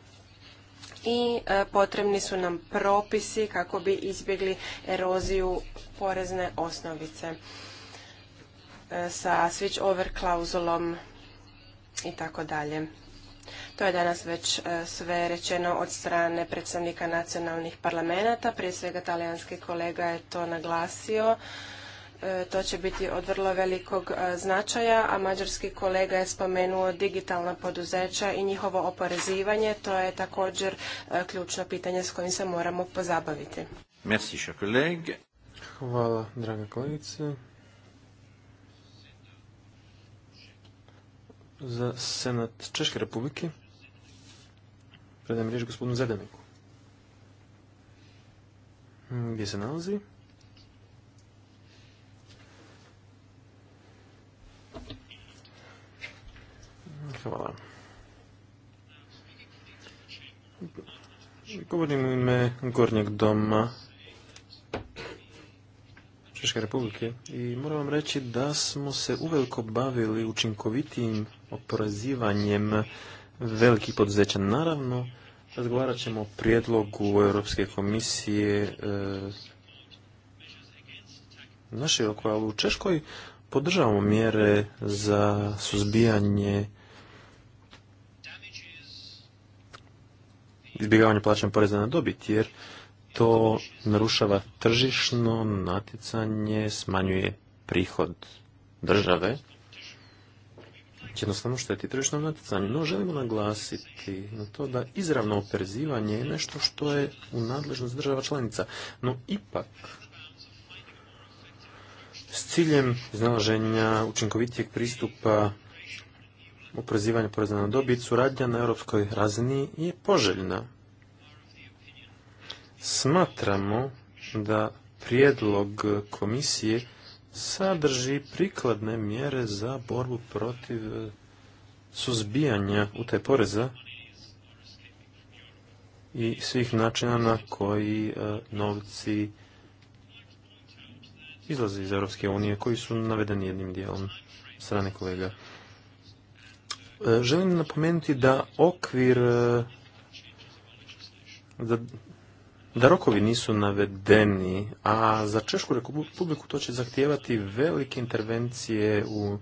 i e, potrebni su nam propisi kako bi izbjegli eroziju porezne osnovice sa switch over klauzulom i tako dalje. To je danas već e, sve rečeno od strane predstavnika nacionalnih parlamenta. Prije svega talijanski kolega je to naglasio. E, to će biti od vrlo velikog e, značaja, a mađarski kolega je spomenuo digitalna poduzeća i njihovo oporezivanje. To je također ključno pitanje s kojim se moramo pozabaviti. Merci, Hvala, draga kolegice. Za Senat Češke republike. Predajem riječ gospodinu Zedeniku. Hmm, gdje se nalazi? Hvala. Govorim u ime Gornjeg doma Češke republike i moram vam reći da smo se uveliko bavili učinkovitim oporazivanjem velikih poduzeća. Naravno, Razgovarat ćemo o prijedlogu Europske komisije naši e, naširoko, ali u Češkoj podržavamo mjere za suzbijanje izbjegavanje plaćanja poreza na dobit, jer to narušava tržišno natjecanje, smanjuje prihod države jednostavno šteti tržišnom natjecanju. No, želimo naglasiti na to da izravno operzivanje je nešto što je u nadležnost država članica. No, ipak, s ciljem iznalaženja učinkovitijeg pristupa oprezivanja poreza na dobit, suradnja na europskoj razini je poželjna. Smatramo da prijedlog komisije sadrži prikladne mjere za borbu protiv e, suzbijanja u te poreza i svih načina na koji e, novci izlaze iz Europske unije, koji su navedeni jednim dijelom strane kolega. E, želim napomenuti da okvir da da rokovi nisu navedeni, a za Češku republiku to će zahtijevati velike intervencije u e,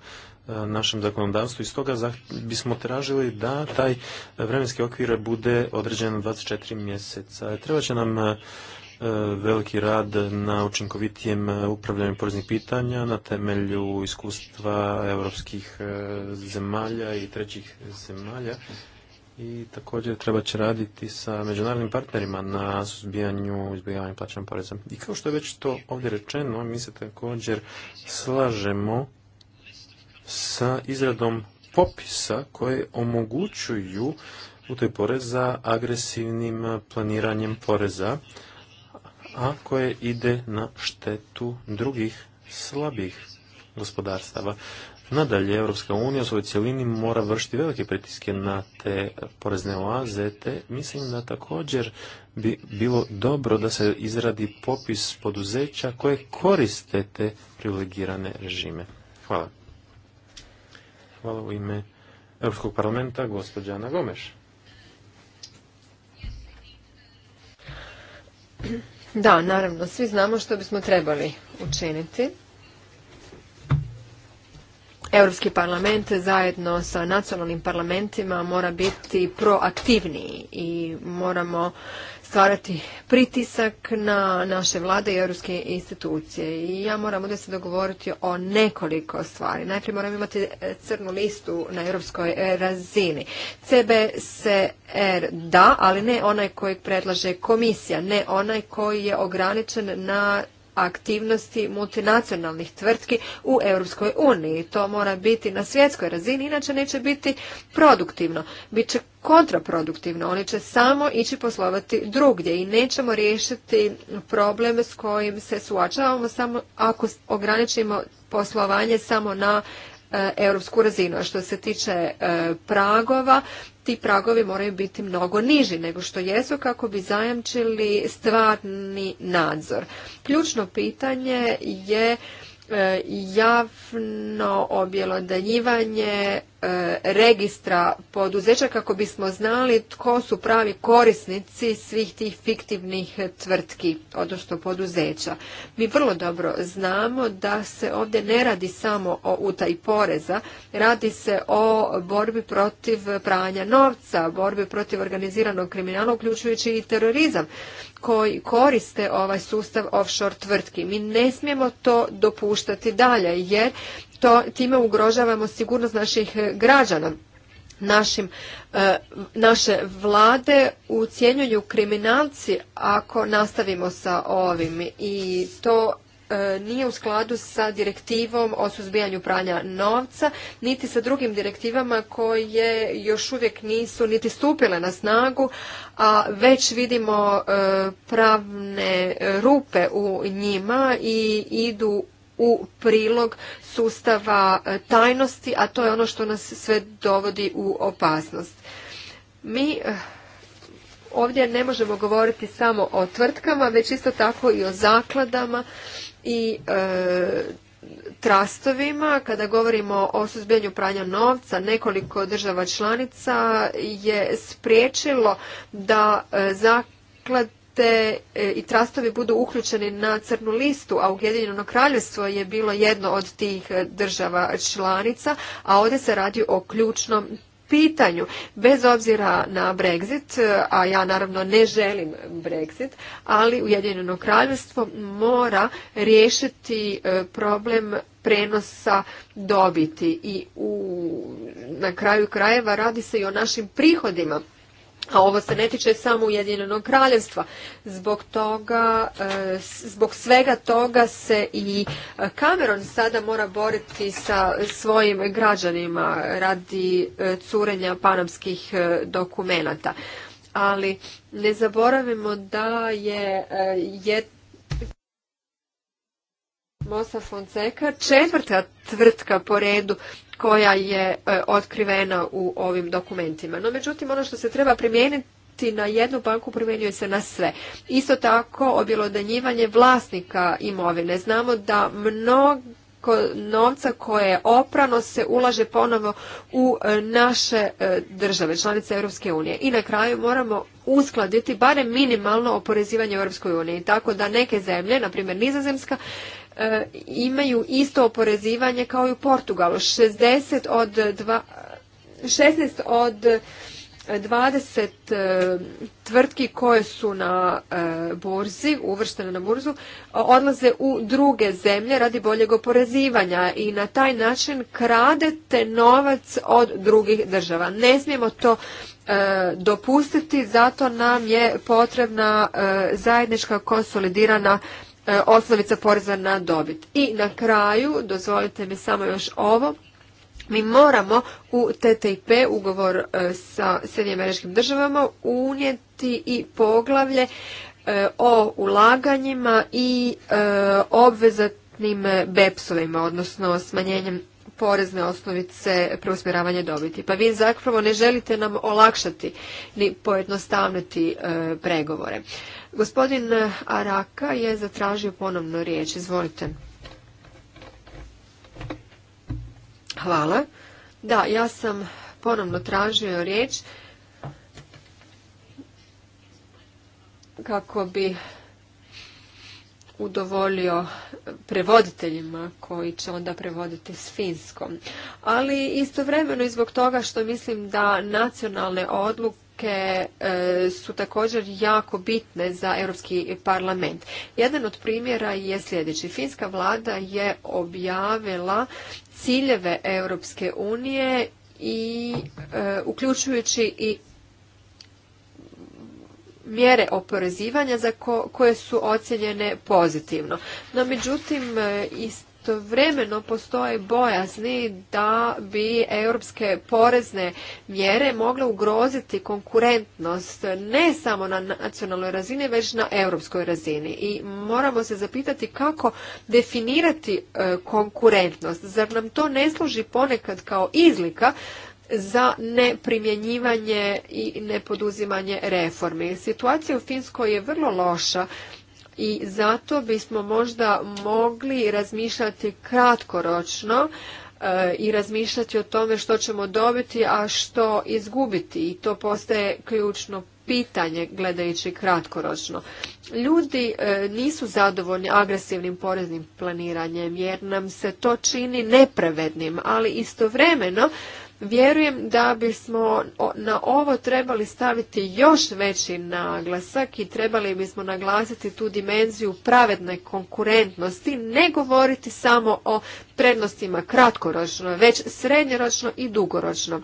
našem zakonodavstvu i stoga bismo tražili da taj vremenski okvir bude određen 24 mjeseca. Treba će nam e, veliki rad na učinkovitijem e, upravljanju poreznih pitanja na temelju iskustva europskih zemalja i trećih zemalja i također treba će raditi sa međunarodnim partnerima na suzbijanju izbjegavanju plaćanja poreza. I kao što je već to ovdje rečeno, mi se također slažemo sa izradom popisa koje omogućuju toj poreza agresivnim planiranjem poreza, a koje ide na štetu drugih slabih gospodarstava. Nadalje, Europska unija u svojoj cjelini mora vršiti velike pritiske na te porezne oaze, te mislim da također bi bilo dobro da se izradi popis poduzeća koje koriste te privilegirane režime. Hvala. Hvala u ime Europskog parlamenta, gospođa Ana Gomeš. Da, naravno, svi znamo što bismo trebali učiniti. Europski parlament zajedno sa nacionalnim parlamentima mora biti proaktivniji i moramo stvarati pritisak na naše vlade i europske institucije. I ja moram ovdje se dogovoriti o nekoliko stvari. Najprije moramo imati crnu listu na europskoj razini. CBSR da, ali ne onaj kojeg predlaže komisija, ne onaj koji je ograničen na aktivnosti multinacionalnih tvrtki u Europskoj uniji. To mora biti na svjetskoj razini, inače neće biti produktivno. Biće kontraproduktivno. Oni će samo ići poslovati drugdje i nećemo riješiti problem s kojim se suočavamo samo ako ograničimo poslovanje samo na E, europsku razinu. A što se tiče e, pragova, ti pragovi moraju biti mnogo niži nego što jesu kako bi zajamčili stvarni nadzor. Ključno pitanje je E, javno objelodanjivanje e, registra poduzeća kako bismo znali tko su pravi korisnici svih tih fiktivnih tvrtki, odnosno poduzeća. Mi vrlo dobro znamo da se ovdje ne radi samo o utaj poreza, radi se o borbi protiv pranja novca, borbi protiv organiziranog kriminala, uključujući i terorizam koji koriste ovaj sustav offshore tvrtki. Mi ne smijemo to dopuštati dalje jer to, time ugrožavamo sigurnost naših eh, građana. Našim, eh, naše vlade ucijenjuju kriminalci ako nastavimo sa ovim i to E, nije u skladu sa direktivom o suzbijanju pranja novca, niti sa drugim direktivama koje još uvijek nisu niti stupile na snagu, a već vidimo e, pravne rupe u njima i idu u prilog sustava e, tajnosti, a to je ono što nas sve dovodi u opasnost. Mi ovdje ne možemo govoriti samo o tvrtkama, već isto tako i o zakladama i e, trastovima. Kada govorimo o suzbijanju pranja novca, nekoliko država članica je spriječilo da e, zaklad e, i trastovi budu uključeni na crnu listu, a Ujedinjeno kraljevstvo je bilo jedno od tih e, država članica, a ovdje se radi o ključnom pitanju, bez obzira na Brexit, a ja naravno ne želim Brexit, ali Ujedinjeno kraljevstvo mora riješiti e, problem prenosa dobiti i na kraju krajeva radi se i o našim prihodima a ovo se ne tiče samo Ujedinjenog kraljevstva. Zbog toga, e, zbog svega toga se i e, Cameron sada mora boriti sa svojim građanima radi e, curenja panamskih dokumenata. Ali ne zaboravimo da je, je Mosa Fonseca četvrta tvrtka po redu koja je e, otkrivena u ovim dokumentima. No međutim, ono što se treba primijeniti na jednu banku primjenjuje se na sve. Isto tako objelodanjivanje vlasnika imovine. Znamo da mnogo novca koje je oprano se ulaže ponovo u e, naše e, države, članice Europske unije. I na kraju moramo uskladiti barem minimalno oporezivanje Europskoj uniji, tako da neke zemlje, na primjer Nizozemska, E, imaju isto oporezivanje kao i u Portugalu. 60 od dva, 16 od 20 e, tvrtki koje su na e, burzi, uvrštene na burzu, odlaze u druge zemlje radi boljeg oporezivanja i na taj način kradete novac od drugih država. Ne smijemo to dopustiti, zato nam je potrebna zajednička konsolidirana E, osnovica poreza na dobit. I na kraju, dozvolite mi samo još ovo, mi moramo u TTIP ugovor e, sa srednjim američkim državama unijeti i poglavlje e, o ulaganjima i obvezatnim BEPS-ovima, odnosno smanjenjem porezne osnovice preusmjeravanje dobiti. Pa vi zapravo ne želite nam olakšati ni pojednostavniti pregovore. Gospodin Araka je zatražio ponovno riječ. Izvolite. Hvala. Da, ja sam ponovno tražio riječ kako bi udovolio prevoditeljima koji će onda prevoditi s finskom. Ali istovremeno i zbog toga što mislim da nacionalne odluke preporuke e, su također jako bitne za Europski parlament. Jedan od primjera je sljedeći. Finska vlada je objavila ciljeve Europske unije i e, uključujući i mjere oporezivanja za koje su ocjenjene pozitivno. No međutim, e, iz istovremeno postoje bojazni da bi europske porezne mjere mogle ugroziti konkurentnost ne samo na nacionalnoj razini, već na europskoj razini. I moramo se zapitati kako definirati e, konkurentnost. Zar nam to ne služi ponekad kao izlika za neprimjenjivanje i nepoduzimanje reformi. Situacija u Finskoj je vrlo loša i zato bismo možda mogli razmišljati kratkoročno e, i razmišljati o tome što ćemo dobiti, a što izgubiti i to postaje ključno pitanje gledajući kratkoročno. Ljudi e, nisu zadovoljni agresivnim poreznim planiranjem jer nam se to čini nepravednim, ali istovremeno Vjerujem da bismo na ovo trebali staviti još veći naglasak i trebali bismo naglasiti tu dimenziju pravedne konkurentnosti, ne govoriti samo o prednostima kratkoročno, već srednjoročno i dugoročno.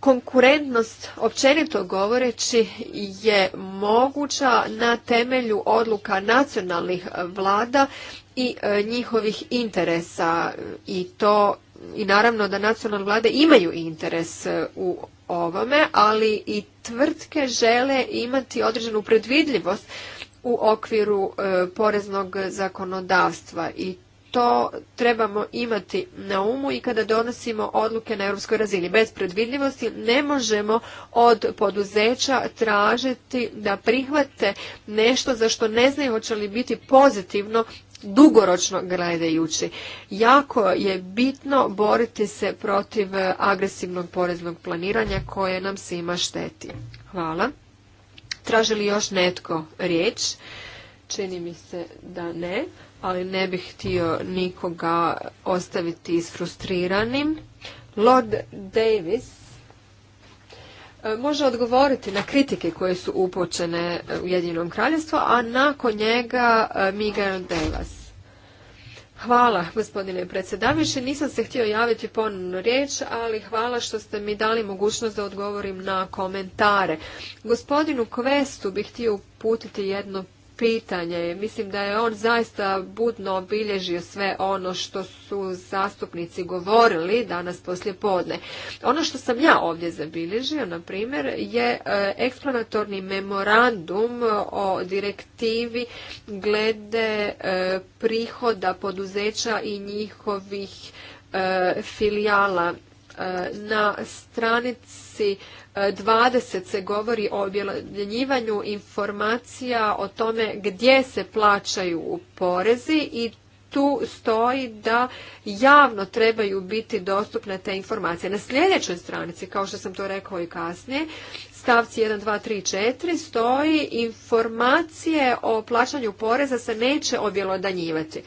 Konkurentnost, općenito govoreći, je moguća na temelju odluka nacionalnih vlada i e, njihovih interesa i to i naravno da nacionalne vlade imaju interes e, u ovome, ali i tvrtke žele imati određenu predvidljivost u okviru e, poreznog zakonodavstva i to trebamo imati na umu i kada donosimo odluke na europskoj razini. Bez predvidljivosti ne možemo od poduzeća tražiti da prihvate nešto za što ne znaju hoće li biti pozitivno dugoročno gledajući. Jako je bitno boriti se protiv eh, agresivnog poreznog planiranja koje nam svima šteti. Hvala. Traži li još netko riječ? Čini mi se da ne, ali ne bih htio nikoga ostaviti isfrustriranim. Lord Davis E, može odgovoriti na kritike koje su upućene e, Ujedinjenom kraljevstvu, a nakon njega e, Miguel Devas. Hvala, gospodine predsjedavajući. Nisam se htio javiti ponovno riječ, ali hvala što ste mi dali mogućnost da odgovorim na komentare. Gospodinu Kvestu bih htio uputiti jedno pitanje. Mislim da je on zaista budno obilježio sve ono što su zastupnici govorili danas poslje podne. Ono što sam ja ovdje zabilježio, na primjer, je e, eksplanatorni memorandum o direktivi glede e, prihoda poduzeća i njihovih e, filijala E, na stranici 20 e, se govori o objeljenjivanju informacija o tome gdje se plaćaju porezi i tu stoji da javno trebaju biti dostupne te informacije. Na sljedećoj stranici, kao što sam to rekao i kasnije, stavci 1, 2, 3, 4 stoji informacije o plaćanju poreza se neće objelodanjivati.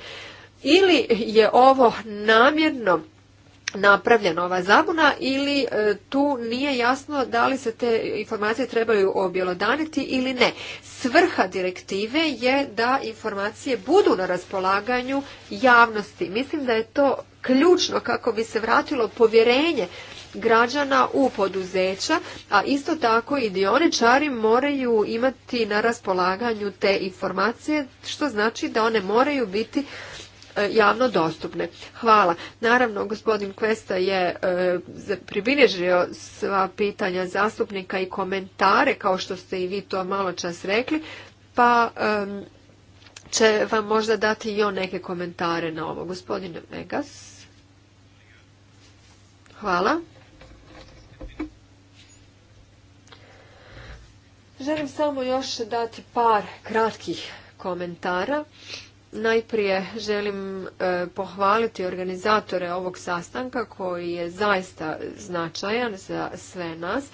Ili je ovo namjerno napravljena ova zabuna ili e, tu nije jasno da li se te informacije trebaju objelodaniti ili ne. Svrha direktive je da informacije budu na raspolaganju javnosti. Mislim da je to ključno kako bi se vratilo povjerenje građana u poduzeća, a isto tako i dioničari moraju imati na raspolaganju te informacije, što znači da one moraju biti E, javno dostupne. Hvala. Naravno, gospodin Kvesta je e, pribilježio sva pitanja zastupnika i komentare, kao što ste i vi to malo čas rekli, pa će vam možda dati i on neke komentare na ovo. Gospodin Megas. Hvala. Želim samo još dati par kratkih komentara. Najprije želim e, pohvaliti organizatore ovog sastanka koji je zaista značajan za sve nas,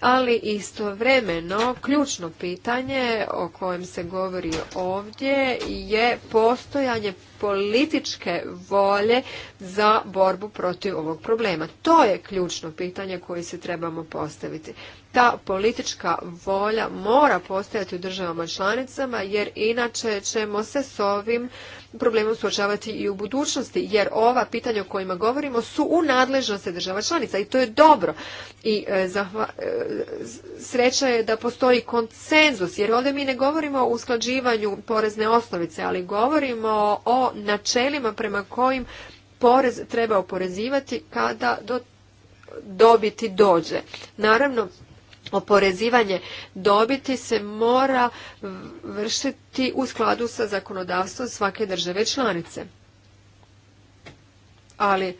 ali istovremeno ključno pitanje o kojem se govori ovdje je postojanje političke volje za borbu protiv ovog problema. To je ključno pitanje koje se trebamo postaviti ta politička volja mora postojati u državama članicama jer inače ćemo se s ovim problemom suočavati i u budućnosti jer ova pitanja o kojima govorimo su u nadležnosti država članica i to je dobro i e, e, sreća je da postoji konsenzus jer ovdje mi ne govorimo o usklađivanju porezne osnovice ali govorimo o načelima prema kojim porez treba oporezivati kada do dobiti dođe. Naravno, oporezivanje dobiti se mora vršiti u skladu sa zakonodavstvom svake države članice. Ali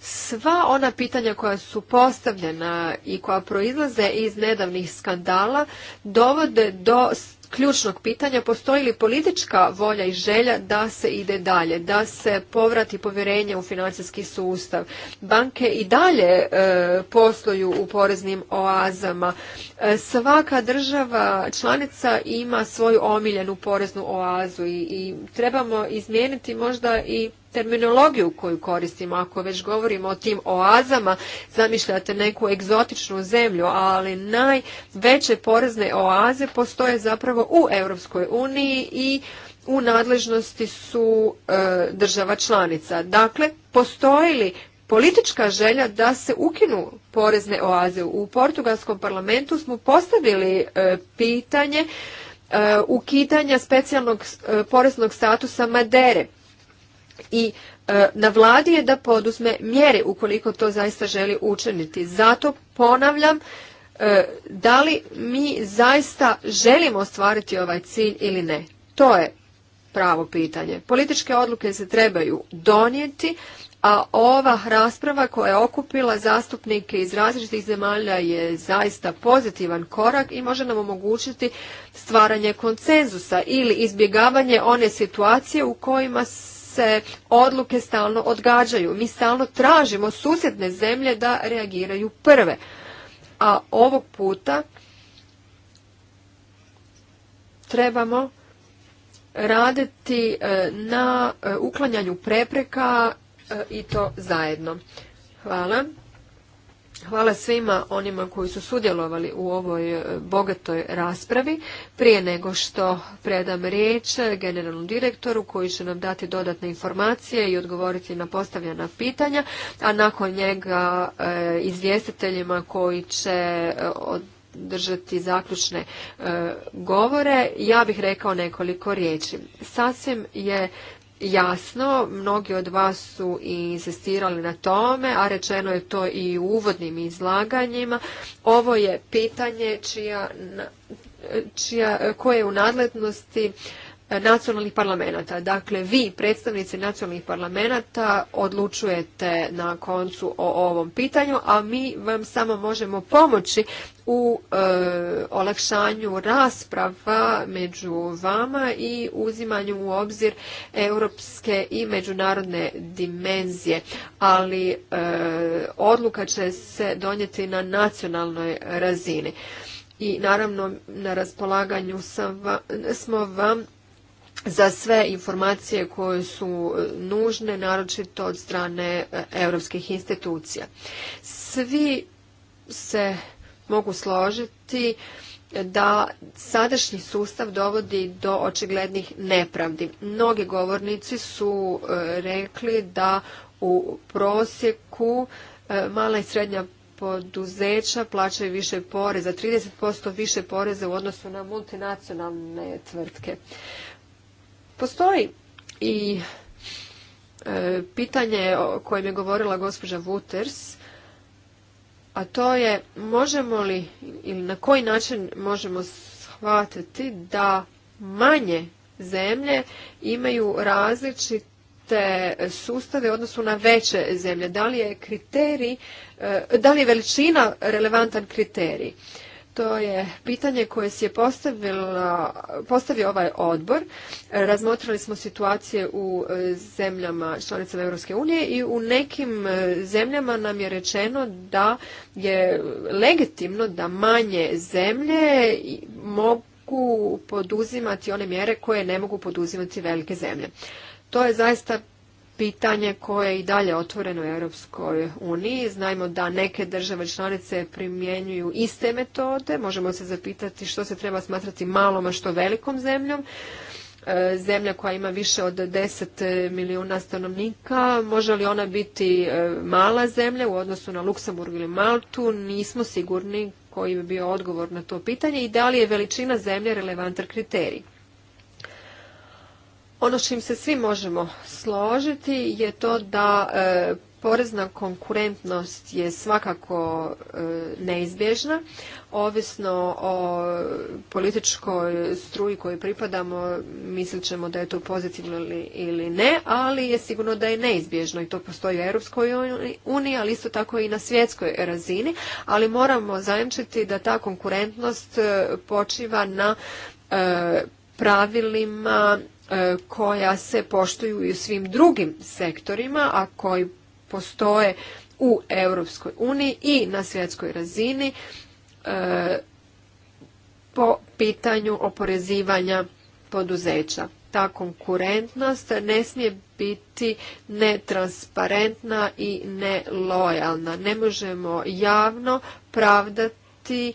sva ona pitanja koja su postavljena i koja proizlaze iz nedavnih skandala dovode do ključnog pitanja postoji li politička volja i želja da se ide dalje, da se povrati povjerenje u financijski sustav. Banke i dalje e, posluju u poreznim oazama. E, svaka država članica ima svoju omiljenu poreznu oazu i, i trebamo izmijeniti možda i terminologiju koju koristimo. Ako već govorimo o tim oazama, zamišljate neku egzotičnu zemlju, ali najveće porezne oaze postoje zapravo u Europskoj uniji i u nadležnosti su e, država članica. Dakle, postoji li politička želja da se ukinu porezne oaze? U portugalskom parlamentu smo postavili e, pitanje e, ukidanja specijalnog e, poreznog statusa Madere i e, na vladi je da poduzme mjere ukoliko to zaista želi učiniti. Zato ponavljam e, da li mi zaista želimo ostvariti ovaj cilj ili ne. To je pravo pitanje. Političke odluke se trebaju donijeti, a ova rasprava koja je okupila zastupnike iz različitih zemalja je zaista pozitivan korak i može nam omogućiti stvaranje konsenzusa ili izbjegavanje one situacije u kojima se odluke stalno odgađaju. Mi stalno tražimo susjedne zemlje da reagiraju prve. A ovog puta trebamo raditi e, na e, uklanjanju prepreka e, i to zajedno. Hvala. Hvala svima onima koji su sudjelovali u ovoj e, bogatoj raspravi. Prije nego što predam riječ generalnom direktoru koji će nam dati dodatne informacije i odgovoriti na postavljena pitanja, a nakon njega e, izvjestiteljima koji će e, držati zaključne govore, ja bih rekao nekoliko riječi. Sasvim je jasno, mnogi od vas su i insistirali na tome, a rečeno je to i u uvodnim izlaganjima. Ovo je pitanje čija, čija, koje je u nadležnosti E, nacionalnih parlamenta. Dakle, vi, predstavnici nacionalnih parlamenta, odlučujete na koncu o ovom pitanju, a mi vam samo možemo pomoći u e, olakšanju rasprava među vama i uzimanju u obzir europske i međunarodne dimenzije. Ali e, odluka će se donijeti na nacionalnoj razini. I naravno na raspolaganju smo vam za sve informacije koje su e, nužne, naročito od strane e, europskih institucija. Svi se mogu složiti da sadašnji sustav dovodi do očiglednih nepravdi. Mnogi govornici su e, rekli da u prosjeku mala i srednja poduzeća plaćaju više poreza, 30% više poreza u odnosu na multinacionalne tvrtke postoji. I e, pitanje o kojem je govorila gospođa Wuters, a to je možemo li ili na koji način možemo shvatiti da manje zemlje imaju različite sustave u odnosu na veće zemlje. Da li je kriterij, e, da li je veličina relevantan kriterij? to je pitanje koje si je postavio ovaj odbor. Razmotrili smo situacije u e, zemljama članicama Europske unije i u nekim e, zemljama nam je rečeno da je legitimno da manje zemlje mogu poduzimati one mjere koje ne mogu poduzimati velike zemlje. To je zaista pitanje koje je i dalje otvoreno u Europskoj uniji. Znajmo da neke države članice primjenjuju iste metode. Možemo se zapitati što se treba smatrati malom, a što velikom zemljom. E, zemlja koja ima više od 10 milijuna stanovnika, može li ona biti e, mala zemlja u odnosu na Luksemburg ili Maltu? Nismo sigurni koji bi bio odgovor na to pitanje i da li je veličina zemlje relevantan kriterij. Ono čim se svi možemo složiti je to da e, porezna konkurentnost je svakako e, neizbježna, ovisno o političkoj struji kojoj pripadamo, mislit ćemo da je to pozitivno ili ne, ali je sigurno da je neizbježno i to postoji u Europskoj uniji, ali isto tako i na svjetskoj razini, ali moramo zajemčiti da ta konkurentnost e, počiva na pravilima E, koja se poštuju i u svim drugim sektorima, a koji postoje u Europskoj uniji i na svjetskoj razini e, po pitanju oporezivanja poduzeća. Ta konkurentnost ne smije biti netransparentna i nelojalna. Ne možemo javno pravdati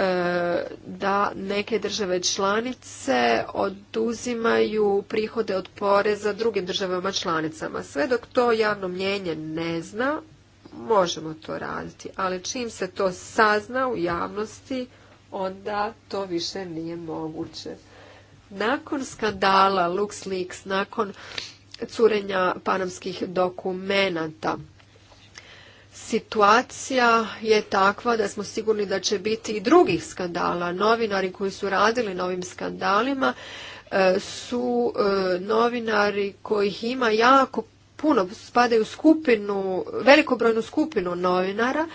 E, da neke države članice oduzimaju prihode od poreza drugim državama članicama. Sve dok to javno mnjenje ne zna, možemo to raditi, ali čim se to sazna u javnosti, onda to više nije moguće. Nakon skandala LuxLeaks, nakon curenja panamskih dokumenata, situacija je takva da smo sigurni da će biti i drugih skandala. Novinari koji su radili na ovim skandalima e, su e, novinari kojih ima jako puno, spadaju u skupinu, velikobrojnu skupinu novinara,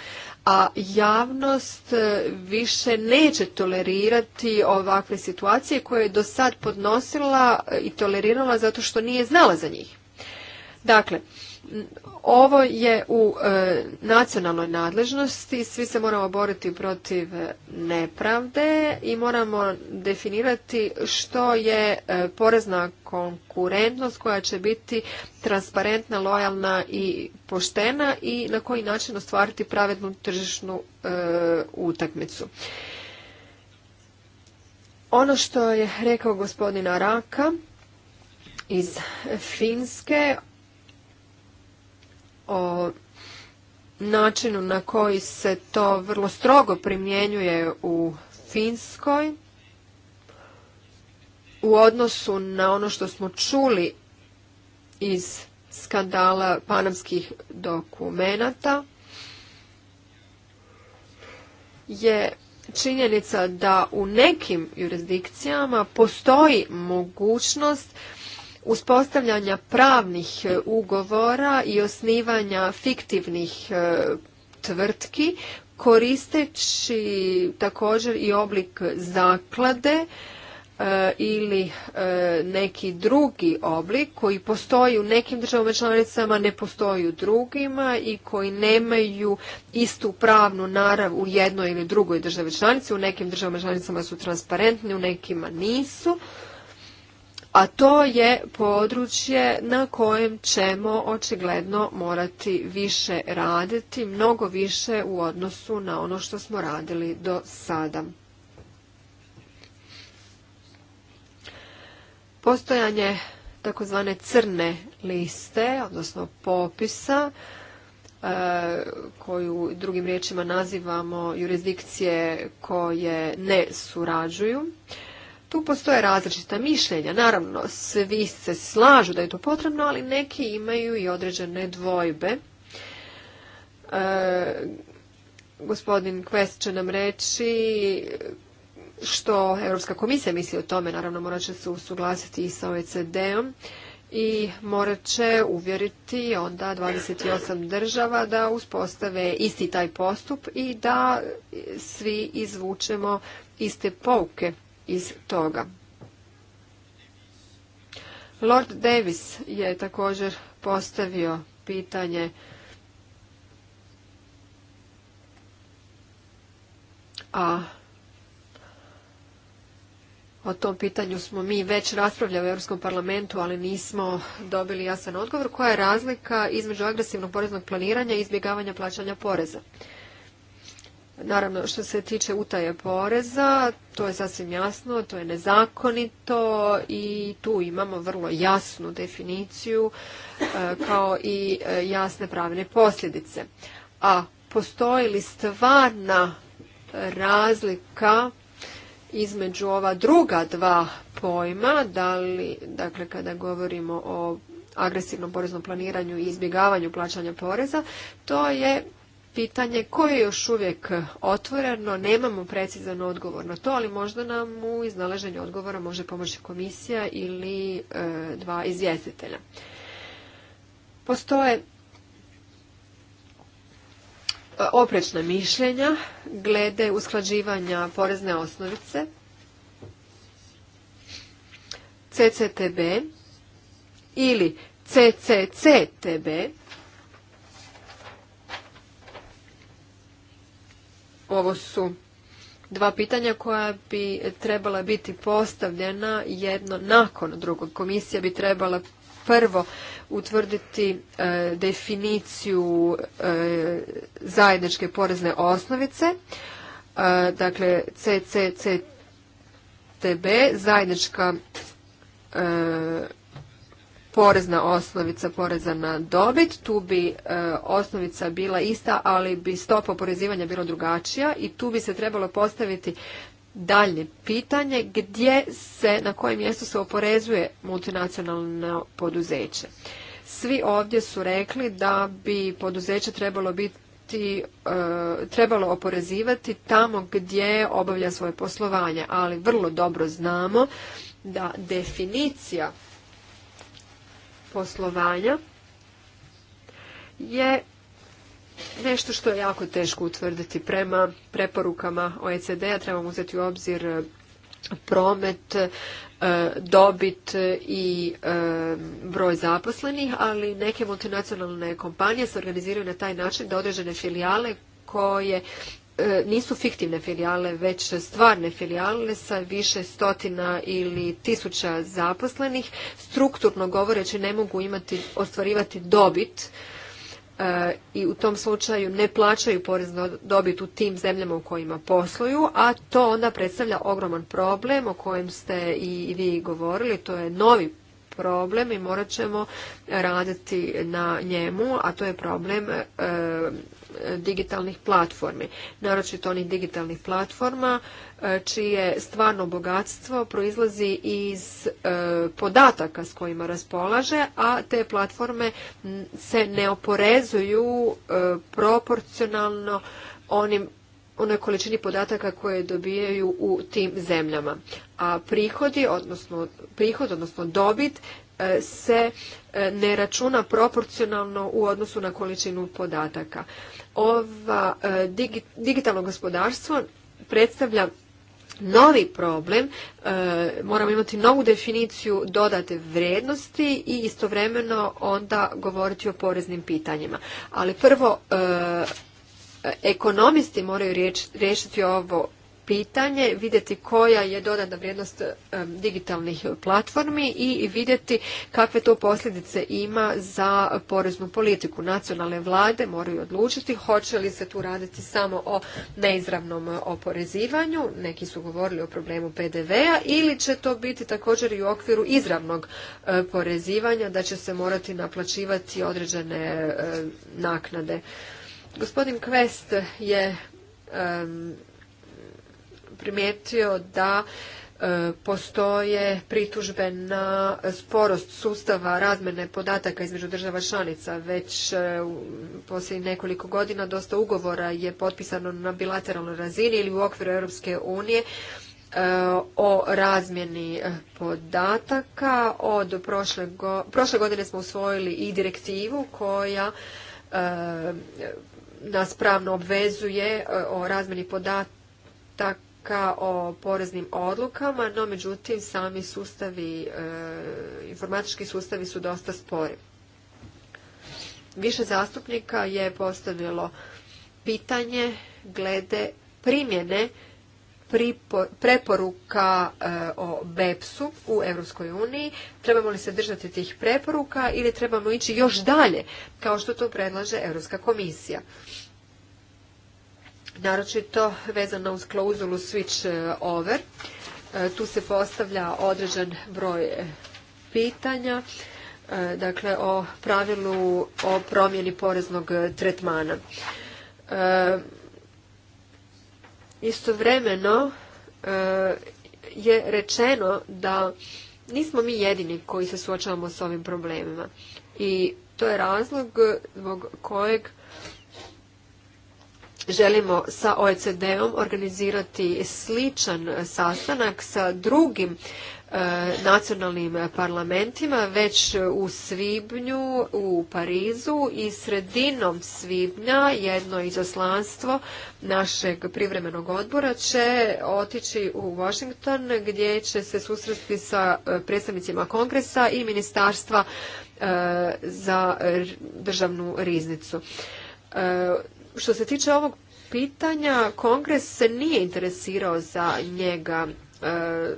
a javnost e, više neće tolerirati ovakve situacije koje je do sad podnosila i tolerirala zato što nije znala za njih. Dakle, ovo je u e, nacionalnoj nadležnosti, svi se moramo boriti protiv nepravde i moramo definirati što je e, porezna konkurentnost koja će biti transparentna, lojalna i poštena i na koji način ostvariti pravednu tržišnu e, utakmicu. Ono što je rekao gospodina Raka iz Finske, o načinu na koji se to vrlo strogo primjenjuje u Finskoj u odnosu na ono što smo čuli iz skandala panamskih dokumenata je činjenica da u nekim jurisdikcijama postoji mogućnost uspostavljanja pravnih e, ugovora i osnivanja fiktivnih e, tvrtki koristeći također i oblik zaklade e, ili neki drugi oblik koji postoji u nekim državama članicama, ne postoji u drugima i koji nemaju istu pravnu narav u jednoj ili drugoj državi članici. U nekim državama članicama su transparentni, u nekima nisu a to je područje na kojem ćemo očigledno morati više raditi, mnogo više u odnosu na ono što smo radili do sada. Postojanje takozvane crne liste, odnosno popisa, e, koju drugim riječima nazivamo jurisdikcije koje ne surađuju, tu postoje različita mišljenja. Naravno, svi se slažu da je to potrebno, ali neki imaju i određene dvojbe. E, gospodin Kvest će nam reći što Europska komisija misli o tome. Naravno, morat će se usuglasiti i sa OECD-om i morat će uvjeriti onda 28 država da uspostave isti taj postup i da svi izvučemo iste pouke iz toga. Lord Davis je također postavio pitanje a o tom pitanju smo mi već raspravljali u Europskom parlamentu, ali nismo dobili jasan odgovor. Koja je razlika između agresivnog poreznog planiranja i izbjegavanja plaćanja poreza? Naravno, što se tiče utaje poreza, to je sasvim jasno, to je nezakonito i tu imamo vrlo jasnu definiciju e, kao i e, jasne pravne posljedice. A postoji li stvarna razlika između ova druga dva pojma, da li, dakle kada govorimo o agresivnom poreznom planiranju i izbjegavanju plaćanja poreza, to je pitanje koje je još uvijek otvoreno, nemamo precizan odgovor na to, ali možda nam u iznalaženju odgovora može pomoći komisija ili e, dva izvjestitelja. Postoje e, oprečna mišljenja glede usklađivanja porezne osnovice CCTB ili CCCTB Ovo su dva pitanja koja bi trebala biti postavljena jedno nakon drugog. Komisija bi trebala prvo utvrditi e, definiciju e, zajedničke porezne osnovice, e, dakle CCCTB, zajednička porezna osnovica poreza na dobit. Tu bi e, osnovica bila ista, ali bi stopa oporezivanja bila drugačija i tu bi se trebalo postaviti dalje pitanje gdje se, na kojem mjestu se oporezuje multinacionalno poduzeće. Svi ovdje su rekli da bi poduzeće trebalo biti e, trebalo oporezivati tamo gdje obavlja svoje poslovanje, ali vrlo dobro znamo da definicija poslovanja je nešto što je jako teško utvrditi prema preporukama OECD-a. Trebamo uzeti u obzir e, promet, e, dobit i e, broj zaposlenih, ali neke multinacionalne kompanije se organiziraju na taj način da određene filijale koje E, nisu fiktivne filijale, već stvarne filijale sa više stotina ili tisuća zaposlenih. Strukturno govoreći ne mogu imati, ostvarivati dobit e, i u tom slučaju ne plaćaju porez na dobit u tim zemljama u kojima posluju, a to onda predstavlja ogroman problem o kojem ste i vi govorili. To je novi problem i morat ćemo raditi na njemu, a to je problem e, digitalnih platformi, naročito onih digitalnih platforma e, čije stvarno bogatstvo proizlazi iz e, podataka s kojima raspolaže, a te platforme se ne oporezuju e, proporcionalno onim onoj količini podataka koje dobijaju u tim zemljama. A prihodi, odnosno prihod, odnosno dobit se E, ne računa proporcionalno u odnosu na količinu podataka. Ova e, digitalno gospodarstvo predstavlja novi problem, e, moramo imati novu definiciju dodate vrijednosti i istovremeno onda govoriti o poreznim pitanjima. Ali prvo ekonomisti moraju riješiti ovo pitanje, vidjeti koja je dodana vrijednost digitalnih platformi i vidjeti kakve to posljedice ima za poreznu politiku. Nacionalne vlade moraju odlučiti hoće li se tu raditi samo o neizravnom oporezivanju, neki su govorili o problemu PDV-a, ili će to biti također i u okviru izravnog e, porezivanja, da će se morati naplaćivati određene e, naknade. Gospodin Quest je primijetio da e, postoje pritužbe na sporost sustava razmjene podataka između država članica. Već e, poslije nekoliko godina dosta ugovora je potpisano na bilateralnoj razini ili u okviru Europske unije e, o razmjeni podataka. Od prošle, prošle godine smo usvojili i direktivu koja nas pravno obvezuje o razmjeni podataka podataka o poreznim odlukama, no međutim sami sustavi, e, informatički sustavi su dosta spori. Više zastupnika je postavilo pitanje glede primjene preporuka e, o BEPS-u u Europskoj uniji. Trebamo li se držati tih preporuka ili trebamo ići još dalje, kao što to predlaže Europska komisija? naročito vezano uz klauzulu switch e, over. E, tu se postavlja određen broj e, pitanja, dakle o pravilu o promjeni poreznog tretmana. Istovremeno je rečeno da nismo mi jedini koji se suočavamo s ovim problemima i to je razlog zbog kojeg želimo sa OECD-om organizirati sličan sastanak sa drugim e, nacionalnim parlamentima već u svibnju u Parizu i sredinom svibnja jedno izoslanstvo našeg privremenog odbora će otići u Washington gdje će se susresti sa e, predstavnicima kongresa i ministarstva e, za državnu riznicu. Što se tiče ovog pitanja, kongres se nije interesirao za njega e,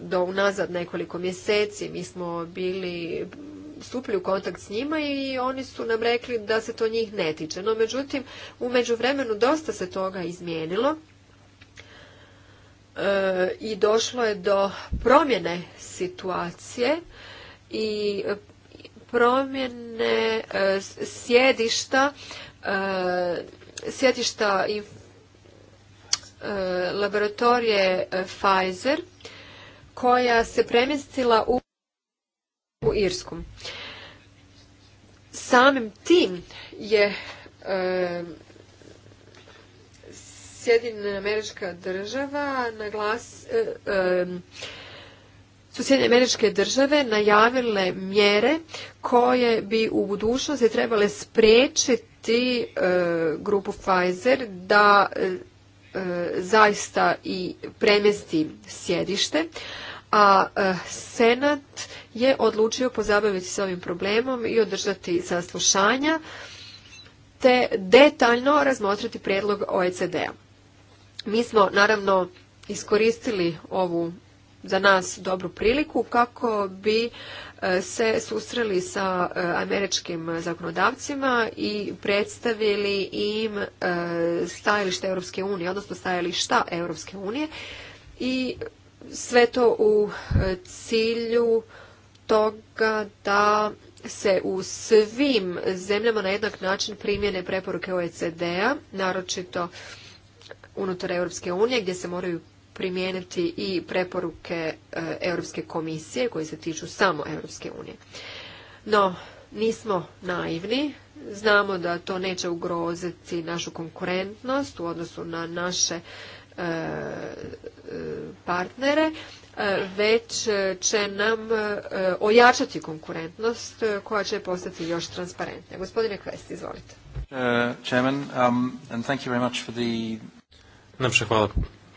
do unazad nekoliko mjeseci. Mi smo bili stupili u kontakt s njima i oni su nam rekli da se to njih ne tiče. No, međutim, u međuvremenu dosta se toga izmijenilo e, i došlo je do promjene situacije i promjene e, sjedišta sjetišta i e, laboratorije e, Pfizer koja se premjestila u u Irsku. Samim tim je e, američka država na glas, su Sjedinjene američke države najavile mjere koje bi u budućnosti trebale spriječiti E, grupu Pfizer da e, e, zaista i premesti sjedište, a Senat je odlučio pozabaviti se ovim problemom i održati saslušanja te detaljno razmotriti prijedlog OECD-a. Mi smo naravno iskoristili ovu za nas dobru priliku kako bi E, se susreli sa e, američkim zakonodavcima i predstavili im e, stajalište Europske unije, odnosno stajališta Europske unije i sve to u cilju toga da se u svim zemljama na jednak način primjene preporuke OECD-a, naročito unutar Europske unije gdje se moraju primijeniti i preporuke e, Europske komisije koje se tiču samo Europske unije. No, nismo naivni, znamo da to neće ugroziti našu konkurentnost u odnosu na naše e, partnere, e, već će nam ojačati konkurentnost koja će postati još transparentnija. Gospodine Kvest, izvolite. Uh, um, Najprej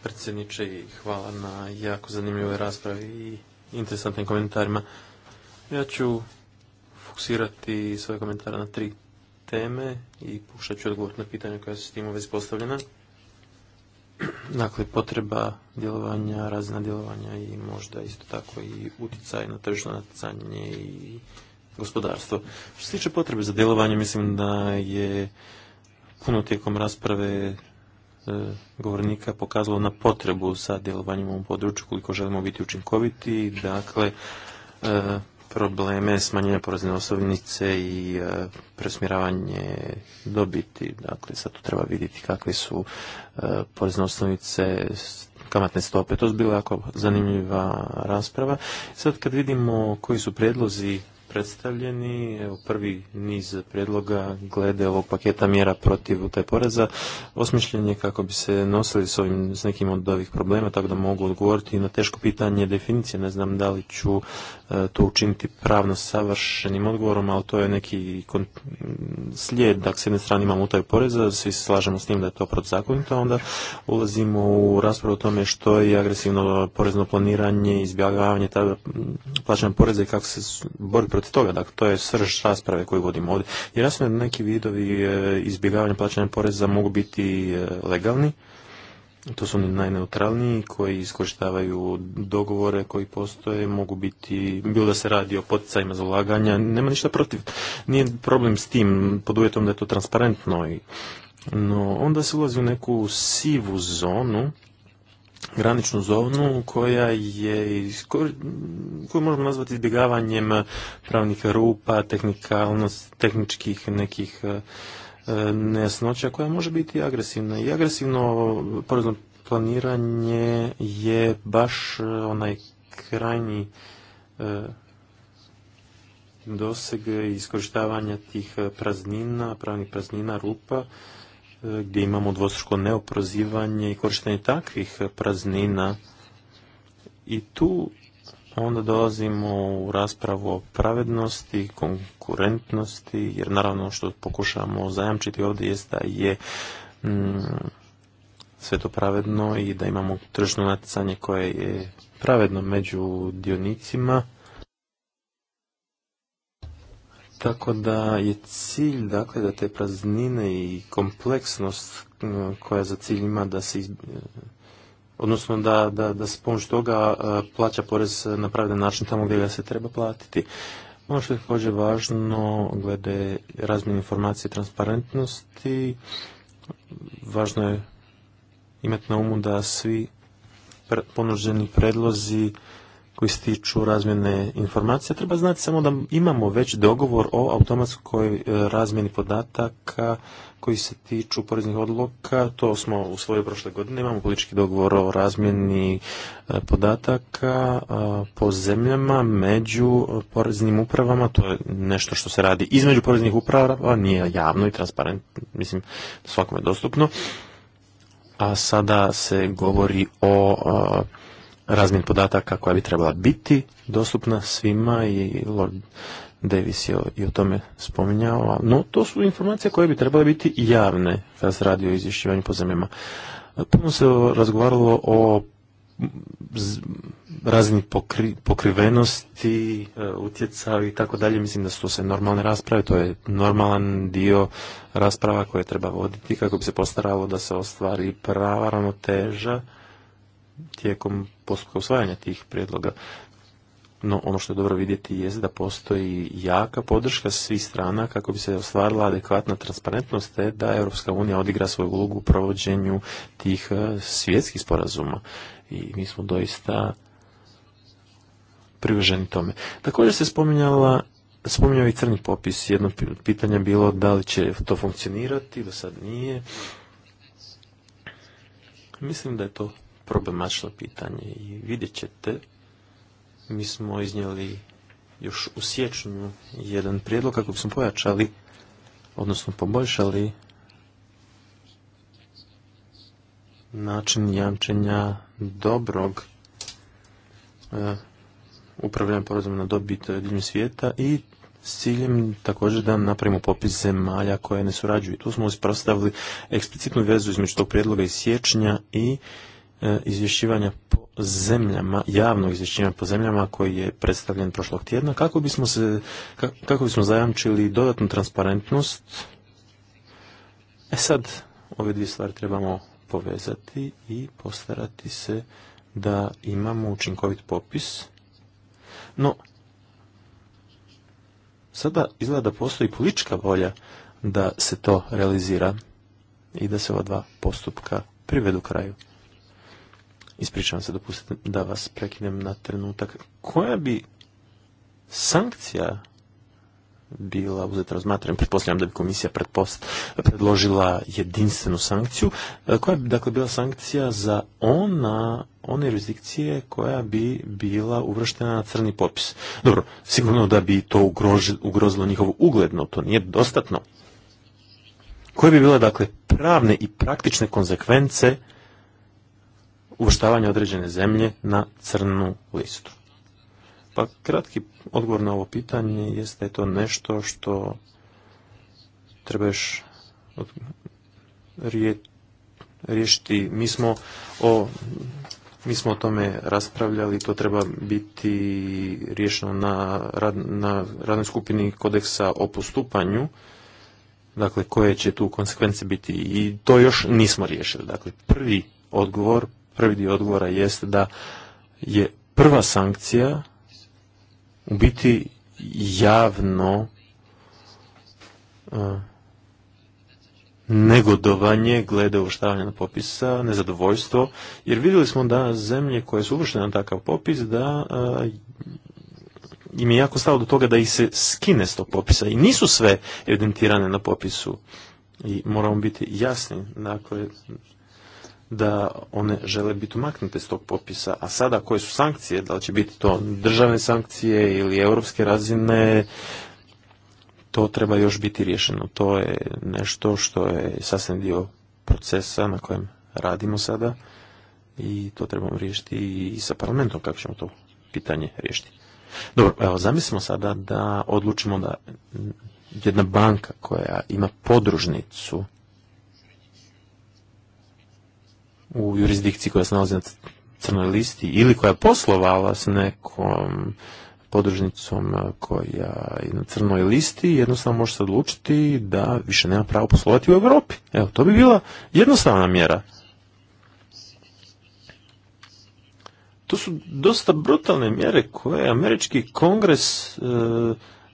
predsjedniče i hvala na jako zanimljivoj raspravi i interesantnim komentarima. Ja ću fokusirati svoje komentare na tri teme i pokušat ću odgovoriti na pitanja koja su s tim uvezi postavljena. Dakle, potreba djelovanja, razina djelovanja i možda isto tako i utjecaj na tržno natjecanje i gospodarstvo. Što se tiče potrebe za djelovanje, mislim da je puno tijekom rasprave E, govornika pokazalo na potrebu sa djelovanjem u ovom području koliko želimo biti učinkoviti. Dakle, e, probleme smanjenja porezne osnovnice i e, presmjeravanje dobiti. Dakle, sad tu treba vidjeti kakve su porezne osnovnice kamatne stope. To je bila jako zanimljiva rasprava. Sad kad vidimo koji su prijedlozi predstavljeni. Evo, prvi niz prijedloga glede ovog paketa mjera protiv taj poreza osmišljen je kako bi se nosili s, ovim, s nekim od ovih problema, tako da mogu odgovoriti na teško pitanje definicije. Ne znam da li ću e, to učiniti pravno savršenim odgovorom, ali to je neki slijed. Dakle, s jedne strane imamo utaju poreza, svi se slažemo s tim da je to protuzakonito, onda ulazimo u raspravu o tome što je agresivno porezno planiranje, izbjegavanje plaćanja poreza i kako se boriti toga. Dakle, to je srž rasprave koju vodimo ovdje. Jer jasno da neki vidovi e, izbjegavanja plaćanja poreza mogu biti e, legalni, to su oni najneutralniji koji iskorištavaju dogovore koji postoje, mogu biti, bilo da se radi o poticajima za ulaganja, nema ništa protiv. Nije problem s tim, pod uvjetom da je to transparentno. I, no, onda se ulazi u neku sivu zonu graničnu zonu koja je koju možemo nazvati izbjegavanjem pravnih rupa, tehnikalnost, tehničkih nekih e, e, nejasnoća koja može biti agresivna. I agresivno porezno planiranje je baš e, onaj krajnji doseg iskorištavanja tih praznina, pravnih praznina, rupa gdje imamo dvostruško neoprozivanje i korištenje takvih praznina i tu onda dolazimo u raspravu o pravednosti, konkurentnosti, jer naravno ono što pokušamo zajamčiti ovdje jest da je mm, sve to pravedno i da imamo tržno natjecanje koje je pravedno među dionicima tako da je cilj, dakle, da te praznine i kompleksnost e, koja za cilj ima da se e, odnosno da, da, se pomoć toga e, plaća porez na pravedan način tamo gdje ga se treba platiti. Ono što je također važno glede razmjene informacije i transparentnosti, važno je imati na umu da svi ponuđeni predlozi koji se tiču razmjene informacija. Treba znati samo da imamo već dogovor o automatskoj e, razmjeni podataka koji se tiču poreznih odluka. To smo u svojoj prošle godine. Imamo politički dogovor o razmjeni e, podataka e, po zemljama među poreznim upravama. To je nešto što se radi između poreznih uprava. Nije javno i transparentno. Mislim, svakome je dostupno. A sada se govori o razmjen podataka koja bi trebala biti dostupna svima i Lord Davis je i o tome spominjao. No, to su informacije koje bi trebale biti javne kada se radi o izvješćivanju po zemljama. Puno se razgovaralo o razini pokrivenosti, e, utjecaju i tako dalje. Mislim da su to sve normalne rasprave, to je normalan dio rasprava koje treba voditi kako bi se postaralo da se ostvari prava ravnoteža tijekom postupka usvajanja tih prijedloga. No, ono što je dobro vidjeti je da postoji jaka podrška svih strana kako bi se ostvarila adekvatna transparentnost te da Europska unija odigra svoju ulogu u provođenju tih e, svjetskih sporazuma. I mi smo doista privrženi tome. Također se spominjala spominjao i crni popis. Jedno pitanje je bilo da li će to funkcionirati, do sad nije. Mislim da je to problematično pitanje i vidjet ćete, mi smo iznijeli još u siječnju jedan prijedlog kako bismo pojačali, odnosno poboljšali način jamčenja dobrog e, upravljanja porezom na dobit diljem svijeta i s ciljem također da napravimo popis zemalja koje ne surađuju. Tu smo uspostavili eksplicitnu vezu između tog prijedloga iz siječnja i E, izvješćivanja po zemljama, javnog izvješćivanja po zemljama koji je predstavljen prošlog tjedna, kako bismo, se, kako bismo zajamčili dodatnu transparentnost. E sad, ove dvije stvari trebamo povezati i postarati se da imamo učinkovit popis. No, sada izgleda da postoji politička volja da se to realizira i da se ova dva postupka privedu kraju. Ispričavam se, dopustite da vas prekinem na trenutak. Koja bi sankcija bila uzeta razmatranjem, pretpostavljam da bi komisija predložila jedinstvenu sankciju, e, koja bi dakle bila sankcija za ona, one jurisdikcije koja bi bila uvrštena na crni popis. Dobro, sigurno da bi to ugrozilo njihovo ugledno, to nije dostatno. Koje bi bila dakle pravne i praktične konsekvence uvrštavanje određene zemlje na crnu listu. Pa kratki odgovor na ovo pitanje jeste je to nešto što treba još riješiti. Mi smo o mi smo o tome raspravljali, to treba biti riješeno na, rad, na radnoj skupini kodeksa o postupanju, dakle koje će tu konsekvence biti i to još nismo riješili. Dakle, prvi odgovor, prvi dio odgovora jest da je prva sankcija u biti javno e, negodovanje glede uvrštavanja popisa, e, nezadovoljstvo, jer vidjeli smo da zemlje koje su uvrštene na takav popis, da e, im je jako stalo do toga da ih se skine s tog popisa i nisu sve evidentirane na popisu i moramo biti jasni, dakle, da one žele biti umaknute s tog popisa. A sada koje su sankcije, da li će biti to državne sankcije ili europske razine, to treba još biti riješeno. To je nešto što je sasvim dio procesa na kojem radimo sada i to trebamo riješiti i sa parlamentom kako ćemo to pitanje riješiti. Dobro, evo zamislimo sada da odlučimo da jedna banka koja ima podružnicu u jurisdikciji koja se nalazi na crnoj listi ili koja je poslovala s nekom podružnicom koja je na crnoj listi, jednostavno može se odlučiti da više nema pravo poslovati u Europi. Evo, to bi bila jednostavna mjera. To su dosta brutalne mjere koje američki kongres e,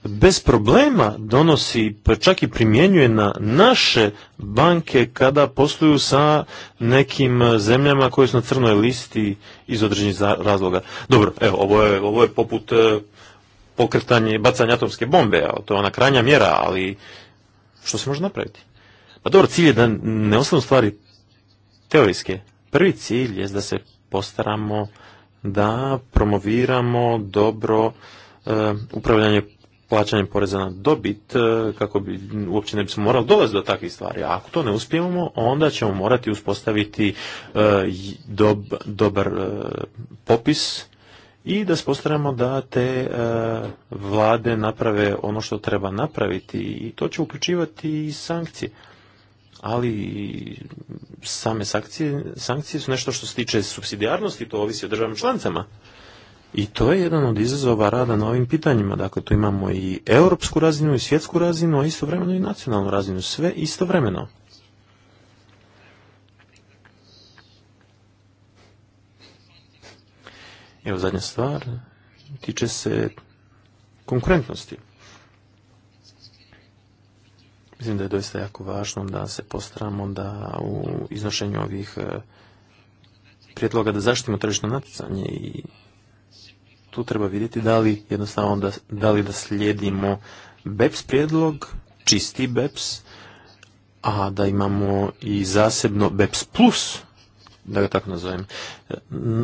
bez problema donosi, pa čak i primjenjuje na naše banke kada posluju sa nekim zemljama koje su na crnoj listi iz određenih razloga. Dobro, evo, ovo je, ovo je poput e, pokretanje, bacanje atomske bombe, a to je ona krajnja mjera, ali što se može napraviti? Pa dobro, cilj je da ne ostanu stvari teorijske. Prvi cilj je da se postaramo da promoviramo dobro e, upravljanje plaćanjem poreza na dobit e, kako bi uopće ne bismo morali dolaziti do takvih stvari. A ako to ne uspijemo, onda ćemo morati uspostaviti e, dobar e, popis i da spostavljamo da te vlade naprave ono što treba napraviti i to će uključivati i sankcije ali same sankcije, sankcije su nešto što se tiče subsidijarnosti, to ovisi o državnim članicama. I to je jedan od izazova rada na ovim pitanjima. Dakle, tu imamo i europsku razinu i svjetsku razinu, a istovremeno i nacionalnu razinu. Sve istovremeno. Evo zadnja stvar, tiče se konkurentnosti. Mislim da je doista jako važno da se postaramo da u iznošenju ovih eh, prijedloga da zaštitimo tržišno natjecanje i tu treba vidjeti da li jednostavno da, da li da slijedimo BEPS prijedlog, čisti BEPS, a da imamo i zasebno BEPS plus, da ga tako nazovem.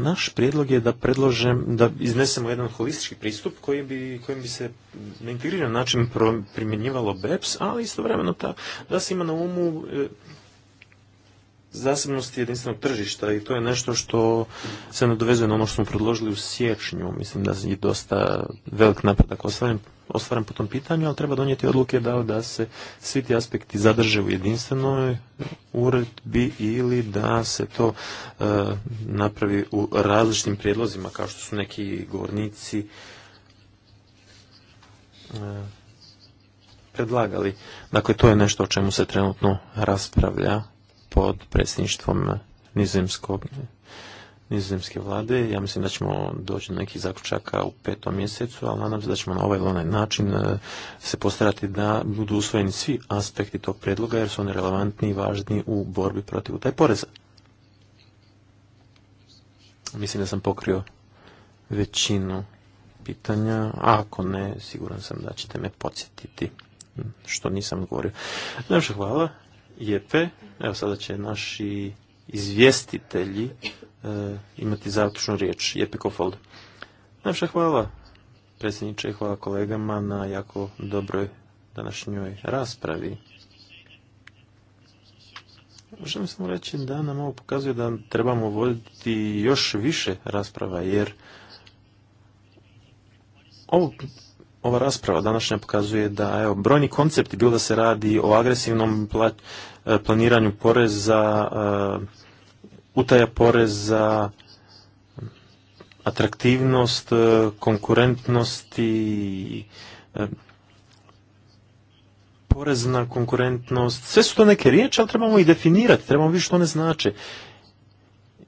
Naš prijedlog je da predložem, da iznesemo jedan holistički pristup koji bi, kojim bi se na integriran način primjenjivalo BEPS, ali istovremeno ta, da se ima na umu e, zasebnosti jedinstvenog tržišta i to je nešto što se nadovezuje na ono što smo predložili u siječnju. Mislim da je dosta velik napredak ostvaren, po tom pitanju, ali treba donijeti odluke da, da se svi ti aspekti zadrže u jedinstvenoj uredbi ili da se to e, napravi u različitim prijedlozima kao što su neki govornici e, predlagali. Dakle, to je nešto o čemu se trenutno raspravlja pod predsjedništvom nizozemskog nizozemske vlade. Ja mislim da ćemo doći do nekih zaključaka u petom mjesecu, ali nadam se da ćemo na ovaj ili onaj način e, se postarati da budu usvojeni svi aspekti tog predloga, jer su oni relevantni i važni u borbi protiv taj poreza. Mislim da sam pokrio većinu pitanja, a ako ne, siguran sam da ćete me podsjetiti što nisam govorio. Najviše hvala, lijepe, Evo sada će naši izvjestitelji e, imati završnu riječ. Jepi Kofold. Najviše hvala predsjedniče, i hvala kolegama na jako dobroj današnjoj raspravi. Želim samo reći da nam ovo pokazuje da trebamo voditi još više rasprava, jer ovo ova rasprava današnja pokazuje da evo, brojni koncepti, bilo da se radi o agresivnom e, planiranju poreza, e, utaja poreza, atraktivnost, e, konkurentnosti, porezna konkurentnost, sve su to neke riječi, ali trebamo i definirati, trebamo vidjeti što one znače.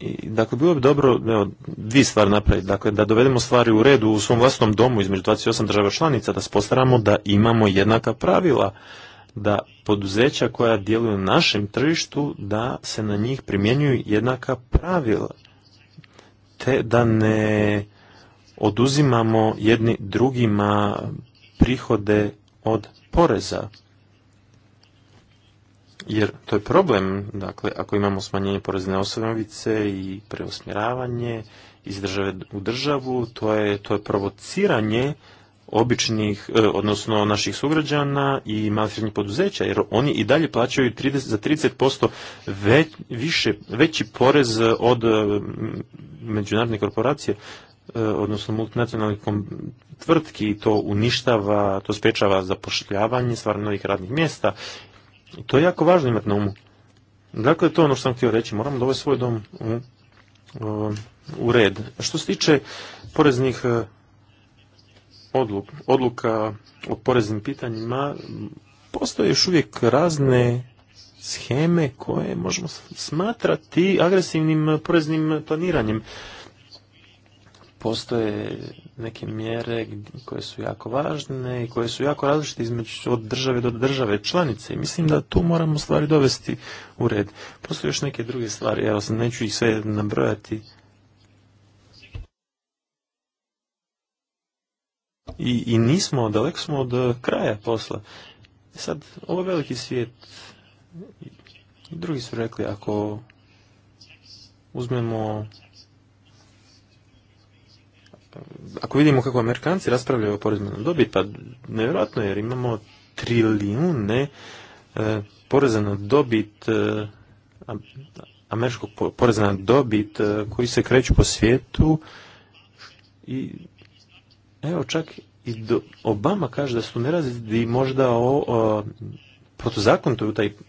I, dakle, bilo bi dobro evo, dvije stvari napraviti. Dakle, da dovedemo stvari u redu u svom vlastnom domu između 28 država članica, da spostaramo da imamo jednaka pravila, da poduzeća koja djeluju na našem tržištu, da se na njih primjenjuju jednaka pravila, te da ne oduzimamo jedni drugima prihode od poreza. Jer to je problem, dakle, ako imamo smanjenje porezne osnovice i preusmjeravanje iz države u državu, to je, to je provociranje običnih, e, odnosno naših sugrađana i malih poduzeća, jer oni i dalje plaćaju 30, za 30% već, više, veći porez od e, međunarodne korporacije, e, odnosno multinacionalnih tvrtki, to uništava, to sprečava zapošljavanje stvarno novih radnih mjesta i to je jako važno imati na umu. Dakle, to je ono što sam htio reći. Moramo dovesti svoj dom u, red. Što se tiče poreznih e, odluka, odluka o poreznim pitanjima, postoje još uvijek razne scheme koje možemo smatrati agresivnim poreznim planiranjem. Postoje neke mjere koje su jako važne i koje su jako različite između od države do države članice i mislim da tu moramo stvari dovesti u red. Postoje još neke druge stvari, ja sam neću ih sve nabrojati. I, i nismo, daleko smo od eh, kraja posla. E sad, ovo veliki svijet. I drugi su rekli, ako uzmemo pa, ako vidimo kako Amerikanci raspravljaju o porezima na dobit, pa nevjerojatno jer imamo trilijune e, poreza na dobit e, američkog poreza na dobit e, koji se kreću po svijetu i evo čak i Obama kaže da su ne možda o, o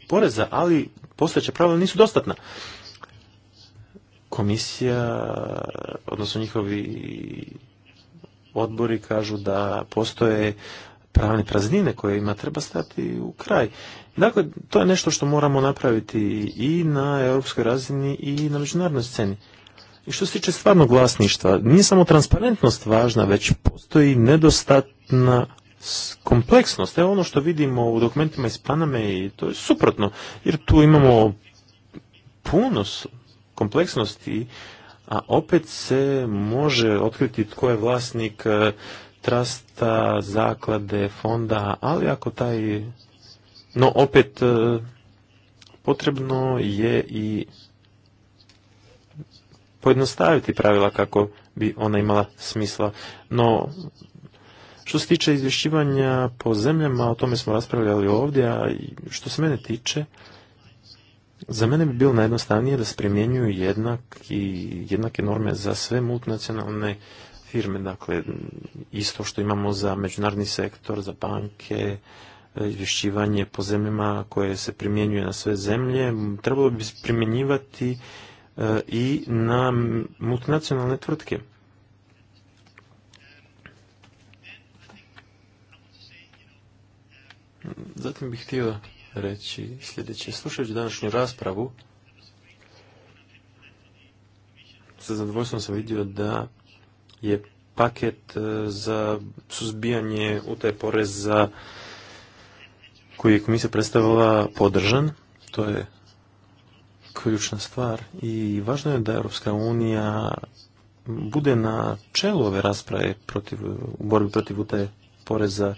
poreza, ali postojeća pravila nisu dostatna komisija, odnosno njihovi odbori kažu da postoje pravne praznine koje ima treba stati u kraj. Dakle, to je nešto što moramo napraviti i na europskoj razini i na međunarodnoj sceni. I što se tiče stvarnog vlasništva, nije samo transparentnost važna, već postoji nedostatna kompleksnost. Evo ono što vidimo u dokumentima iz Paname i to je suprotno, jer tu imamo puno kompleksnosti, a opet se može otkriti tko je vlasnik e, trasta, zaklade, fonda, ali ako taj... No, opet e, potrebno je i pojednostaviti pravila kako bi ona imala smisla. No, što se tiče izvješćivanja po zemljama, o tome smo raspravljali ovdje, a što se mene tiče, za mene bi bilo najjednostavnije da se primjenjuju jednaki, jednake norme za sve multinacionalne firme, dakle isto što imamo za međunarodni sektor, za banke, izvješćivanje po zemljama koje se primjenjuje na sve zemlje, trebalo bi primjenjivati e, i na multinacionalne tvrtke. Zatim bih htio reći sljedeće. Slušajući današnju raspravu, sa zadovoljstvom sam vidio da je paket e, za suzbijanje utaje poreza koji je komisija predstavila podržan. To je ključna stvar i važno je da Europska unija bude na čelu ove rasprave protiv, u borbi protiv utaje poreza,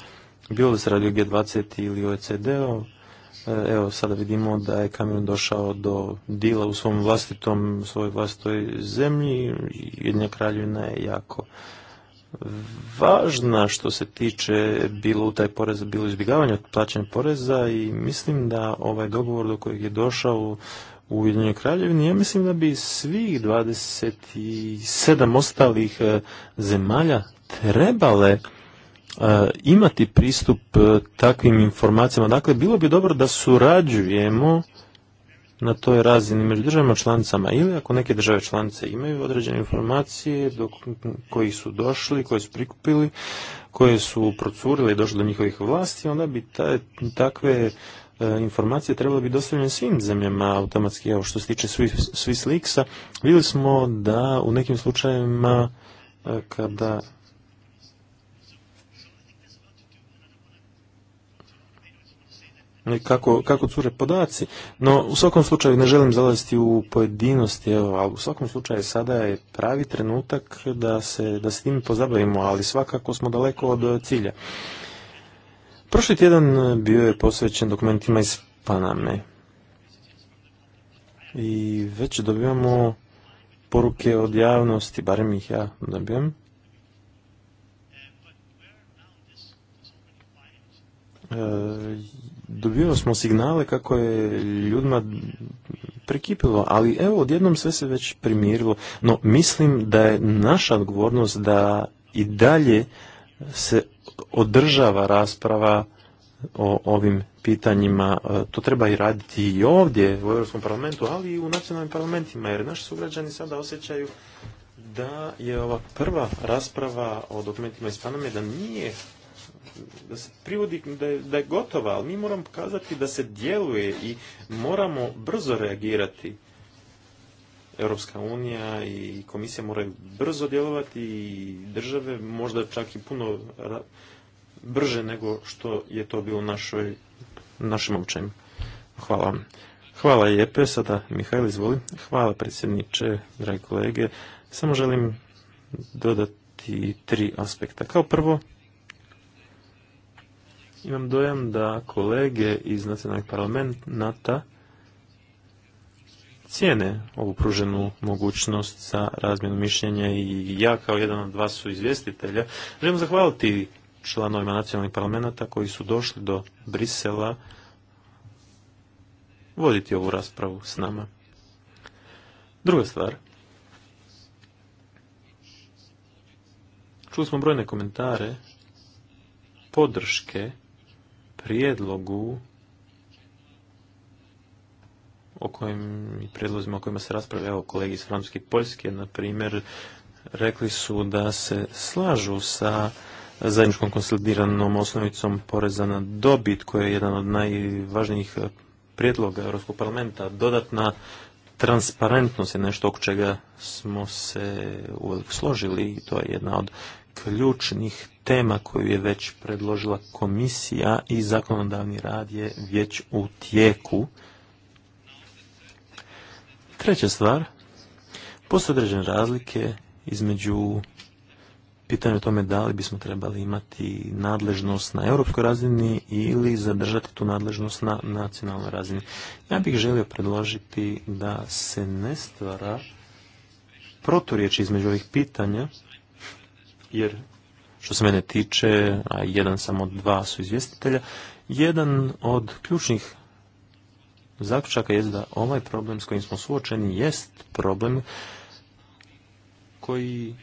bilo da se radi G20 ili OECD-u, E, evo, sada vidimo da je kamion došao do dila u svom vlastitom, svojoj vlastitoj zemlji. Jedna kraljevina je jako važna što se tiče bilo u taj porez, bilo od plaćanja poreza i mislim da ovaj dogovor do kojeg je došao u Ujedinjenoj kraljevini, ja mislim da bi svih 27 ostalih e, zemalja trebale E, imati pristup e, takvim informacijama. Dakle, bilo bi dobro da surađujemo na toj razini među državama članicama ili ako neke države članice imaju određene informacije koji su došli, koje su prikupili, koje su procurile i došle do njihovih vlasti, onda bi takve e, informacije trebalo bi dostavljene svim zemljama automatski. Evo što se tiče Swiss, vidjeli smo da u nekim slučajevima kada kako, kako cure podaci. No, u svakom slučaju ne želim zalaziti u pojedinosti, evo, ali u svakom slučaju sada je pravi trenutak da se, da s tim pozabavimo, ali svakako smo daleko od e, cilja. Prošli tjedan e, bio je posvećen dokumentima iz Paname. I već dobivamo poruke od javnosti, barem ih ja dobijem. E, dobivali smo signale kako je ljudima prekipilo, ali evo odjednom sve se već primirilo. No mislim da je naša odgovornost da i dalje se održava rasprava o ovim pitanjima. E, to treba i raditi i ovdje u Europskom parlamentu, ali i u nacionalnim parlamentima, jer naši sugrađani sada osjećaju da je ova prva rasprava o dokumentima iz Paname da nije da se privodi da je, da je gotova, ali mi moramo pokazati da se djeluje i moramo brzo reagirati. Europska unija i komisija moraju brzo djelovati i države možda čak i puno brže nego što je to bilo u našoj, našem općem. Hvala Hvala Jepe, sada Mihajl izvoli. Hvala predsjedniče, dragi kolege. Samo želim dodati tri aspekta. Kao prvo, imam dojam da kolege iz nacionalnih parlamenta cijene ovu pruženu mogućnost za razmjenu mišljenja i ja kao jedan od vas su izvjestitelja. Želim zahvaliti članovima nacionalnih parlamenta koji su došli do Brisela voditi ovu raspravu s nama. Druga stvar. Čuli smo brojne komentare podrške prijedlogu o kojim prijedlozima o kojima se raspravlja evo kolegi iz Francuske i Poljske na primjer rekli su da se slažu sa zajedničkom konsolidiranom osnovicom poreza na dobit koja je jedan od najvažnijih prijedloga Europskog parlamenta dodatna transparentnost je nešto oko čega smo se uvijek složili i to je jedna od ključnih tema koju je već predložila komisija i zakonodavni rad je već u tijeku. Treća stvar, postoje određene razlike između pitanja o tome da li bismo trebali imati nadležnost na europskoj razini ili zadržati tu nadležnost na nacionalnoj razini. Ja bih želio predložiti da se ne stvara proturječi između ovih pitanja, jer što se mene tiče, a jedan samo od dva su izvjestitelja, jedan od ključnih zaključaka je da ovaj problem s kojim smo suočeni jest problem koji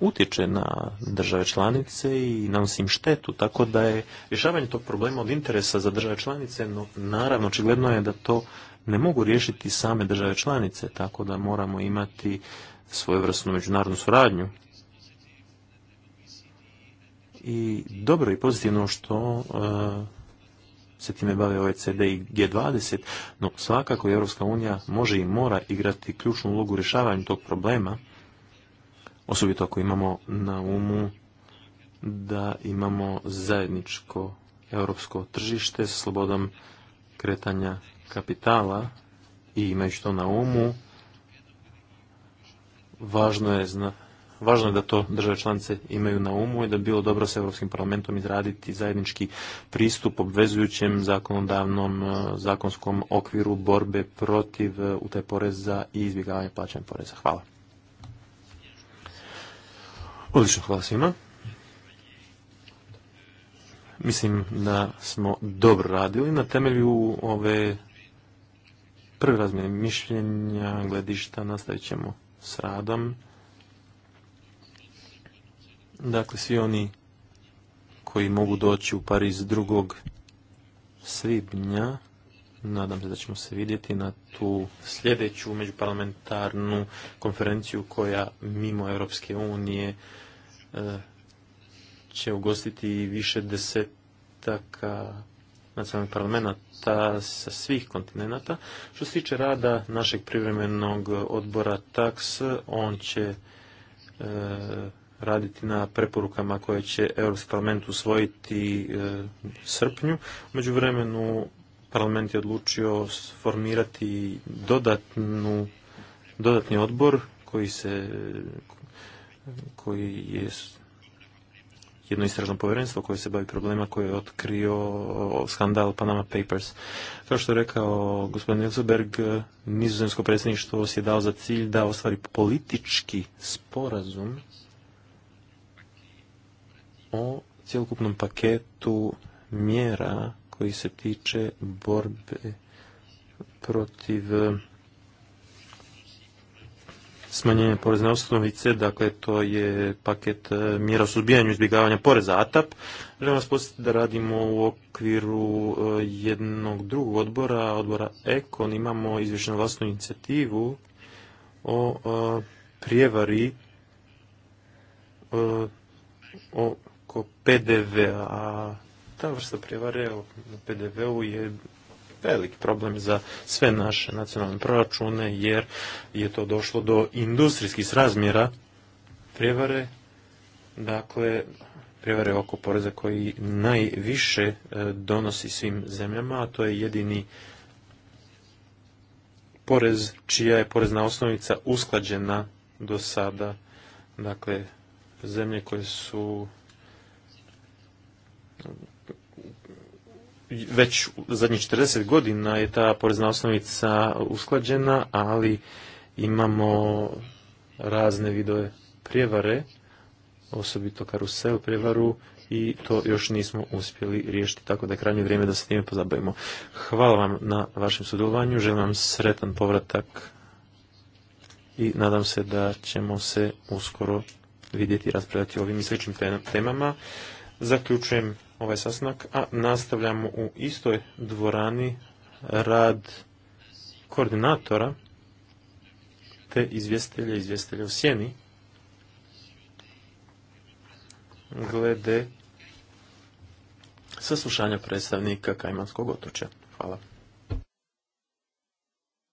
utječe na države članice i nanosi im štetu, tako da je rješavanje tog problema od interesa za države članice, no naravno očigledno je da to ne mogu riješiti same države članice, tako da moramo imati svojevrsnu međunarodnu suradnju i dobro i pozitivno što e, se time bave OECD i G20, no svakako Europska unija može i mora igrati ključnu ulogu u rješavanju tog problema, osobito ako imamo na umu da imamo zajedničko europsko tržište sa slobodom kretanja kapitala i imajući to na umu, važno je zna, važno je da to države članice imaju na umu i da bi bilo dobro s Europskim parlamentom izraditi zajednički pristup obvezujućem zakonodavnom e, zakonskom okviru borbe protiv e, utaj poreza i izbjegavanja plaćanja poreza. Hvala. Odlično, hvala svima. Mislim da smo dobro radili na temelju ove prve razmjene mišljenja, gledišta, nastavit ćemo s radom. Dakle, svi oni koji mogu doći u Pariz 2. svibnja, nadam se da ćemo se vidjeti na tu sljedeću međuparlamentarnu konferenciju koja mimo Europske unije e, će ugostiti više desetaka nacionalnih parlamenta sa svih kontinenta. Što se tiče rada našeg privremenog odbora TAX, on će e, raditi na preporukama koje će Europski parlament usvojiti e, u srpnju. Među vremenu parlament je odlučio formirati dodatnu, dodatni odbor koji se koji je jedno istražno povjerenstvo koje se bavi problema koje je otkrio skandal Panama Papers. Kao što je rekao gospodin Nilsberg, nizozemsko predsjedništvo si je dao za cilj da ostvari politički sporazum o cjelokupnom paketu mjera koji se tiče borbe protiv smanjenja porezne osnovice, dakle to je paket e, mjera o suzbijanju izbjegavanja poreza ATAP. Želim vas da radimo u okviru e, jednog drugog odbora, odbora EKON, imamo izvješenu vlastnu inicijativu o e, prijevari o oko PDV-a. Ta vrsta prijevare na PDV-u je veliki problem za sve naše nacionalne proračune jer je to došlo do industrijskih srazmjera prijevare, dakle prijevare oko poreza koji najviše e, donosi svim zemljama, a to je jedini porez čija je porezna osnovica usklađena do sada. Dakle, zemlje koje su već zadnjih 40 godina je ta porezna osnovica usklađena, ali imamo razne vidove prijevare, osobito karusel prijevaru i to još nismo uspjeli riješiti, tako da je krajnje vrijeme da se time pozabavimo. Hvala vam na vašem sudjelovanju, želim vam sretan povratak i nadam se da ćemo se uskoro vidjeti i raspravljati o ovim i sličnim temama. Zaključujem ovaj sasnak, a nastavljamo u istoj dvorani rad koordinatora te izvjestelja i izvjestelja u sjeni glede saslušanja predstavnika Kajmanskog otoča. Hvala.